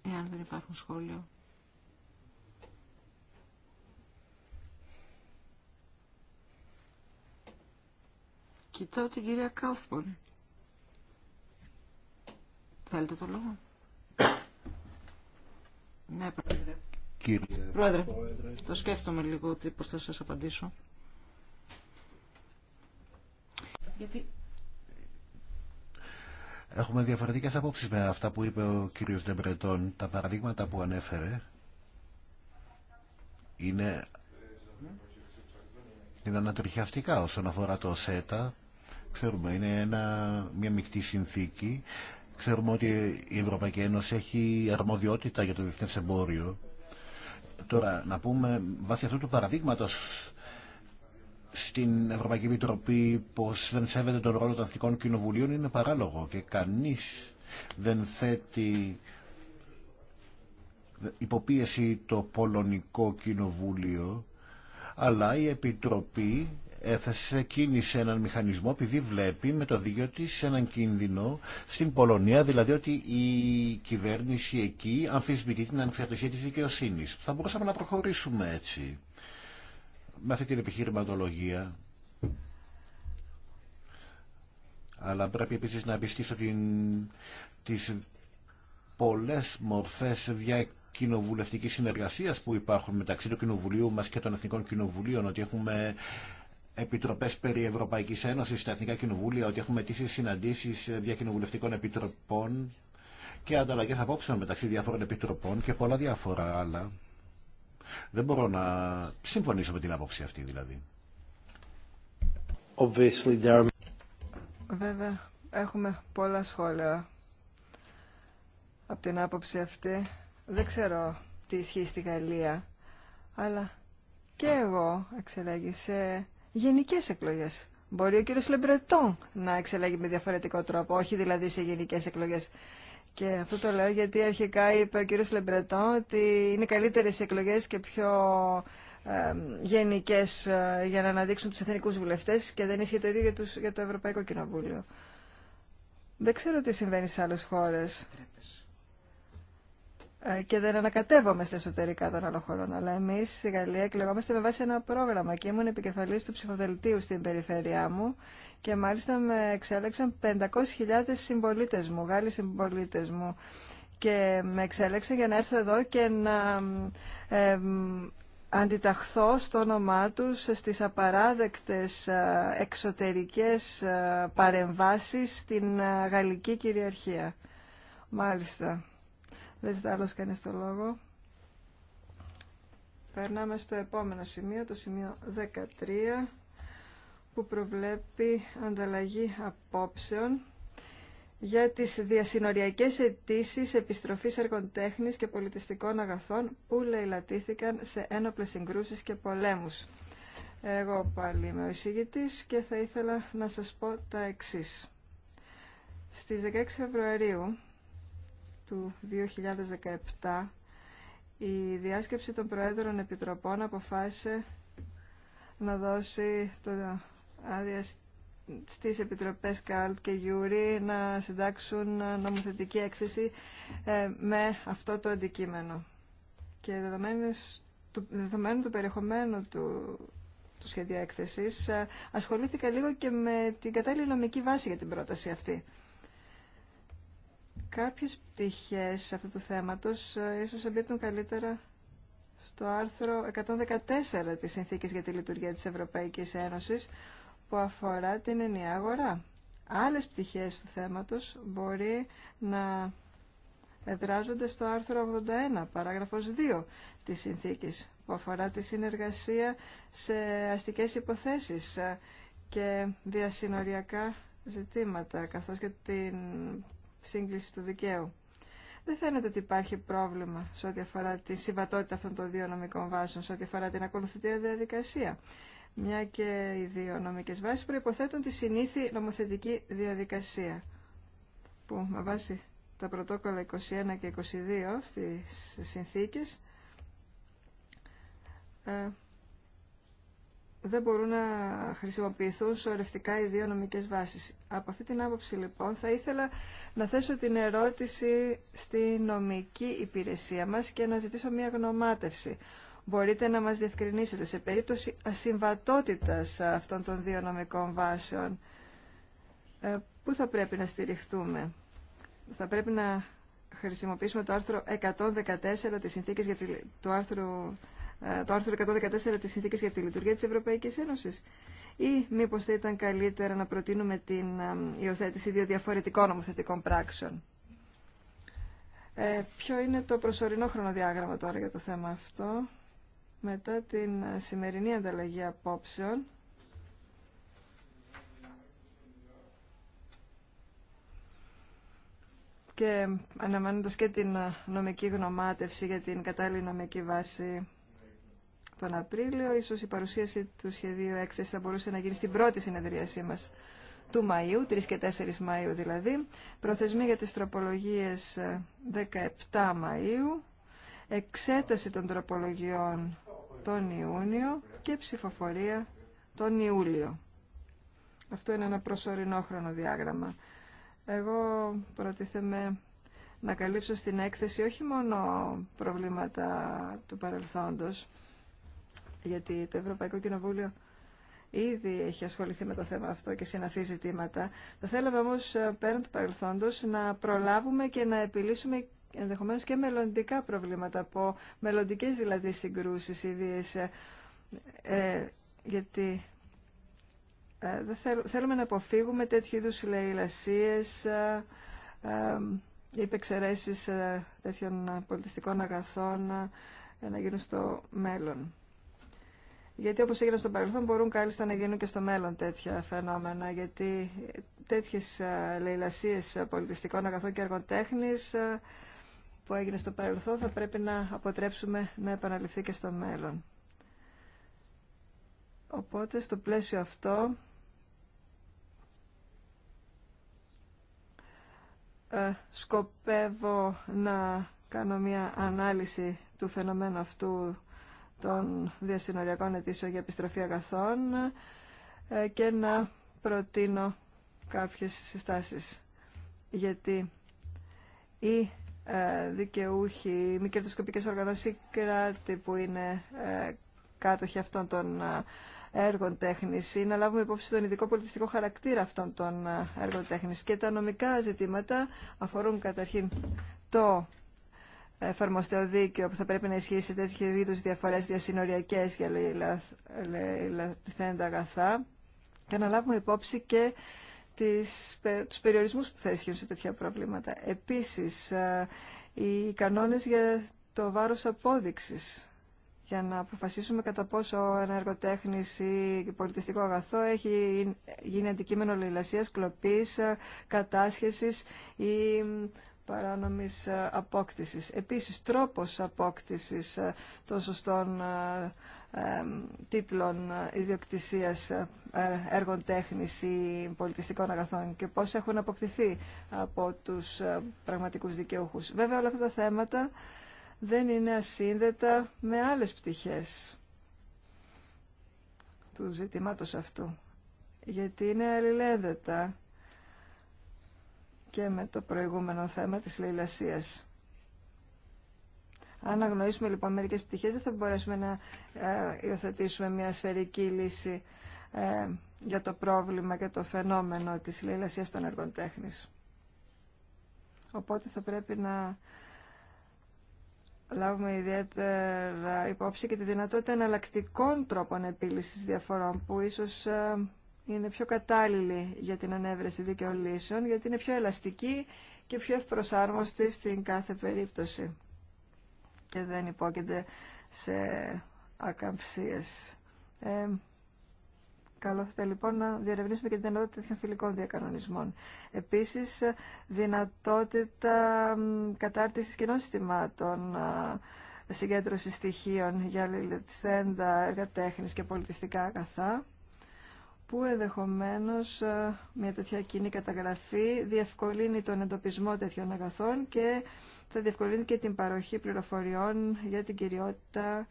B: Εάν δεν υπάρχουν σχόλια. Κοιτάω την κυρία Κάουφμαν. Θέλετε το λόγο. Ναι, πρόεδρε.
C: Κύριε πρόεδρε, πρόεδρε, το
B: σκέφτομαι λίγο πώς θα σας απαντήσω. Γιατί
C: Έχουμε διαφορετικές απόψεις με αυτά που είπε ο κύριος Ντεμπρετών. Τα παραδείγματα που ανέφερε είναι, είναι ανατριχιαστικά όσον αφορά το ΣΕΤΑ. Ξέρουμε, είναι ένα, μια μεικτή συνθήκη. Ξέρουμε ότι η Ευρωπαϊκή Ένωση έχει αρμοδιότητα για το διεθνές εμπόριο. Τώρα, να πούμε, βάσει αυτού του παραδείγματος στην Ευρωπαϊκή Επιτροπή πως δεν σέβεται τον ρόλο των Εθνικών Κοινοβουλίων είναι παράλογο και κανείς δεν θέτει υποπίεση το Πολωνικό Κοινοβούλιο αλλά η Επιτροπή έθεσε, σε έναν μηχανισμό επειδή βλέπει με το δίκιο της έναν κίνδυνο στην Πολωνία, δηλαδή ότι η κυβέρνηση εκεί αμφισβητεί την ανεξαρτησία της δικαιοσύνης. Θα μπορούσαμε να προχωρήσουμε έτσι με αυτή την επιχειρηματολογία αλλά πρέπει επίσης να επιστήσω την, τις πολλές μορφές διακοινοβουλευτικής συνεργασίας που υπάρχουν μεταξύ του Κοινοβουλίου μας και των Εθνικών Κοινοβουλίων ότι έχουμε επιτροπές περί Ευρωπαϊκής Ένωσης στα Εθνικά Κοινοβούλια ότι έχουμε τήσει συναντήσεις διακοινοβουλευτικών επιτροπών και ανταλλαγές απόψεων μεταξύ διάφορων επιτροπών και πολλά διάφορα άλλα δεν μπορώ να συμφωνήσω με την άποψη αυτή δηλαδή.
A: Βέβαια, έχουμε πολλά σχόλια από την άποψη αυτή. Δεν ξέρω τι ισχύει στη Γαλλία, αλλά και εγώ εξελέγει σε γενικές εκλογές. Μπορεί ο κύριος Λεμπρετόν να εξελέγει με διαφορετικό τρόπο, όχι δηλαδή σε γενικές εκλογές. Και αυτό το λέω γιατί αρχικά είπε ο κύριος Λεμπρετό ότι είναι καλύτερες οι εκλογές και πιο ε, γενικές για να αναδείξουν τους εθνικούς βουλευτές και δεν ίσχυε το ίδιο για, το Ευρωπαϊκό Κοινοβούλιο. Δεν ξέρω τι συμβαίνει σε άλλες χώρες. Ε, και δεν ανακατεύομαι στα εσωτερικά των άλλων χωρών. Αλλά εμεί στη Γαλλία εκλεγόμαστε με βάση ένα πρόγραμμα και ήμουν επικεφαλή του ψηφοδελτίου στην περιφέρειά μου και μάλιστα με εξέλεξαν 500.000 συμπολίτε μου, Γάλλοι συμπολίτε μου. Και με εξέλεξαν για να έρθω εδώ και να αντιταχθώ στο όνομά τους στις απαράδεκτες ε, εξωτερικές ε, παρεμβάσεις στην γαλλική κυριαρχία. Μάλιστα. Δεν ζητά άλλος κανείς το λόγο. Περνάμε στο επόμενο σημείο, το σημείο 13, που προβλέπει ανταλλαγή απόψεων για τις διασυνοριακές αιτήσει επιστροφής έργων και πολιτιστικών αγαθών που λαιλατήθηκαν σε ένοπλες συγκρούσεις και πολέμους. Εγώ πάλι είμαι ο εισηγητής και θα ήθελα να σας πω τα εξής. Στις 16 Φεβρουαρίου του 2017 η διάσκεψη των Προέδρων Επιτροπών αποφάσισε να δώσει το άδεια στις Επιτροπές ΚΑΛΤ και Γιούρι να συντάξουν νομοθετική έκθεση ε, με αυτό το αντικείμενο. Και δεδομένου του, του περιεχομένου του, του σχέδιου έκθεσης ε, ασχολήθηκα λίγο και με την κατάλληλη νομική βάση για την πρόταση αυτή. Κάποιες πτυχές αυτού του θέματος ε, ίσως εμπίπτουν καλύτερα στο άρθρο 114 της Συνθήκης για τη Λειτουργία της Ευρωπαϊκής Ένωσης που αφορά την ενιαία αγορά. Άλλες πτυχές του θέματος μπορεί να εδράζονται στο άρθρο 81, παράγραφος 2 της Συνθήκης που αφορά τη συνεργασία σε αστικές υποθέσεις ε, και διασυνοριακά ζητήματα καθώς και την σύγκληση του δικαίου. Δεν φαίνεται ότι υπάρχει πρόβλημα σε ό,τι αφορά τη συμβατότητα αυτών των δύο νομικών βάσεων, σε ό,τι αφορά την ακολουθητή διαδικασία. Μια και οι δύο νομικές βάσεις προϋποθέτουν τη συνήθη νομοθετική διαδικασία, που με βάση τα πρωτόκολλα 21 και 22 στι συνθήκες ε, δεν μπορούν να χρησιμοποιηθούν σωρευτικά οι δύο νομικές βάσεις. Από αυτή την άποψη λοιπόν θα ήθελα να θέσω την ερώτηση στη νομική υπηρεσία μας και να ζητήσω μια γνωμάτευση. Μπορείτε να μας διευκρινίσετε σε περίπτωση ασυμβατότητας αυτών των δύο νομικών βάσεων ε, πού θα πρέπει να στηριχτούμε. Θα πρέπει να χρησιμοποιήσουμε το άρθρο 114 της συνθήκης για του άρθρου ε, το άρθρο 114 της Συνθήκης για τη Λειτουργία της Ευρωπαϊκής Ένωσης ή μήπως θα ήταν καλύτερα να προτείνουμε την ε, υιοθέτηση δύο διαφορετικών νομοθετικών πράξεων. Ε, ποιο είναι το προσωρινό χρονοδιάγραμμα τώρα για το θέμα αυτό. Μετά την ε, σημερινή ανταλλαγή απόψεων, και αναμένοντας και την νομική γνωμάτευση για την κατάλληλη νομική βάση τον Απρίλιο. Ίσως η παρουσίαση του σχεδίου έκθεση θα μπορούσε να γίνει στην πρώτη συνεδρίασή μας του Μαΐου, 3 και 4 Μαΐου δηλαδή. Προθεσμοί για τις τροπολογίες 17 ε, Μαΐου, εξέταση των τροπολογιών τον Ιούνιο και ψηφοφορία τον Ιούλιο. Αυτό είναι ένα προσωρινό χρονοδιάγραμμα. Εγώ προτίθεμαι να καλύψω στην έκθεση όχι μόνο προβλήματα του παρελθόντος, γιατί το Ευρωπαϊκό Κοινοβούλιο ήδη έχει ασχοληθεί με το θέμα αυτό και συναφεί ζητήματα. Θα θέλαμε όμω ε, πέραν του παρελθόντος να προλάβουμε και να επιλύσουμε ενδεχομένω και μελλοντικά προβλήματα από μελλοντικέ δηλαδή συγκρούσει ή ε, ε, γιατί θέλουμε να αποφύγουμε τέτοιου είδου λαϊλασίε. ε, υπεξαιρέσεις τέτοιων πολιτιστικών αγαθών να γίνουν στο μέλλον. Γιατί όπως έγινε στο παρελθόν μπορούν κάλλιστα να γίνουν και στο μέλλον τέτοια φαινόμενα, γιατί τέτοιες ε, λαιλασίες πολιτιστικών αγαθών και εργοτέχνης ε, που έγινε στο παρελθόν θα πρέπει να αποτρέψουμε να επαναληφθεί και στο μέλλον. Οπότε στο πλαίσιο αυτό ε, σκοπεύω να κάνω μια ανάλυση του φαινομένου αυτού των διασυνοριακών αιτήσεων για επιστροφή αγαθών ε, και να προτείνω κάποιες συστάσεις. Γιατί οι ε, δικαιούχοι, οι μη κερδοσκοπικές οργανώσεις, οι κράτη που είναι ε, κάτοχοι αυτών των έργων τέχνης ή να λάβουμε υπόψη τον ειδικό πολιτιστικό χαρακτήρα αυτών των έργων τέχνης. Και τα νομικά ζητήματα αφορούν καταρχήν το εφαρμοστεί δίκαιο που θα πρέπει να ισχύει σε τέτοιου είδου διαφορέ διασυνοριακέ για λαϊλαθέντα αγαθά και να λάβουμε υπόψη και τις, τους περιορισμούς που θα ισχύουν σε τέτοια προβλήματα. Επίσης, οι κανόνες για το βάρος απόδειξης για να αποφασίσουμε κατά πόσο ένα εργοτέχνης ή πολιτιστικό αγαθό έχει γίνει αντικείμενο λαϊλασίας, κλοπής, κατάσχεσης ή παράνομης ε, απόκτησης. Επίσης, τρόπος απόκτησης ε, των σωστών ε, τίτλων ιδιοκτησίας έργων τέχνης ή πολιτιστικών αγαθών και πώς έχουν αποκτηθεί από τους πραγματικούς δικαιούχους. Βέβαια, όλα αυτά τα θέματα δεν είναι ασύνδετα με άλλες πτυχές του ζητήματος αυτού, γιατί είναι αλληλένδετα και με το προηγούμενο θέμα της λαϊλασίας. Αν αγνοήσουμε λοιπόν μερικές πτυχές δεν θα μπορέσουμε να ε, υιοθετήσουμε μια σφαιρική λύση ε, για το πρόβλημα και το φαινόμενο της λαϊλασίας των έργων Οπότε θα πρέπει να λάβουμε ιδιαίτερα υπόψη και τη δυνατότητα εναλλακτικών τρόπων επίλυσης διαφορών που ίσως ε, είναι πιο κατάλληλη για την ανέβρεση δίκαιων γιατί είναι πιο ελαστική και πιο ευπροσάρμοστη στην κάθε περίπτωση και δεν υπόκειται σε ακαμψίες. Ε, καλό θα ήταν λοιπόν να διερευνήσουμε και την δυνατότητα των φιλικών διακανονισμών. Επίσης, δυνατότητα κατάρτισης κοινών συστημάτων, συγκέντρωση στοιχείων για λιλετθέντα, εργατέχνης και πολιτιστικά αγαθά που ενδεχομένως ε, μια τέτοια κοινή καταγραφή διευκολύνει τον εντοπισμό τέτοιων αγαθών και θα διευκολύνει και την παροχή πληροφοριών για την κυριότητα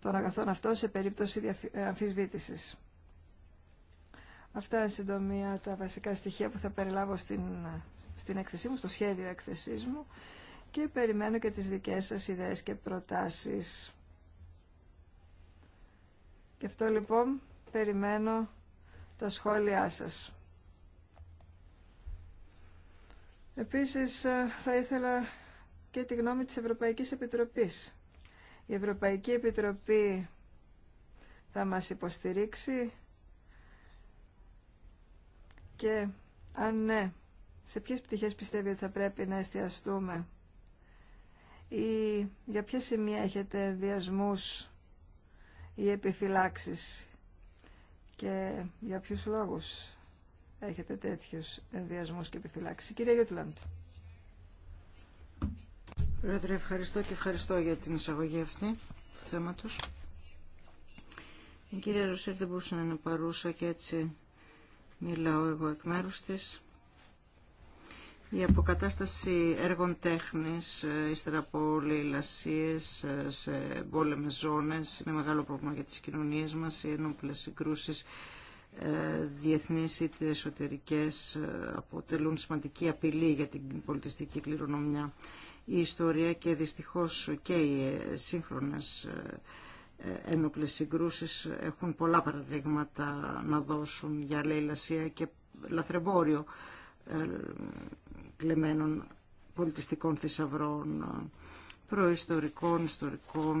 A: των αγαθών αυτών σε περίπτωση ε, αμφισβήτησης. Αυτά είναι συντομία τα βασικά στοιχεία που θα περιλάβω στην, στην έκθεσή μου, στο σχέδιο έκθεσής μου και περιμένω και τις δικές σας ιδέες και προτάσεις. Και αυτό λοιπόν περιμένω τα σχόλιά σας. Επίσης, ε, θα ήθελα και τη γνώμη της Ευρωπαϊκής Επιτροπής. Η Ευρωπαϊκή Επιτροπή θα μας υποστηρίξει και αν ναι, σε ποιες πτυχές πιστεύει ότι θα πρέπει να εστιαστούμε ή για ποια σημεία έχετε διασμούς ή επιφυλάξεις και για ποιου λόγου έχετε τέτοιους ενδιασμούς και επιφυλάξει. Κυρία Γιούτλαντ. Πρόεδρε, ευχαριστώ και ευχαριστώ για την εισαγωγή αυτή του
B: θέματος. Η κυρία Ρωσέρ δεν μπορούσε να είναι παρούσα και έτσι μιλάω εγώ εκ μέρου τη η αποκατάσταση έργων τέχνης ε, ύστερα από λασίες, ε, σε πόλεμες ζώνες είναι μεγάλο πρόβλημα για τις κοινωνίες μας, οι ένοπλες συγκρούσεις ε, διεθνείς είτε εσωτερικές αποτελούν σημαντική απειλή για την πολιτιστική κληρονομιά. Η ιστορία και δυστυχώς και οι σύγχρονες ένοπλες συγκρούσεις έχουν πολλά παραδείγματα να δώσουν για λαιλασία και λαθρεμπόριο κλεμμένων πολιτιστικών θησαυρών, προϊστορικών, ιστορικών,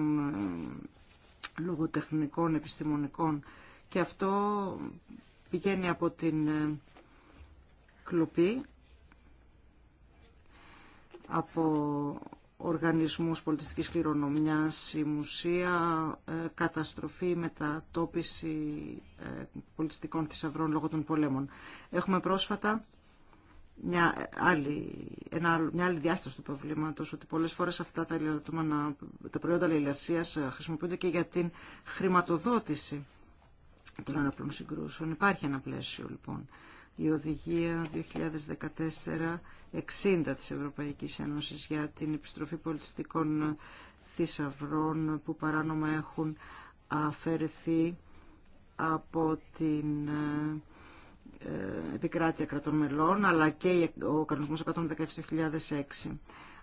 B: λογοτεχνικών, επιστημονικών. Και αυτό πηγαίνει από την ε, κλοπή, από οργανισμούς πολιτιστικής κληρονομιάς, η μουσεία, ε, καταστροφή, μετατόπιση ε, πολιτιστικών θησαυρών λόγω των πολέμων. Έχουμε πρόσφατα μια άλλη, ένα, μια άλλη διάσταση του προβλήματος, ότι πολλές φορές αυτά τα, τα προϊόντα λαϊλασίας ε, χρησιμοποιούνται και για την χρηματοδότηση των αναπλών συγκρούσεων. Υπάρχει ένα πλαίσιο λοιπόν. Η οδηγία 2014-60 της Ευρωπαϊκής Ένωσης για την επιστροφή πολιτιστικών θησαυρών που παράνομα έχουν αφαιρεθεί από την ε, ε, επικράτεια κρατών μελών, αλλά και ο κανονισμός 117.006.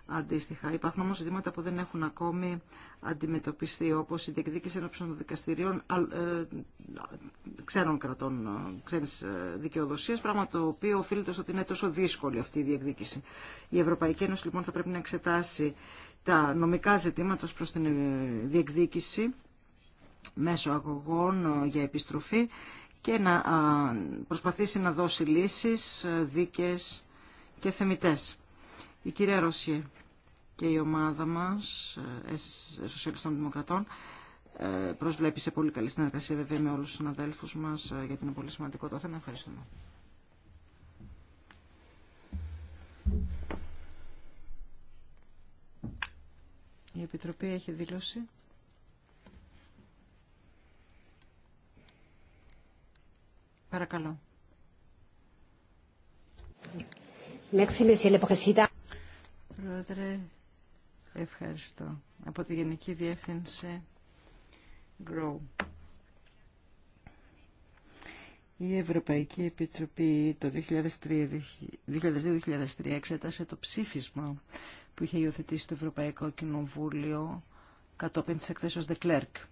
B: Αντίστοιχα, υπάρχουν όμως ζητήματα που δεν έχουν ακόμη αντιμετωπιστεί, όπως η διεκδίκηση ενώπιση των δικαστηρίων ε, ξένων κρατών, ε, ξένης δικαιοδοσίας, πράγμα το οποίο οφείλεται στο ότι είναι τόσο δύσκολη αυτή η διεκδίκηση. Η Ευρωπαϊκή Ένωση λοιπόν θα πρέπει να εξετάσει τα νομικά ζητήματα προς την διεκδίκηση μέσω αγωγών για επιστροφή και να προσπαθήσει να δώσει λύσεις ε, δίκες και θεμητές. Η κυρία Ρωσιέ και η ομάδα μας, ε, ε, Σοσιαλιστών Δημοκρατών, προσβλέπει σε πολύ καλή συνεργασία βέβαια με όλους τους συναδέλφους μας για την πολύ σημαντικό το θέμα. Ευχαριστούμε. Η Επιτροπή έχει δήλωση. Παρακαλώ. Πρόεδρε, ευχαριστώ. Από τη Γενική Διεύθυνση Grow. Η Ευρωπαϊκή Επιτροπή το 2002-2003 εξέτασε το ψήφισμα που είχε υιοθετήσει το Ευρωπαϊκό Κοινοβούλιο κατόπιν της εκθέσεως Clerk.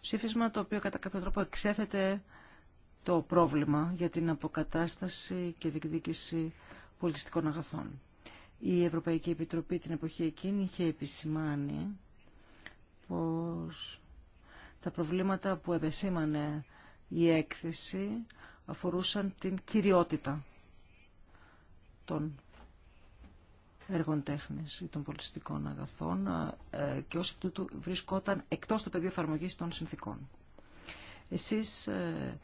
B: Ψήφισμα το οποίο κατά κάποιο τρόπο εξέθεται το πρόβλημα για την αποκατάσταση και διεκδίκηση πολιτιστικών αγαθών. Η Ευρωπαϊκή Επιτροπή την εποχή εκείνη είχε επισημάνει πως τα προβλήματα που επεσήμανε η έκθεση αφορούσαν την κυριότητα των έργων τέχνης ή των πολιτιστικών αγαθών ε, και ως τούτου βρισκόταν εκτός του πεδίου εφαρμογής των συνθήκων. Εσείς ε,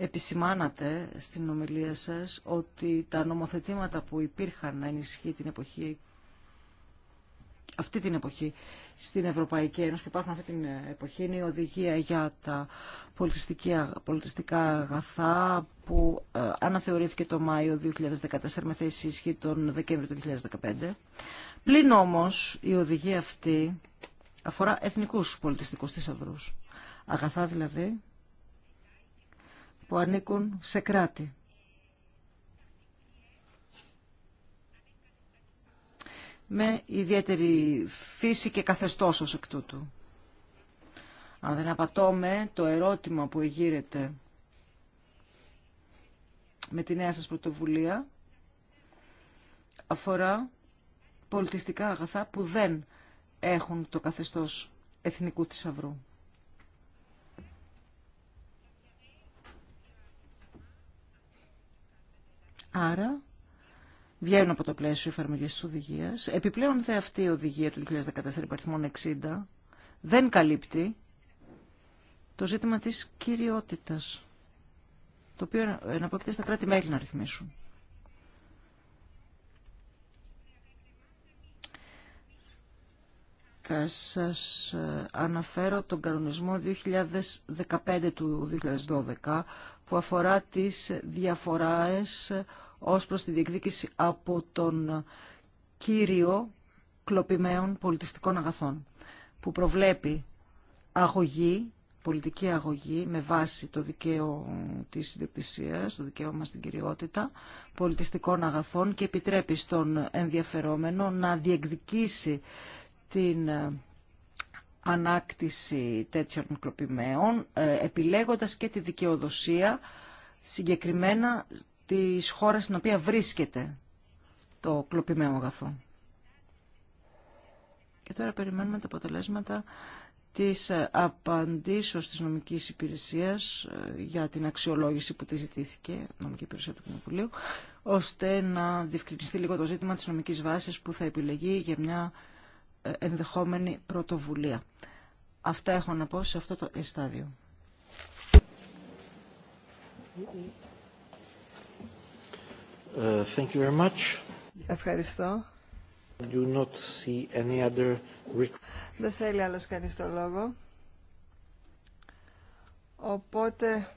B: επισημάνατε στην ομιλία σας ότι τα νομοθετήματα που υπήρχαν να ενισχύει την εποχή αυτή την εποχή στην Ευρωπαϊκή Ένωση που υπάρχουν αυτή την εποχή είναι η οδηγία για τα πολιτιστικά αγαθά που ε, αναθεωρήθηκε το Μάιο 2014 με θέση ισχύ τον Δεκέμβριο του 2015. Πλην όμως η οδηγία αυτή αφορά εθνικούς πολιτιστικούς θησαυρού. Αγαθά δηλαδή που ανήκουν σε κράτη. με ιδιαίτερη φύση και καθεστώς ως εκ τούτου. Αν δεν απατώμε, το ερώτημα που εγείρεται με τη νέα σας πρωτοβουλία αφορά πολιτιστικά αγαθά που δεν έχουν το καθεστώς εθνικού θησαυρού. Άρα βγαίνουν από το πλαίσιο εφαρμογή τη οδηγία, Επιπλέον δε αυτή η οδηγία του 2014 60 δεν καλύπτει το ζήτημα τη κυριότητας, το οποίο εναπόκειται στα κράτη-μέλη να ρυθμίσουν. θα σας ε, αναφέρω τον κανονισμό 2015 του 2012 που αφορά τις διαφοράες ως προς τη διεκδίκηση από τον κύριο κλοπημαίων πολιτιστικών αγαθών που προβλέπει αγωγή, πολιτική αγωγή με βάση το δικαίωμα της ιδιοκτησίας, το δικαίωμα στην κυριότητα πολιτιστικών αγαθών και επιτρέπει στον ενδιαφερόμενο να διεκδικήσει την ε, ανάκτηση τέτοιων κλοπημαίων, ε, επιλέγοντας και τη δικαιοδοσία συγκεκριμένα της χώρας στην οποία βρίσκεται το κλοπημαίο αγαθό. Και τώρα περιμένουμε τα αποτελέσματα της ε, απαντήσεως της νομικής υπηρεσίας για την αξιολόγηση που τη ζητήθηκε, νομική υπηρεσία του Κοινοβουλίου, ώστε να διευκρινιστεί λίγο το ζήτημα της νομικής βάσης που θα επιλεγεί για μια ενδεχόμενη πρωτοβουλία. Αυτά έχω να πω σε αυτό το στάδιο.
C: Uh, thank you very
A: Ευχαριστώ.
C: Do not see any other...
A: Δεν θέλει άλλος κανείς το λόγο. Οπότε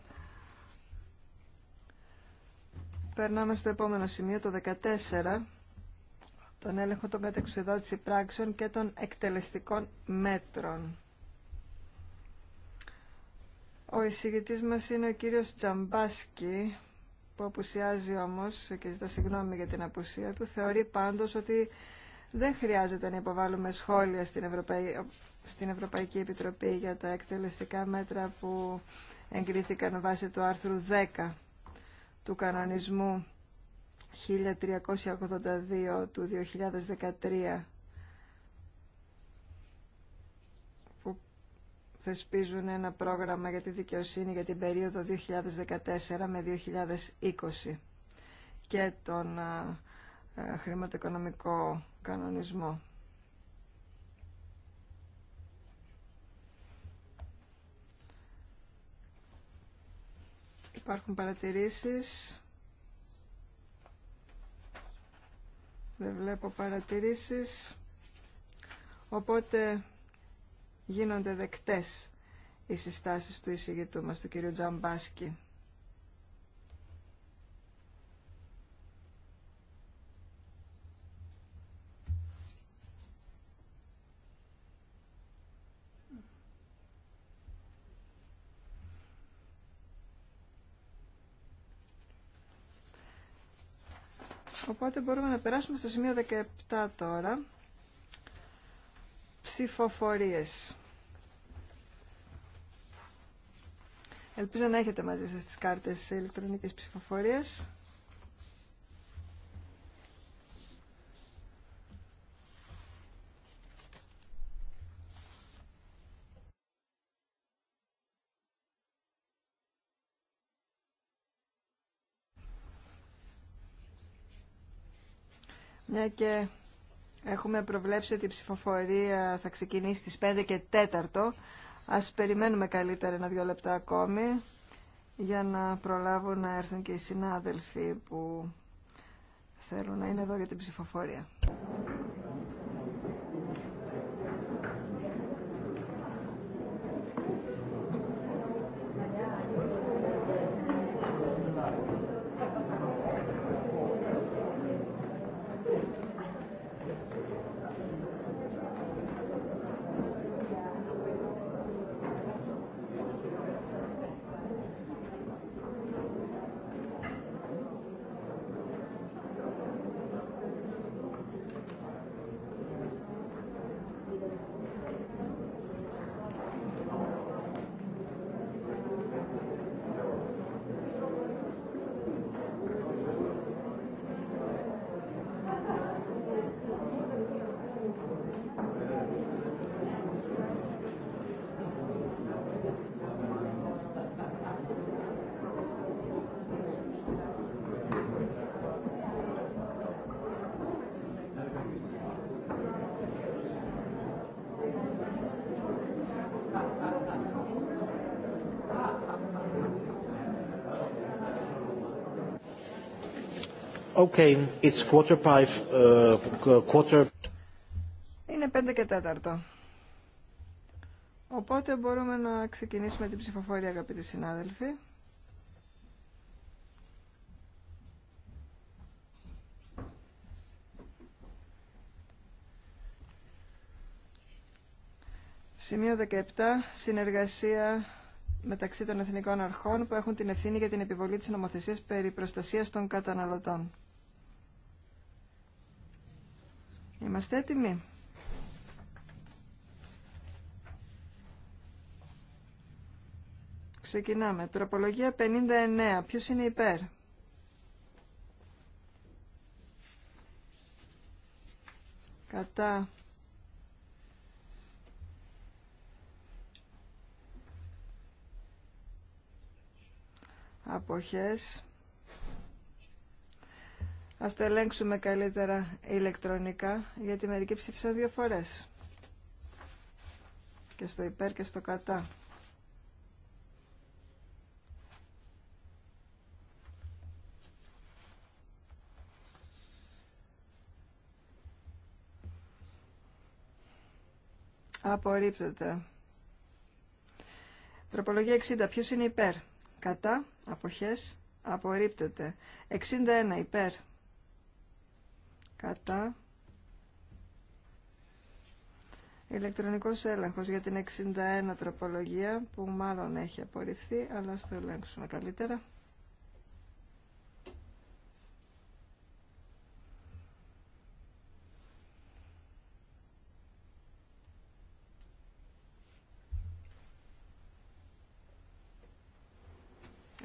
A: περνάμε στο επόμενο σημείο, το 14 τον έλεγχο των κατεξουδότηση πράξεων και των εκτελεστικών μέτρων. Ο εισηγητής μα είναι ο κύριος Τζαμπάσκι, που απουσιάζει όμως και ζητά συγγνώμη για την απουσία του, θεωρεί πάντως ότι δεν χρειάζεται να υποβάλουμε σχόλια στην, στην Ευρωπαϊκή Επιτροπή για τα εκτελεστικά μέτρα που εγκρίθηκαν βάσει του άρθρου 10 του κανονισμού 1382 του 2013 που θεσπίζουν ένα πρόγραμμα για τη δικαιοσύνη για την περίοδο 2014 με 2020 και τον ε, χρηματοοικονομικό κανονισμό. Υπάρχουν παρατηρήσεις. Δεν βλέπω παρατηρήσεις. Οπότε γίνονται δεκτές οι συστάσεις του εισηγητού μας, του κυρίου Τζαμπάσκη. Οπότε μπορούμε να περάσουμε στο σημείο 17 τώρα. Ψηφοφορίες. Ελπίζω να έχετε μαζί σας τις κάρτες ηλεκτρονικής ψηφοφορίας. Μια ναι, και έχουμε προβλέψει ότι η ψηφοφορία θα ξεκινήσει στις 5 και 4. Ας περιμένουμε καλύτερα ένα-δυο λεπτά ακόμη για να προλάβουν να έρθουν και οι συνάδελφοι που θέλουν να είναι εδώ για την ψηφοφορία.
C: Okay, it's quarter uh, quarter...
A: Είναι πέντε και τέταρτο. Οπότε μπορούμε να ξεκινήσουμε την ψηφοφορία, αγαπητοί συνάδελφοι. Σημείο 17. Συνεργασία μεταξύ των εθνικών αρχών που έχουν την ευθύνη για την επιβολή της νομοθεσίας περί προστασίας των καταναλωτών. Είμαστε έτοιμοι. Ξεκινάμε. Τροπολογία 59. Ποιος είναι υπέρ. Κατά. Αποχές. Ας το ελέγξουμε καλύτερα ηλεκτρονικά, γιατί μερικοί ψήφισαν δύο φορές. Και στο υπέρ και στο κατά. Απορρίπτεται. Τροπολογία 60. Ποιος είναι υπέρ. Κατά. Αποχές. Απορρίπτεται. 61. Υπέρ κατά ηλεκτρονικός έλεγχος για την 61 τροπολογία που μάλλον έχει απορριφθεί αλλά ας το ελέγξουμε καλύτερα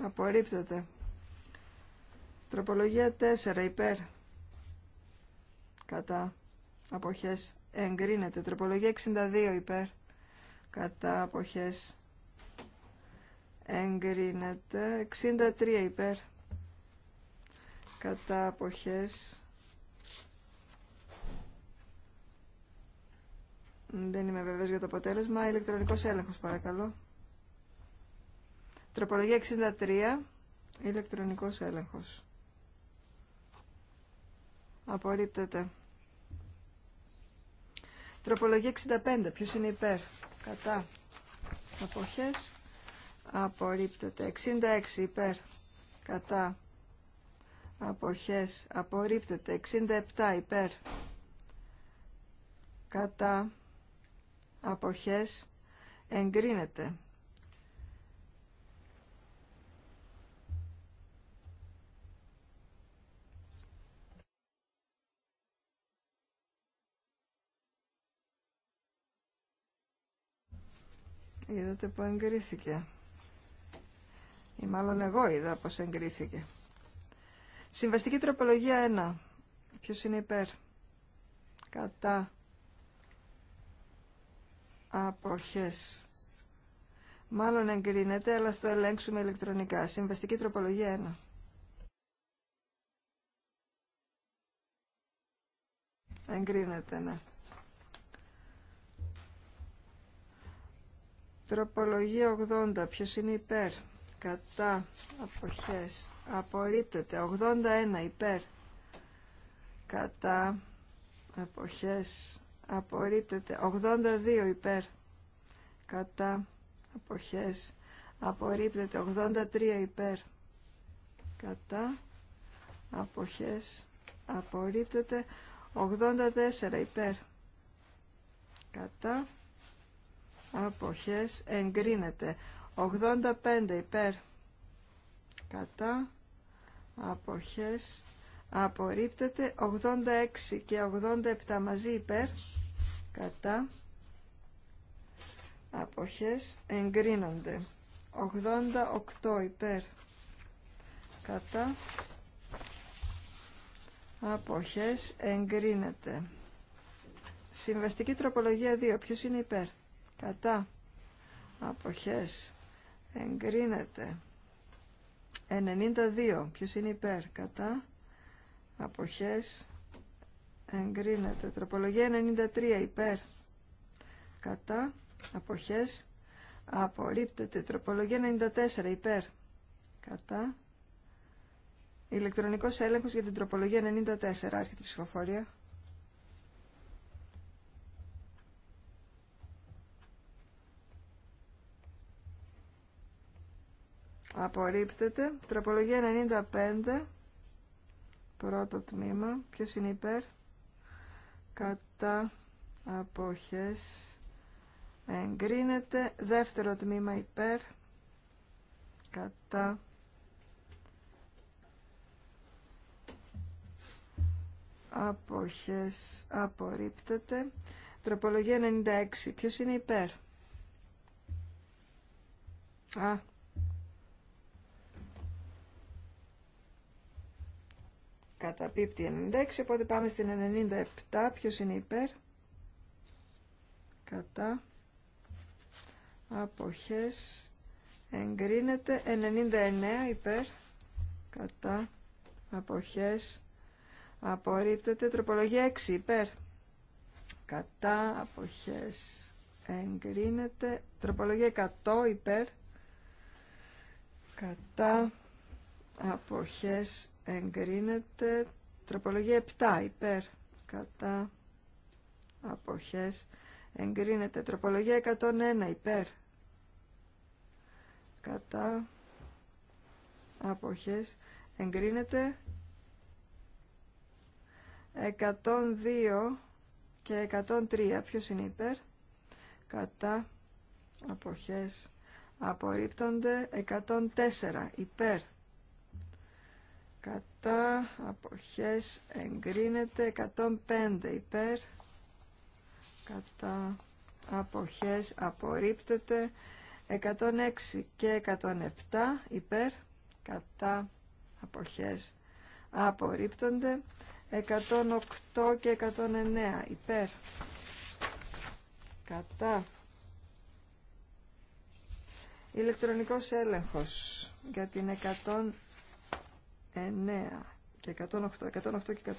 A: Απορρίπτεται. Τροπολογία 4 υπέρ κατά αποχές εγκρίνεται. Τροπολογία 62 υπέρ κατά αποχές εγκρίνεται. 63 υπέρ κατά αποχές Δεν είμαι βεβαίως για το αποτέλεσμα. Ηλεκτρονικός έλεγχος παρακαλώ. Τροπολογία 63. Ηλεκτρονικός έλεγχος. Απορρίπτεται. Τροπολογία 65. Ποιος είναι υπέρ. Κατά. Αποχές. Απορρίπτεται. 66. Υπέρ. Κατά. Αποχές. Απορρίπτεται. 67. Υπέρ. Κατά. Αποχές. Εγκρίνεται. Είδατε που εγκρίθηκε. Ή μάλλον εγώ είδα πως εγκρίθηκε. Συμβαστική τροπολογία 1. Ποιος είναι υπέρ. Κατά. Αποχές. Μάλλον εγκρίνεται, αλλά στο ελέγξουμε ηλεκτρονικά. Συμβαστική τροπολογία 1. Εγκρίνεται, ναι. Τροπολογία 80. Ποιος είναι υπέρ. Κατά. Αποχές. Απορρίπτεται. 81. Υπέρ. Κατά. Αποχές. Απορρίπτεται. 82. Υπέρ. Κατά. Αποχές. Απορρίπτεται. 83. Υπέρ. Κατά. Αποχές. Απορρίπτεται. 84. Υπέρ. Κατά αποχές εγκρίνεται 85 υπέρ κατά αποχές απορρίπτεται 86 και 87 μαζί υπέρ κατά αποχές εγκρίνονται 88 υπέρ κατά αποχές εγκρίνεται συμβαστική τροπολογία 2 ποιος είναι υπέρ κατά αποχές εγκρίνεται 92 ποιος είναι υπέρ κατά αποχές εγκρίνεται τροπολογία 93 υπέρ κατά αποχές απορρίπτεται τροπολογία 94 υπέρ κατά ηλεκτρονικός έλεγχος για την τροπολογία 94 άρχεται η ψηφοφορία Απορρίπτεται. Τροπολογία 95. Πρώτο τμήμα. Ποιος είναι υπέρ. Κατά αποχές. Εγκρίνεται. Δεύτερο τμήμα υπέρ. Κατά αποχές. Απορρίπτεται. Τροπολογία 96. Ποιος είναι υπέρ. Α, Καταπίπτει 96, οπότε πάμε στην 97. Ποιος είναι υπέρ. Κατά. Αποχές. Εγκρίνεται 99 υπέρ. Κατά. Αποχές. Απορρίπτεται τροπολογία 6 υπέρ. Κατά. Αποχές. Εγκρίνεται τροπολογία 100 υπέρ. Κατά αποχές εγκρίνεται τροπολογία 7 υπέρ κατά αποχές εγκρίνεται τροπολογία 101 υπέρ κατά αποχές εγκρίνεται 102 και 103 ποιος είναι υπέρ κατά αποχές απορρίπτονται 104 υπέρ κατά αποχές εγκρίνεται 105 υπέρ κατά αποχές απορρίπτεται 106 και 107 υπέρ κατά αποχές απορρίπτονται 108 και 109 υπέρ κατά ηλεκτρονικός έλεγχος για την 109 9 και 108. 108 και 109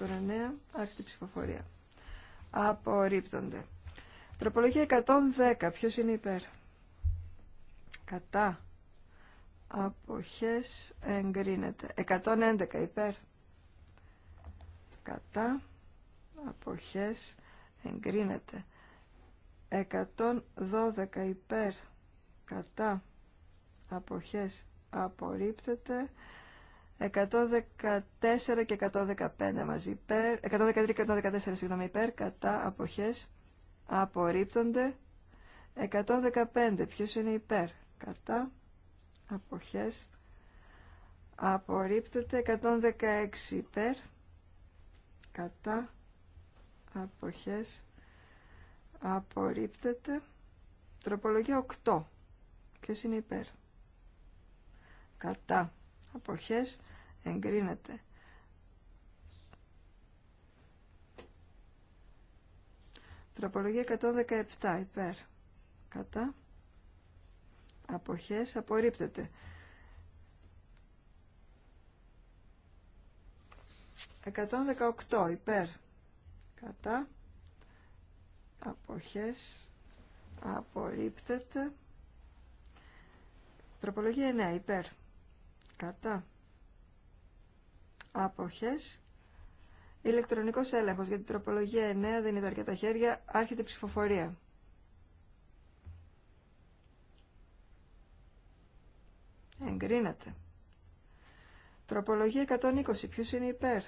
A: άρχεται η ψηφοφορία. Απορρίπτονται. Τροπολογία 110. Ποιος είναι υπέρ. Κατά. Αποχές εγκρίνεται. 111 υπέρ. Κατά. Αποχές εγκρίνεται. 112 υπέρ. Κατά. Αποχές απορρίπτεται. 114 και 115 μαζί υπέρ, 113 και 114 συγγνώμη υπέρ, κατά αποχές απορρίπτονται 115 ποιος είναι υπέρ, κατά αποχές απορρίπτεται 116 υπέρ, κατά αποχές απορρίπτεται τροπολογία 8 ποιος είναι υπέρ, κατά αποχές εγκρίνεται. Τροπολογία 117 υπέρ κατά αποχές απορρίπτεται. 118 υπέρ κατά αποχές απορρίπτεται. Τροπολογία 9 υπέρ Κατά. Αποχές. Ηλεκτρονικός έλεγχος για την τροπολογία 9 δεν είναι αρκετά χέρια. Άρχεται η ψηφοφορία. Εγκρίνεται. Τροπολογία 120. Ποιος είναι υπέρ.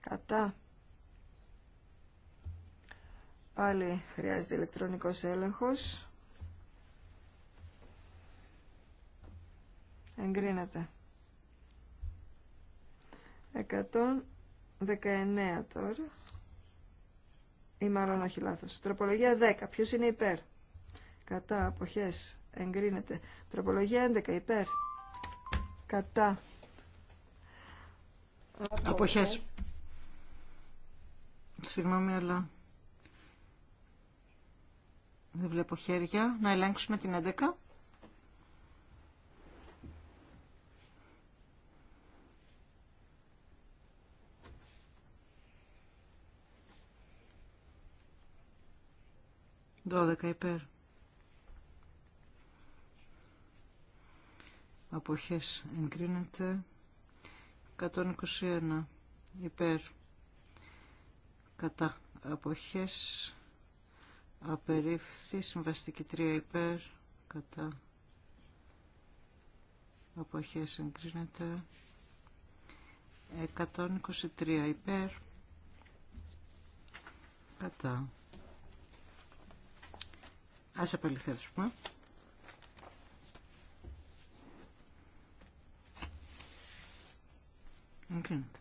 A: Κατά. Πάλι χρειάζεται ηλεκτρονικός έλεγχος. Εγκρίνεται. 119 τώρα. Ή μάλλον όχι λάθος. Τροπολογία 10. Ποιος είναι υπέρ. Κατά. Αποχές. Εγκρίνεται. Τροπολογία 11. Υπέρ. Κατά. Αποχές. Συγγνώμη, αλλά
B: δεν βλέπω χέρια. Να ελέγξουμε την 11. 12 υπέρ. Αποχές εγκρίνεται. 121 υπέρ. Κατά. Αποχές απερίφθη. Συμβαστική 3 υπέρ. Κατά. Αποχές εγκρίνεται. 123 υπέρ. Κατά. Ας επαληθεύσουμε. Εγκρίνεται.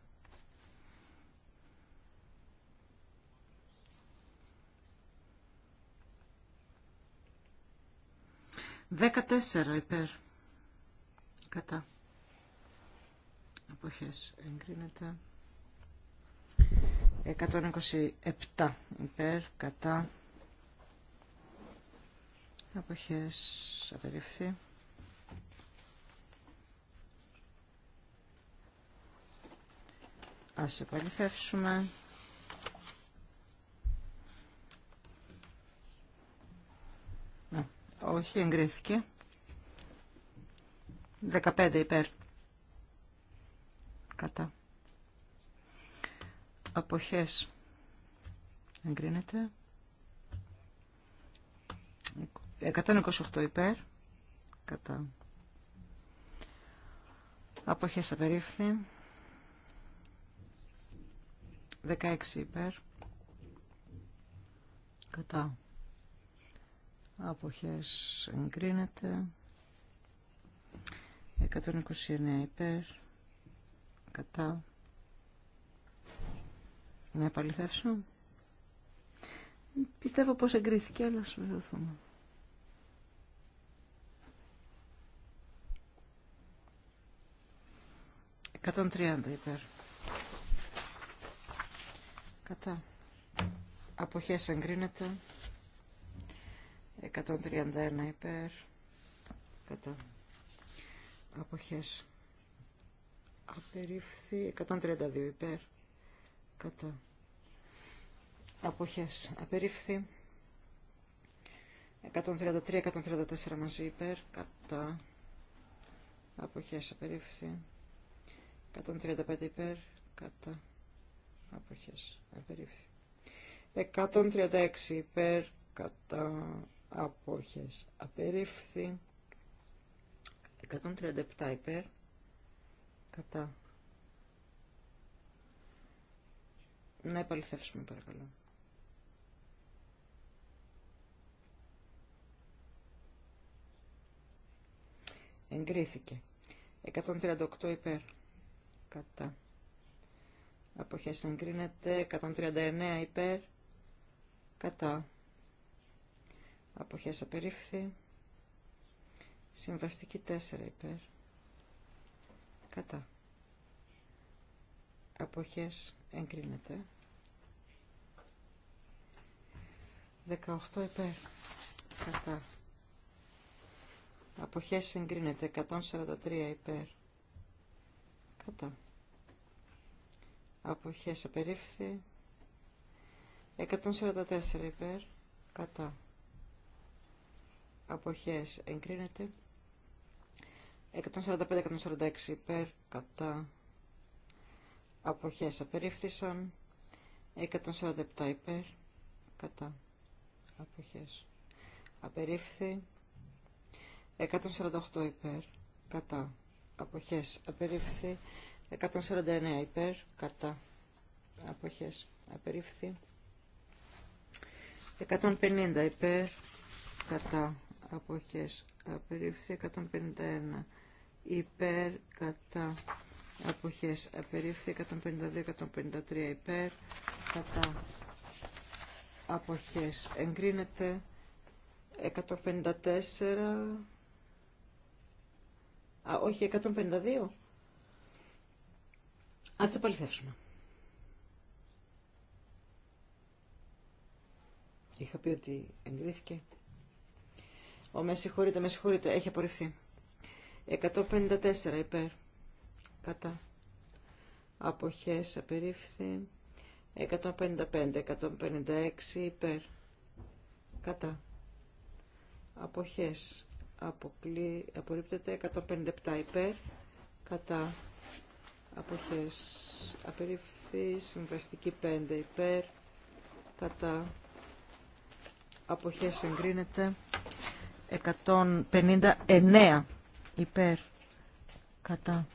B: 14 υπέρ. Κατά. Αποχές εγκρίνεται. 127 υπέρ. Κατά. Αποχές απεριφθεί. Ας επαληθεύσουμε. Ναι. όχι, εγκρίθηκε. Δεκαπέντε υπέρ. Κατά. Αποχές εγκρίνεται. 128 υπέρ. Κατά. Αποχές απερίφθη. 16 υπέρ. Κατά. Αποχές εγκρίνεται. 129 υπέρ. Κατά. Να επαληθεύσω. Πιστεύω πως εγκρίθηκε, αλλά σου βεβαιωθούμε. 130 υπέρ. Κατά. Αποχές εγκρίνεται. 131 υπέρ. Κατά. Αποχές. Απερίφθη. 132 υπέρ. Κατά. Αποχές. Απερίφθη. 133-134 μαζί υπέρ. Κατά. Αποχές. Απερίφθη. 135 υπέρ κατά αποχές απερίφθη 136 υπέρ κατά αποχές απερίφθη 137 υπέρ κατά να επαληθεύσουμε παρακαλώ εγκρίθηκε 138 υπέρ κατά αποχές εγκρίνεται 139 υπέρ κατά αποχές απερίφθη συμβαστική 4 υπέρ κατά αποχές εγκρίνεται 18 υπέρ κατά αποχές εγκρίνεται 143 υπέρ Κατά. Αποχές απερίφθη. 144 υπέρ. Κατά. Αποχές εγκρίνεται. 145-146 υπέρ. Κατά. Αποχές απερίφθησαν. 147 υπέρ. Κατά. Αποχές. Απερίφθη. 148 υπέρ. Κατά αποχές απερίφθη 149 υπέρ κατά αποχές απερίφθη 150 υπέρ κατά αποχές απερίφθη 151 υπέρ κατά αποχές απερίφθη 152-153 υπέρ κατά αποχές εγκρίνεται 154 Α, όχι, 152. Ας επαληθεύσουμε. Είχα πει ότι εγκρίθηκε. Ο με συγχωρείτε, με συγχωρείτε, έχει απορριφθεί. 154 υπέρ. Κατά. Αποχές απερίφθη. 155, 156 υπέρ. Κατά. Αποχές αποκλεί, απορρίπτεται 157 υπέρ κατά αποχές απερίφθη συμβαστική 5 υπέρ κατά αποχές εγκρίνεται 159 υπέρ κατά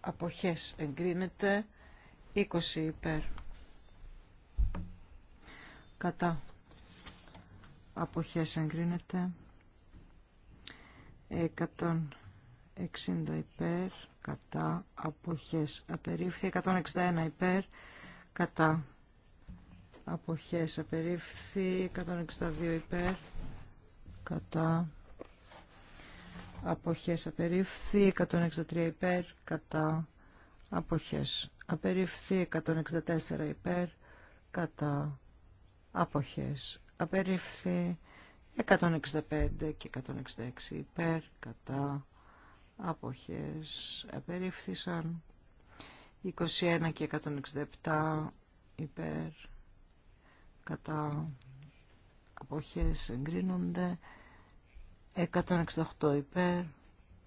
B: αποχές εγκρίνεται 20 υπέρ κατά αποχές εγκρίνεται 160 υπέρ κατά αποχές απερίφθη 161 υπέρ κατά αποχές απερίφθη 162 υπέρ κατά αποχές απερίφθη 163 υπέρ κατά αποχές απερίφθη 164 υπέρ κατά αποχές απερίφθη 165 και 166 υπέρ κατά αποχές απερίφθησαν 21 και 167 υπέρ κατά αποχές εγκρίνονται 168 υπέρ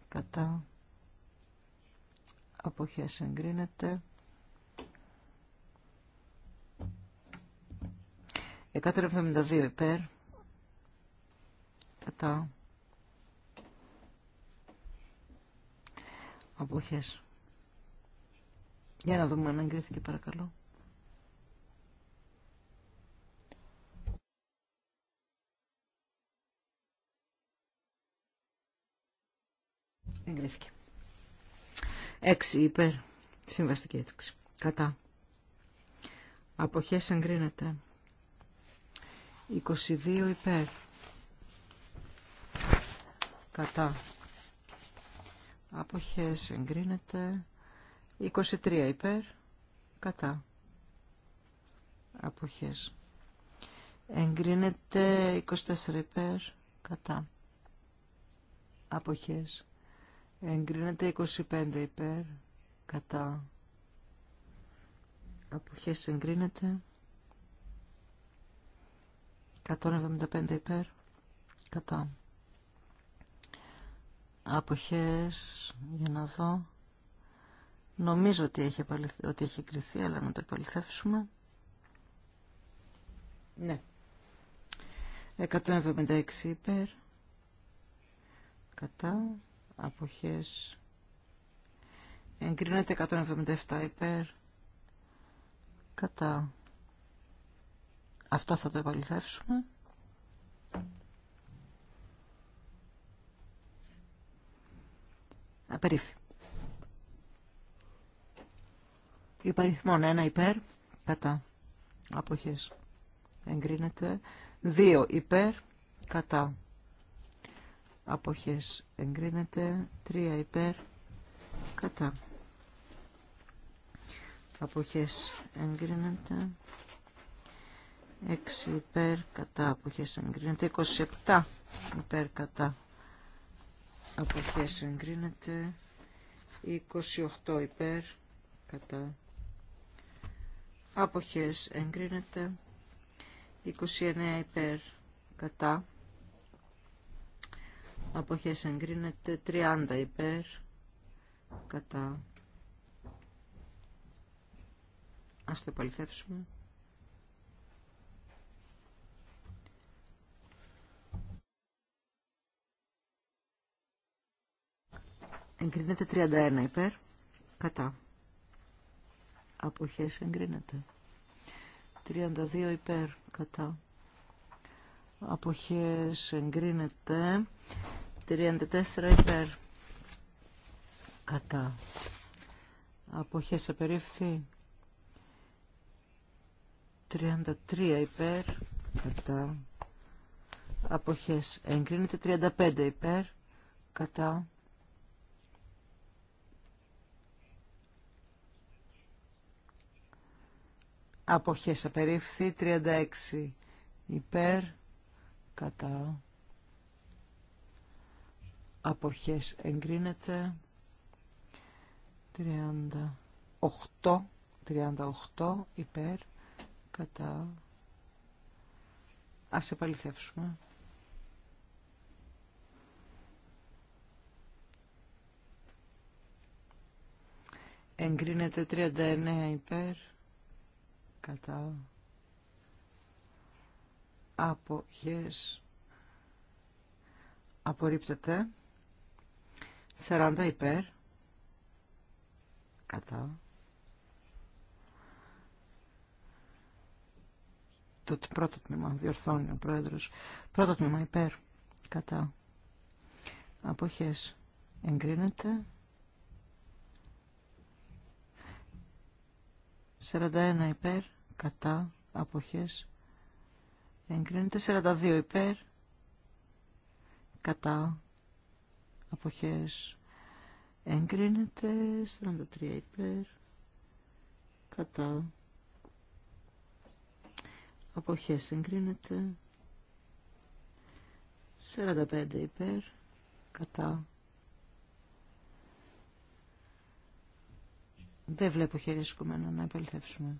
B: κατά αποχές εγκρίνεται 172 υπέρ. Κατά. Αποχές. Για να δούμε αν εγκρίθηκε παρακαλώ. Εγκρίθηκε. 6 υπέρ. Συμβαστική έτσι. Κατά. Αποχές εγκρίνεται. 22 υπέρ. Κατά. Αποχές εγκρίνεται. 23 υπέρ. Κατά. Αποχές. Εγκρίνεται 24 υπέρ. Κατά. Αποχές. Εγκρίνεται 25 υπέρ. Κατά. Αποχές εγκρίνεται. 175 υπέρ κατά αποχές για να δω νομίζω ότι έχει, ότι έχει κρυθεί αλλά να το επαληθεύσουμε ναι 176 υπέρ κατά αποχές εγκρίνεται 177 υπέρ κατά αυτό θα το επαληθεύσουμε. Απερίφη. Υπαριθμόν ένα υπέρ, κατά αποχές. Εγκρίνεται. Δύο υπέρ, κατά αποχές. Εγκρίνεται. Τρία υπέρ, κατά αποχές. Εγκρίνεται. 6 υπέρ κατά αποχές εγκρίνεται. 27 υπέρ κατά αποχές εγκρίνεται. 28 υπέρ κατά αποχές εγκρίνεται. 29 υπέρ κατά αποχές εγκρίνεται. 30 υπέρ κατά Ας το επαληθεύσουμε. Εγκρίνεται 31 υπέρ. Κατά. Αποχές εγκρίνεται. 32 υπέρ. Κατά. Αποχές εγκρίνεται. 34 υπέρ. Κατά. Αποχές απερίφθη. 33 υπέρ. Κατά. Αποχές εγκρίνεται. 35 υπέρ. Κατά αποχές απερίφθη 36 υπέρ κατά αποχές εγκρίνεται 38 38 υπέρ κατά ας επαληθεύσουμε εγκρίνεται 39 υπέρ κατά αποχές απορρίπτεται 40 υπέρ κατά το πρώτο τμήμα διορθώνει ο πρόεδρος πρώτο τμήμα υπέρ κατά αποχές εγκρίνεται 41 υπέρ κατά αποχές εγκρίνεται 42 υπέρ κατά αποχές εγκρίνεται 43 υπέρ κατά αποχές εγκρίνεται 45 υπέρ κατά δεν βλέπω χειρίσκομενο να επαληθεύσουμε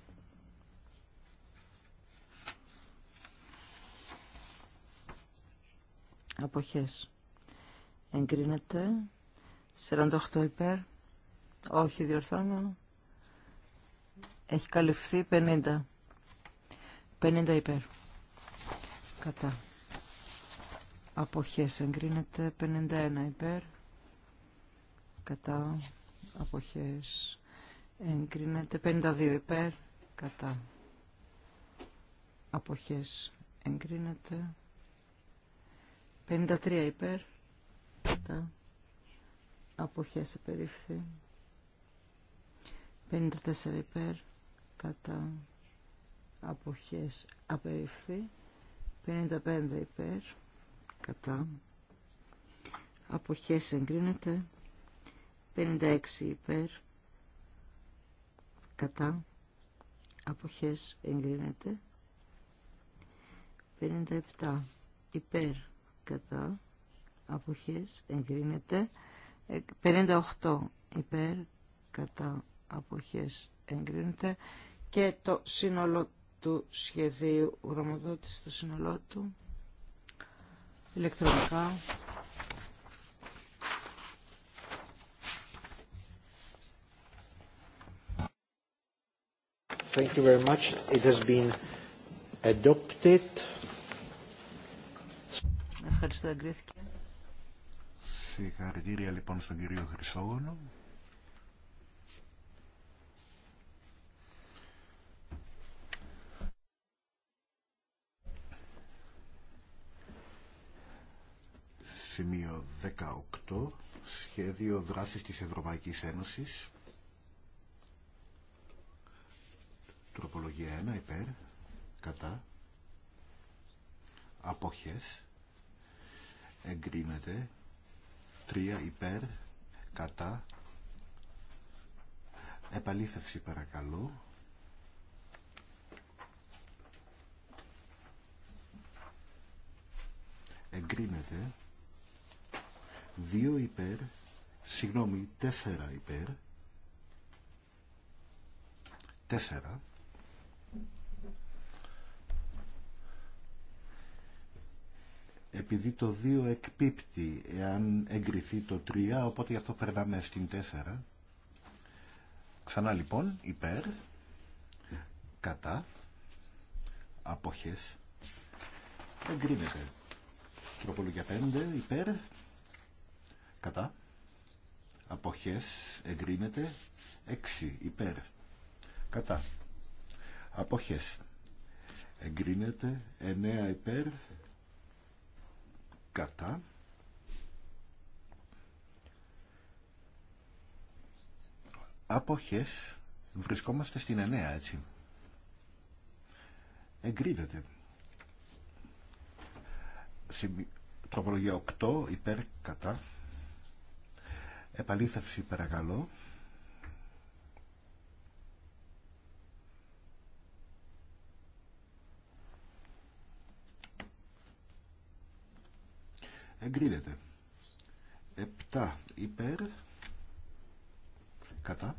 B: αποχές εγκρίνεται 48 υπέρ όχι διορθώνω έχει καλυφθεί 50 50 υπέρ κατά αποχές εγκρίνεται 51 υπέρ κατά αποχές εγκρίνεται 52 υπέρ κατά αποχές εγκρίνεται 53 υπέρ. Κατά. Αποχές απερίφθη. 54 υπέρ. Κατά. Αποχές απερίφθη. 55 υπέρ. Κατά. Αποχές εγκρίνεται. 56 υπέρ. Κατά. Αποχές εγκρίνεται. 57 υπέρ κατά αποχές εγκρίνεται 58 υπέρ κατά αποχές εγκρίνεται και το σύνολο του σχεδίου γραμματότης το σύνολό του ηλεκτρονικά
C: Thank you very much. It has been adopted.
B: Ευχαριστώ, εγκρίθηκε.
C: Συγχαρητήρια λοιπόν στον κύριο Χρυσόγωνο. Σημείο 18. Σχέδιο δράσης της Ευρωπαϊκής Ένωσης. Τροπολογία 1. Υπέρ. Κατά. Αποχές εγκρίνεται τρία υπέρ κατά επαλήθευση παρακαλώ εγκρίνεται 2 υπέρ συγγνώμη τέσσερα υπέρ τέσσερα επειδή το 2 εκπίπτει εάν εγκριθεί το 3, οπότε γι' αυτό περνάμε στην 4. Ξανά λοιπόν, υπέρ, κατά, αποχές, εγκρίνεται. Τροπολογία 5, υπέρ, κατά, αποχές, εγκρίνεται, 6, υπέρ, κατά, αποχές, εγκρίνεται, 9, υπέρ, κατά αποχές βρισκόμαστε στην εννέα έτσι εγκρίνεται τροπολογία 8 υπέρ κατά επαλήθευση παρακαλώ εγκρίνεται 7 υπέρ κατά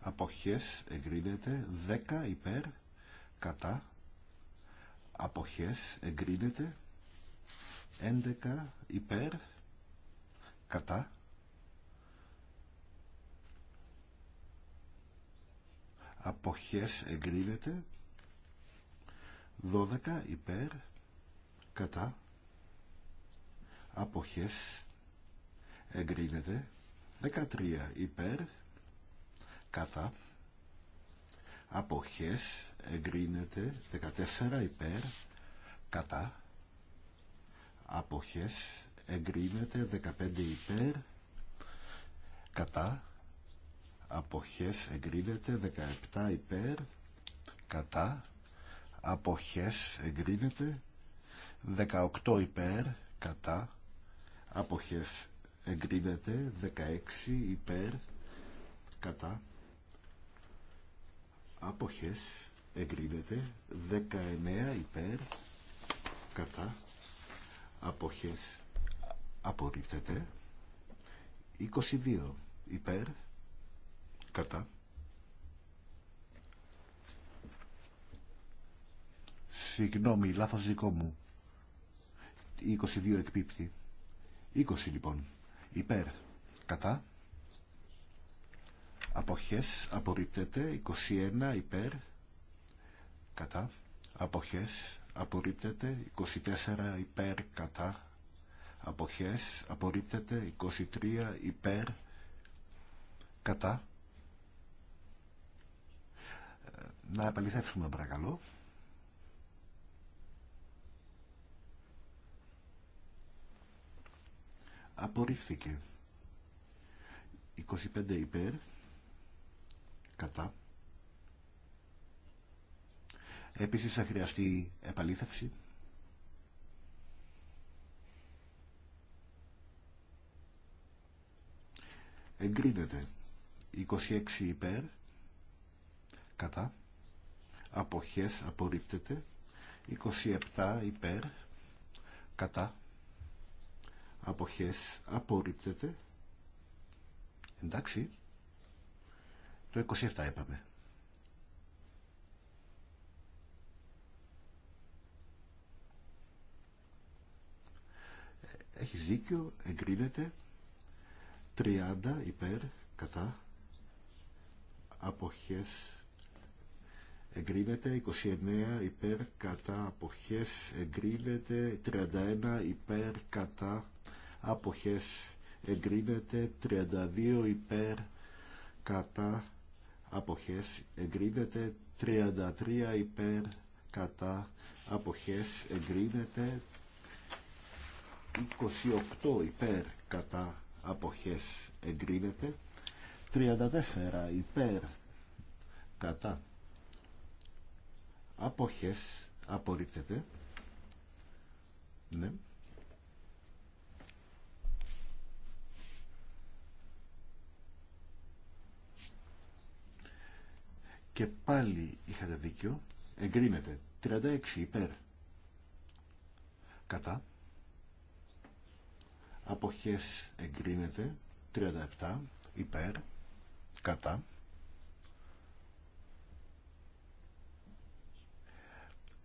C: αποχές εγκρίνεται 10 υπέρ κατά αποχές εγκρίνεται 11 υπέρ κατά αποχές εγκρίνεται 12 υπέρ κατά αποχές εγκρίνεται 13 υπέρ κατά αποχές εγκρίνεται 14 υπέρ κατά αποχές εγκρίνεται 15 υπέρ κατά αποχές εγκρίνεται 17 υπέρ κατά αποχές εγκρίνεται 18 υπέρ κατά αποχές εγκρίνεται 16 υπέρ κατά αποχές εγκρίνεται 19 υπέρ κατά αποχές απορρίπτεται 22 υπέρ κατά συγγνώμη λάθος δικό μου 22 εκπίπτει 20 λοιπόν. Υπέρ. Κατά. Αποχές απορρίπτεται. 21 υπέρ. Κατά. Αποχές απορρίπτεται. 24 υπέρ. Κατά. Αποχές απορρίπτεται. 23 υπέρ. Κατά. Ε, να επαληθεύσουμε παρακαλώ. απορρίφθηκε 25 υπέρ κατά επίσης θα χρειαστεί επαλήθευση εγκρίνεται 26 υπέρ κατά αποχές απορρίπτεται 27 υπέρ κατά αποχές απορρίπτεται εντάξει το 27 είπαμε Έχει δίκιο εγκρίνεται 30 υπέρ κατά αποχές εγκρίνεται 29 υπέρ κατά αποχές εγκρίνεται 31 υπέρ κατά αποχές εγκρίνεται 32 υπέρ κατά αποχές εγκρίνεται 33 υπέρ κατά αποχές εγκρίνεται 28 υπέρ κατά αποχές εγκρίνεται 34 υπέρ κατά αποχές απορρίπτεται ναι και πάλι είχατε δίκιο εγκρίνεται 36 υπέρ κατά αποχές εγκρίνεται 37 υπέρ κατά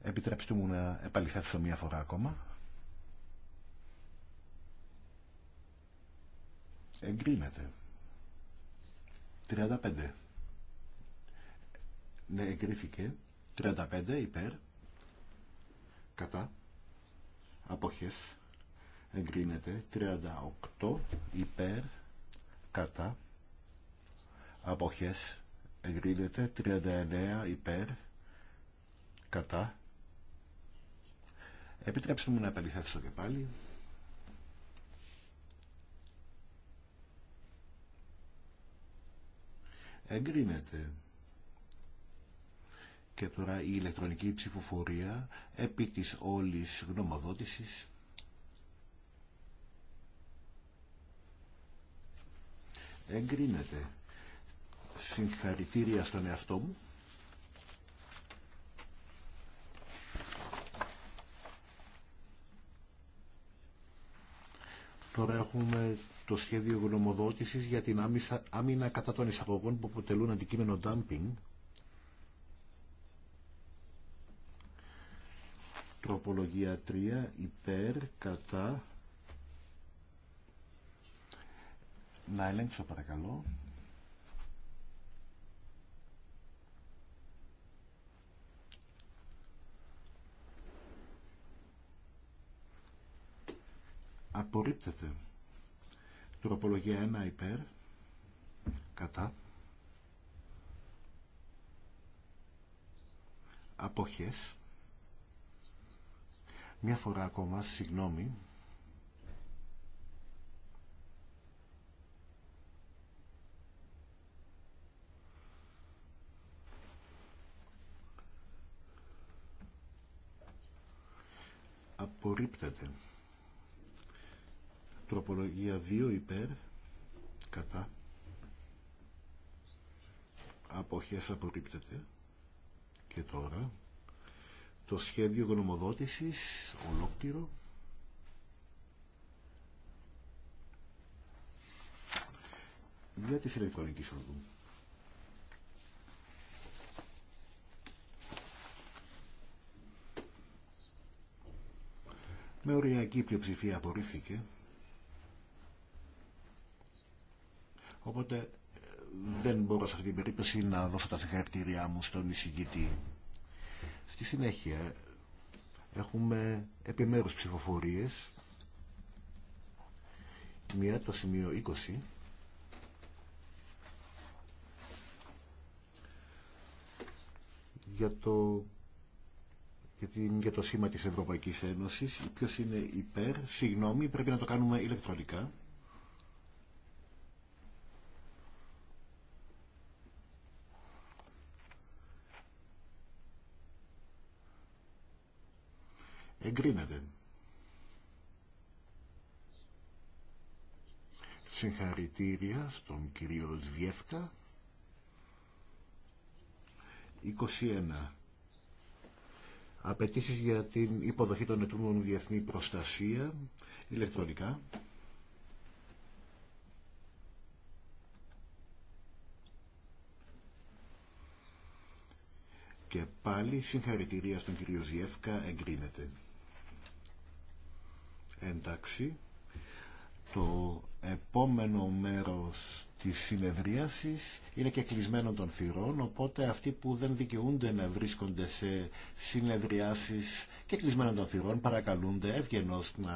C: επιτρέψτε μου να επαληθεύσω μία φορά ακόμα εγκρίνεται 35 ναι, εγκρίθηκε. 35 υπέρ. Κατά. Αποχές. Εγκρίνεται. 38 υπέρ. Κατά. Αποχές. Εγκρίνεται. 39 υπέρ. Κατά. Επιτρέψτε μου να επαληθεύσω και πάλι. Εγκρίνεται και τώρα η ηλεκτρονική ψηφοφορία επί της όλης γνωμοδότησης εγκρίνεται συγχαρητήρια στον εαυτό μου Τώρα έχουμε το σχέδιο γνωμοδότησης για την άμυνα κατά των εισαγωγών που αποτελούν αντικείμενο dumping Τροπολογία 3 υπέρ κατά Να ελέγξω παρακαλώ. Απορρίπτεται. Τροπολογία 1 υπέρ. Κατά. Αποχές. Μια φορά ακόμα, συγγνώμη. Απορρίπτεται. Τροπολογία 2 υπέρ, κατά. Αποχές απορρίπτεται. Και τώρα το σχέδιο γνωμοδότησης ολόκληρο για τη ηλεκτρονική οδού. Με οριακή πλειοψηφία απορρίφθηκε οπότε ε, δεν μπορώ σε αυτή την περίπτωση να δώσω τα συγχαρητήριά μου στον εισηγητή Στη συνέχεια έχουμε επιμέρους ψηφοφορίες. Μία το σημείο 20. Για το, για, την, για το σήμα της Ευρωπαϊκής Ένωσης, ποιος είναι υπέρ, συγγνώμη, πρέπει να το κάνουμε ηλεκτρονικά. Εγκρίνεται. Συγχαρητήρια στον κύριο Σβιεύκα. 21. Απαιτήσεις για την υποδοχή των ετούμων διεθνή προστασία ηλεκτρονικά. Και πάλι συγχαρητήρια στον κύριο Ζιεύκα εγκρίνεται εντάξει το επόμενο μέρος της συνεδρίασης είναι και κλεισμένο των θυρών οπότε αυτοί που δεν δικαιούνται να βρίσκονται σε συνεδριάσεις και κλεισμένο των θυρών παρακαλούνται ευγενώς
A: να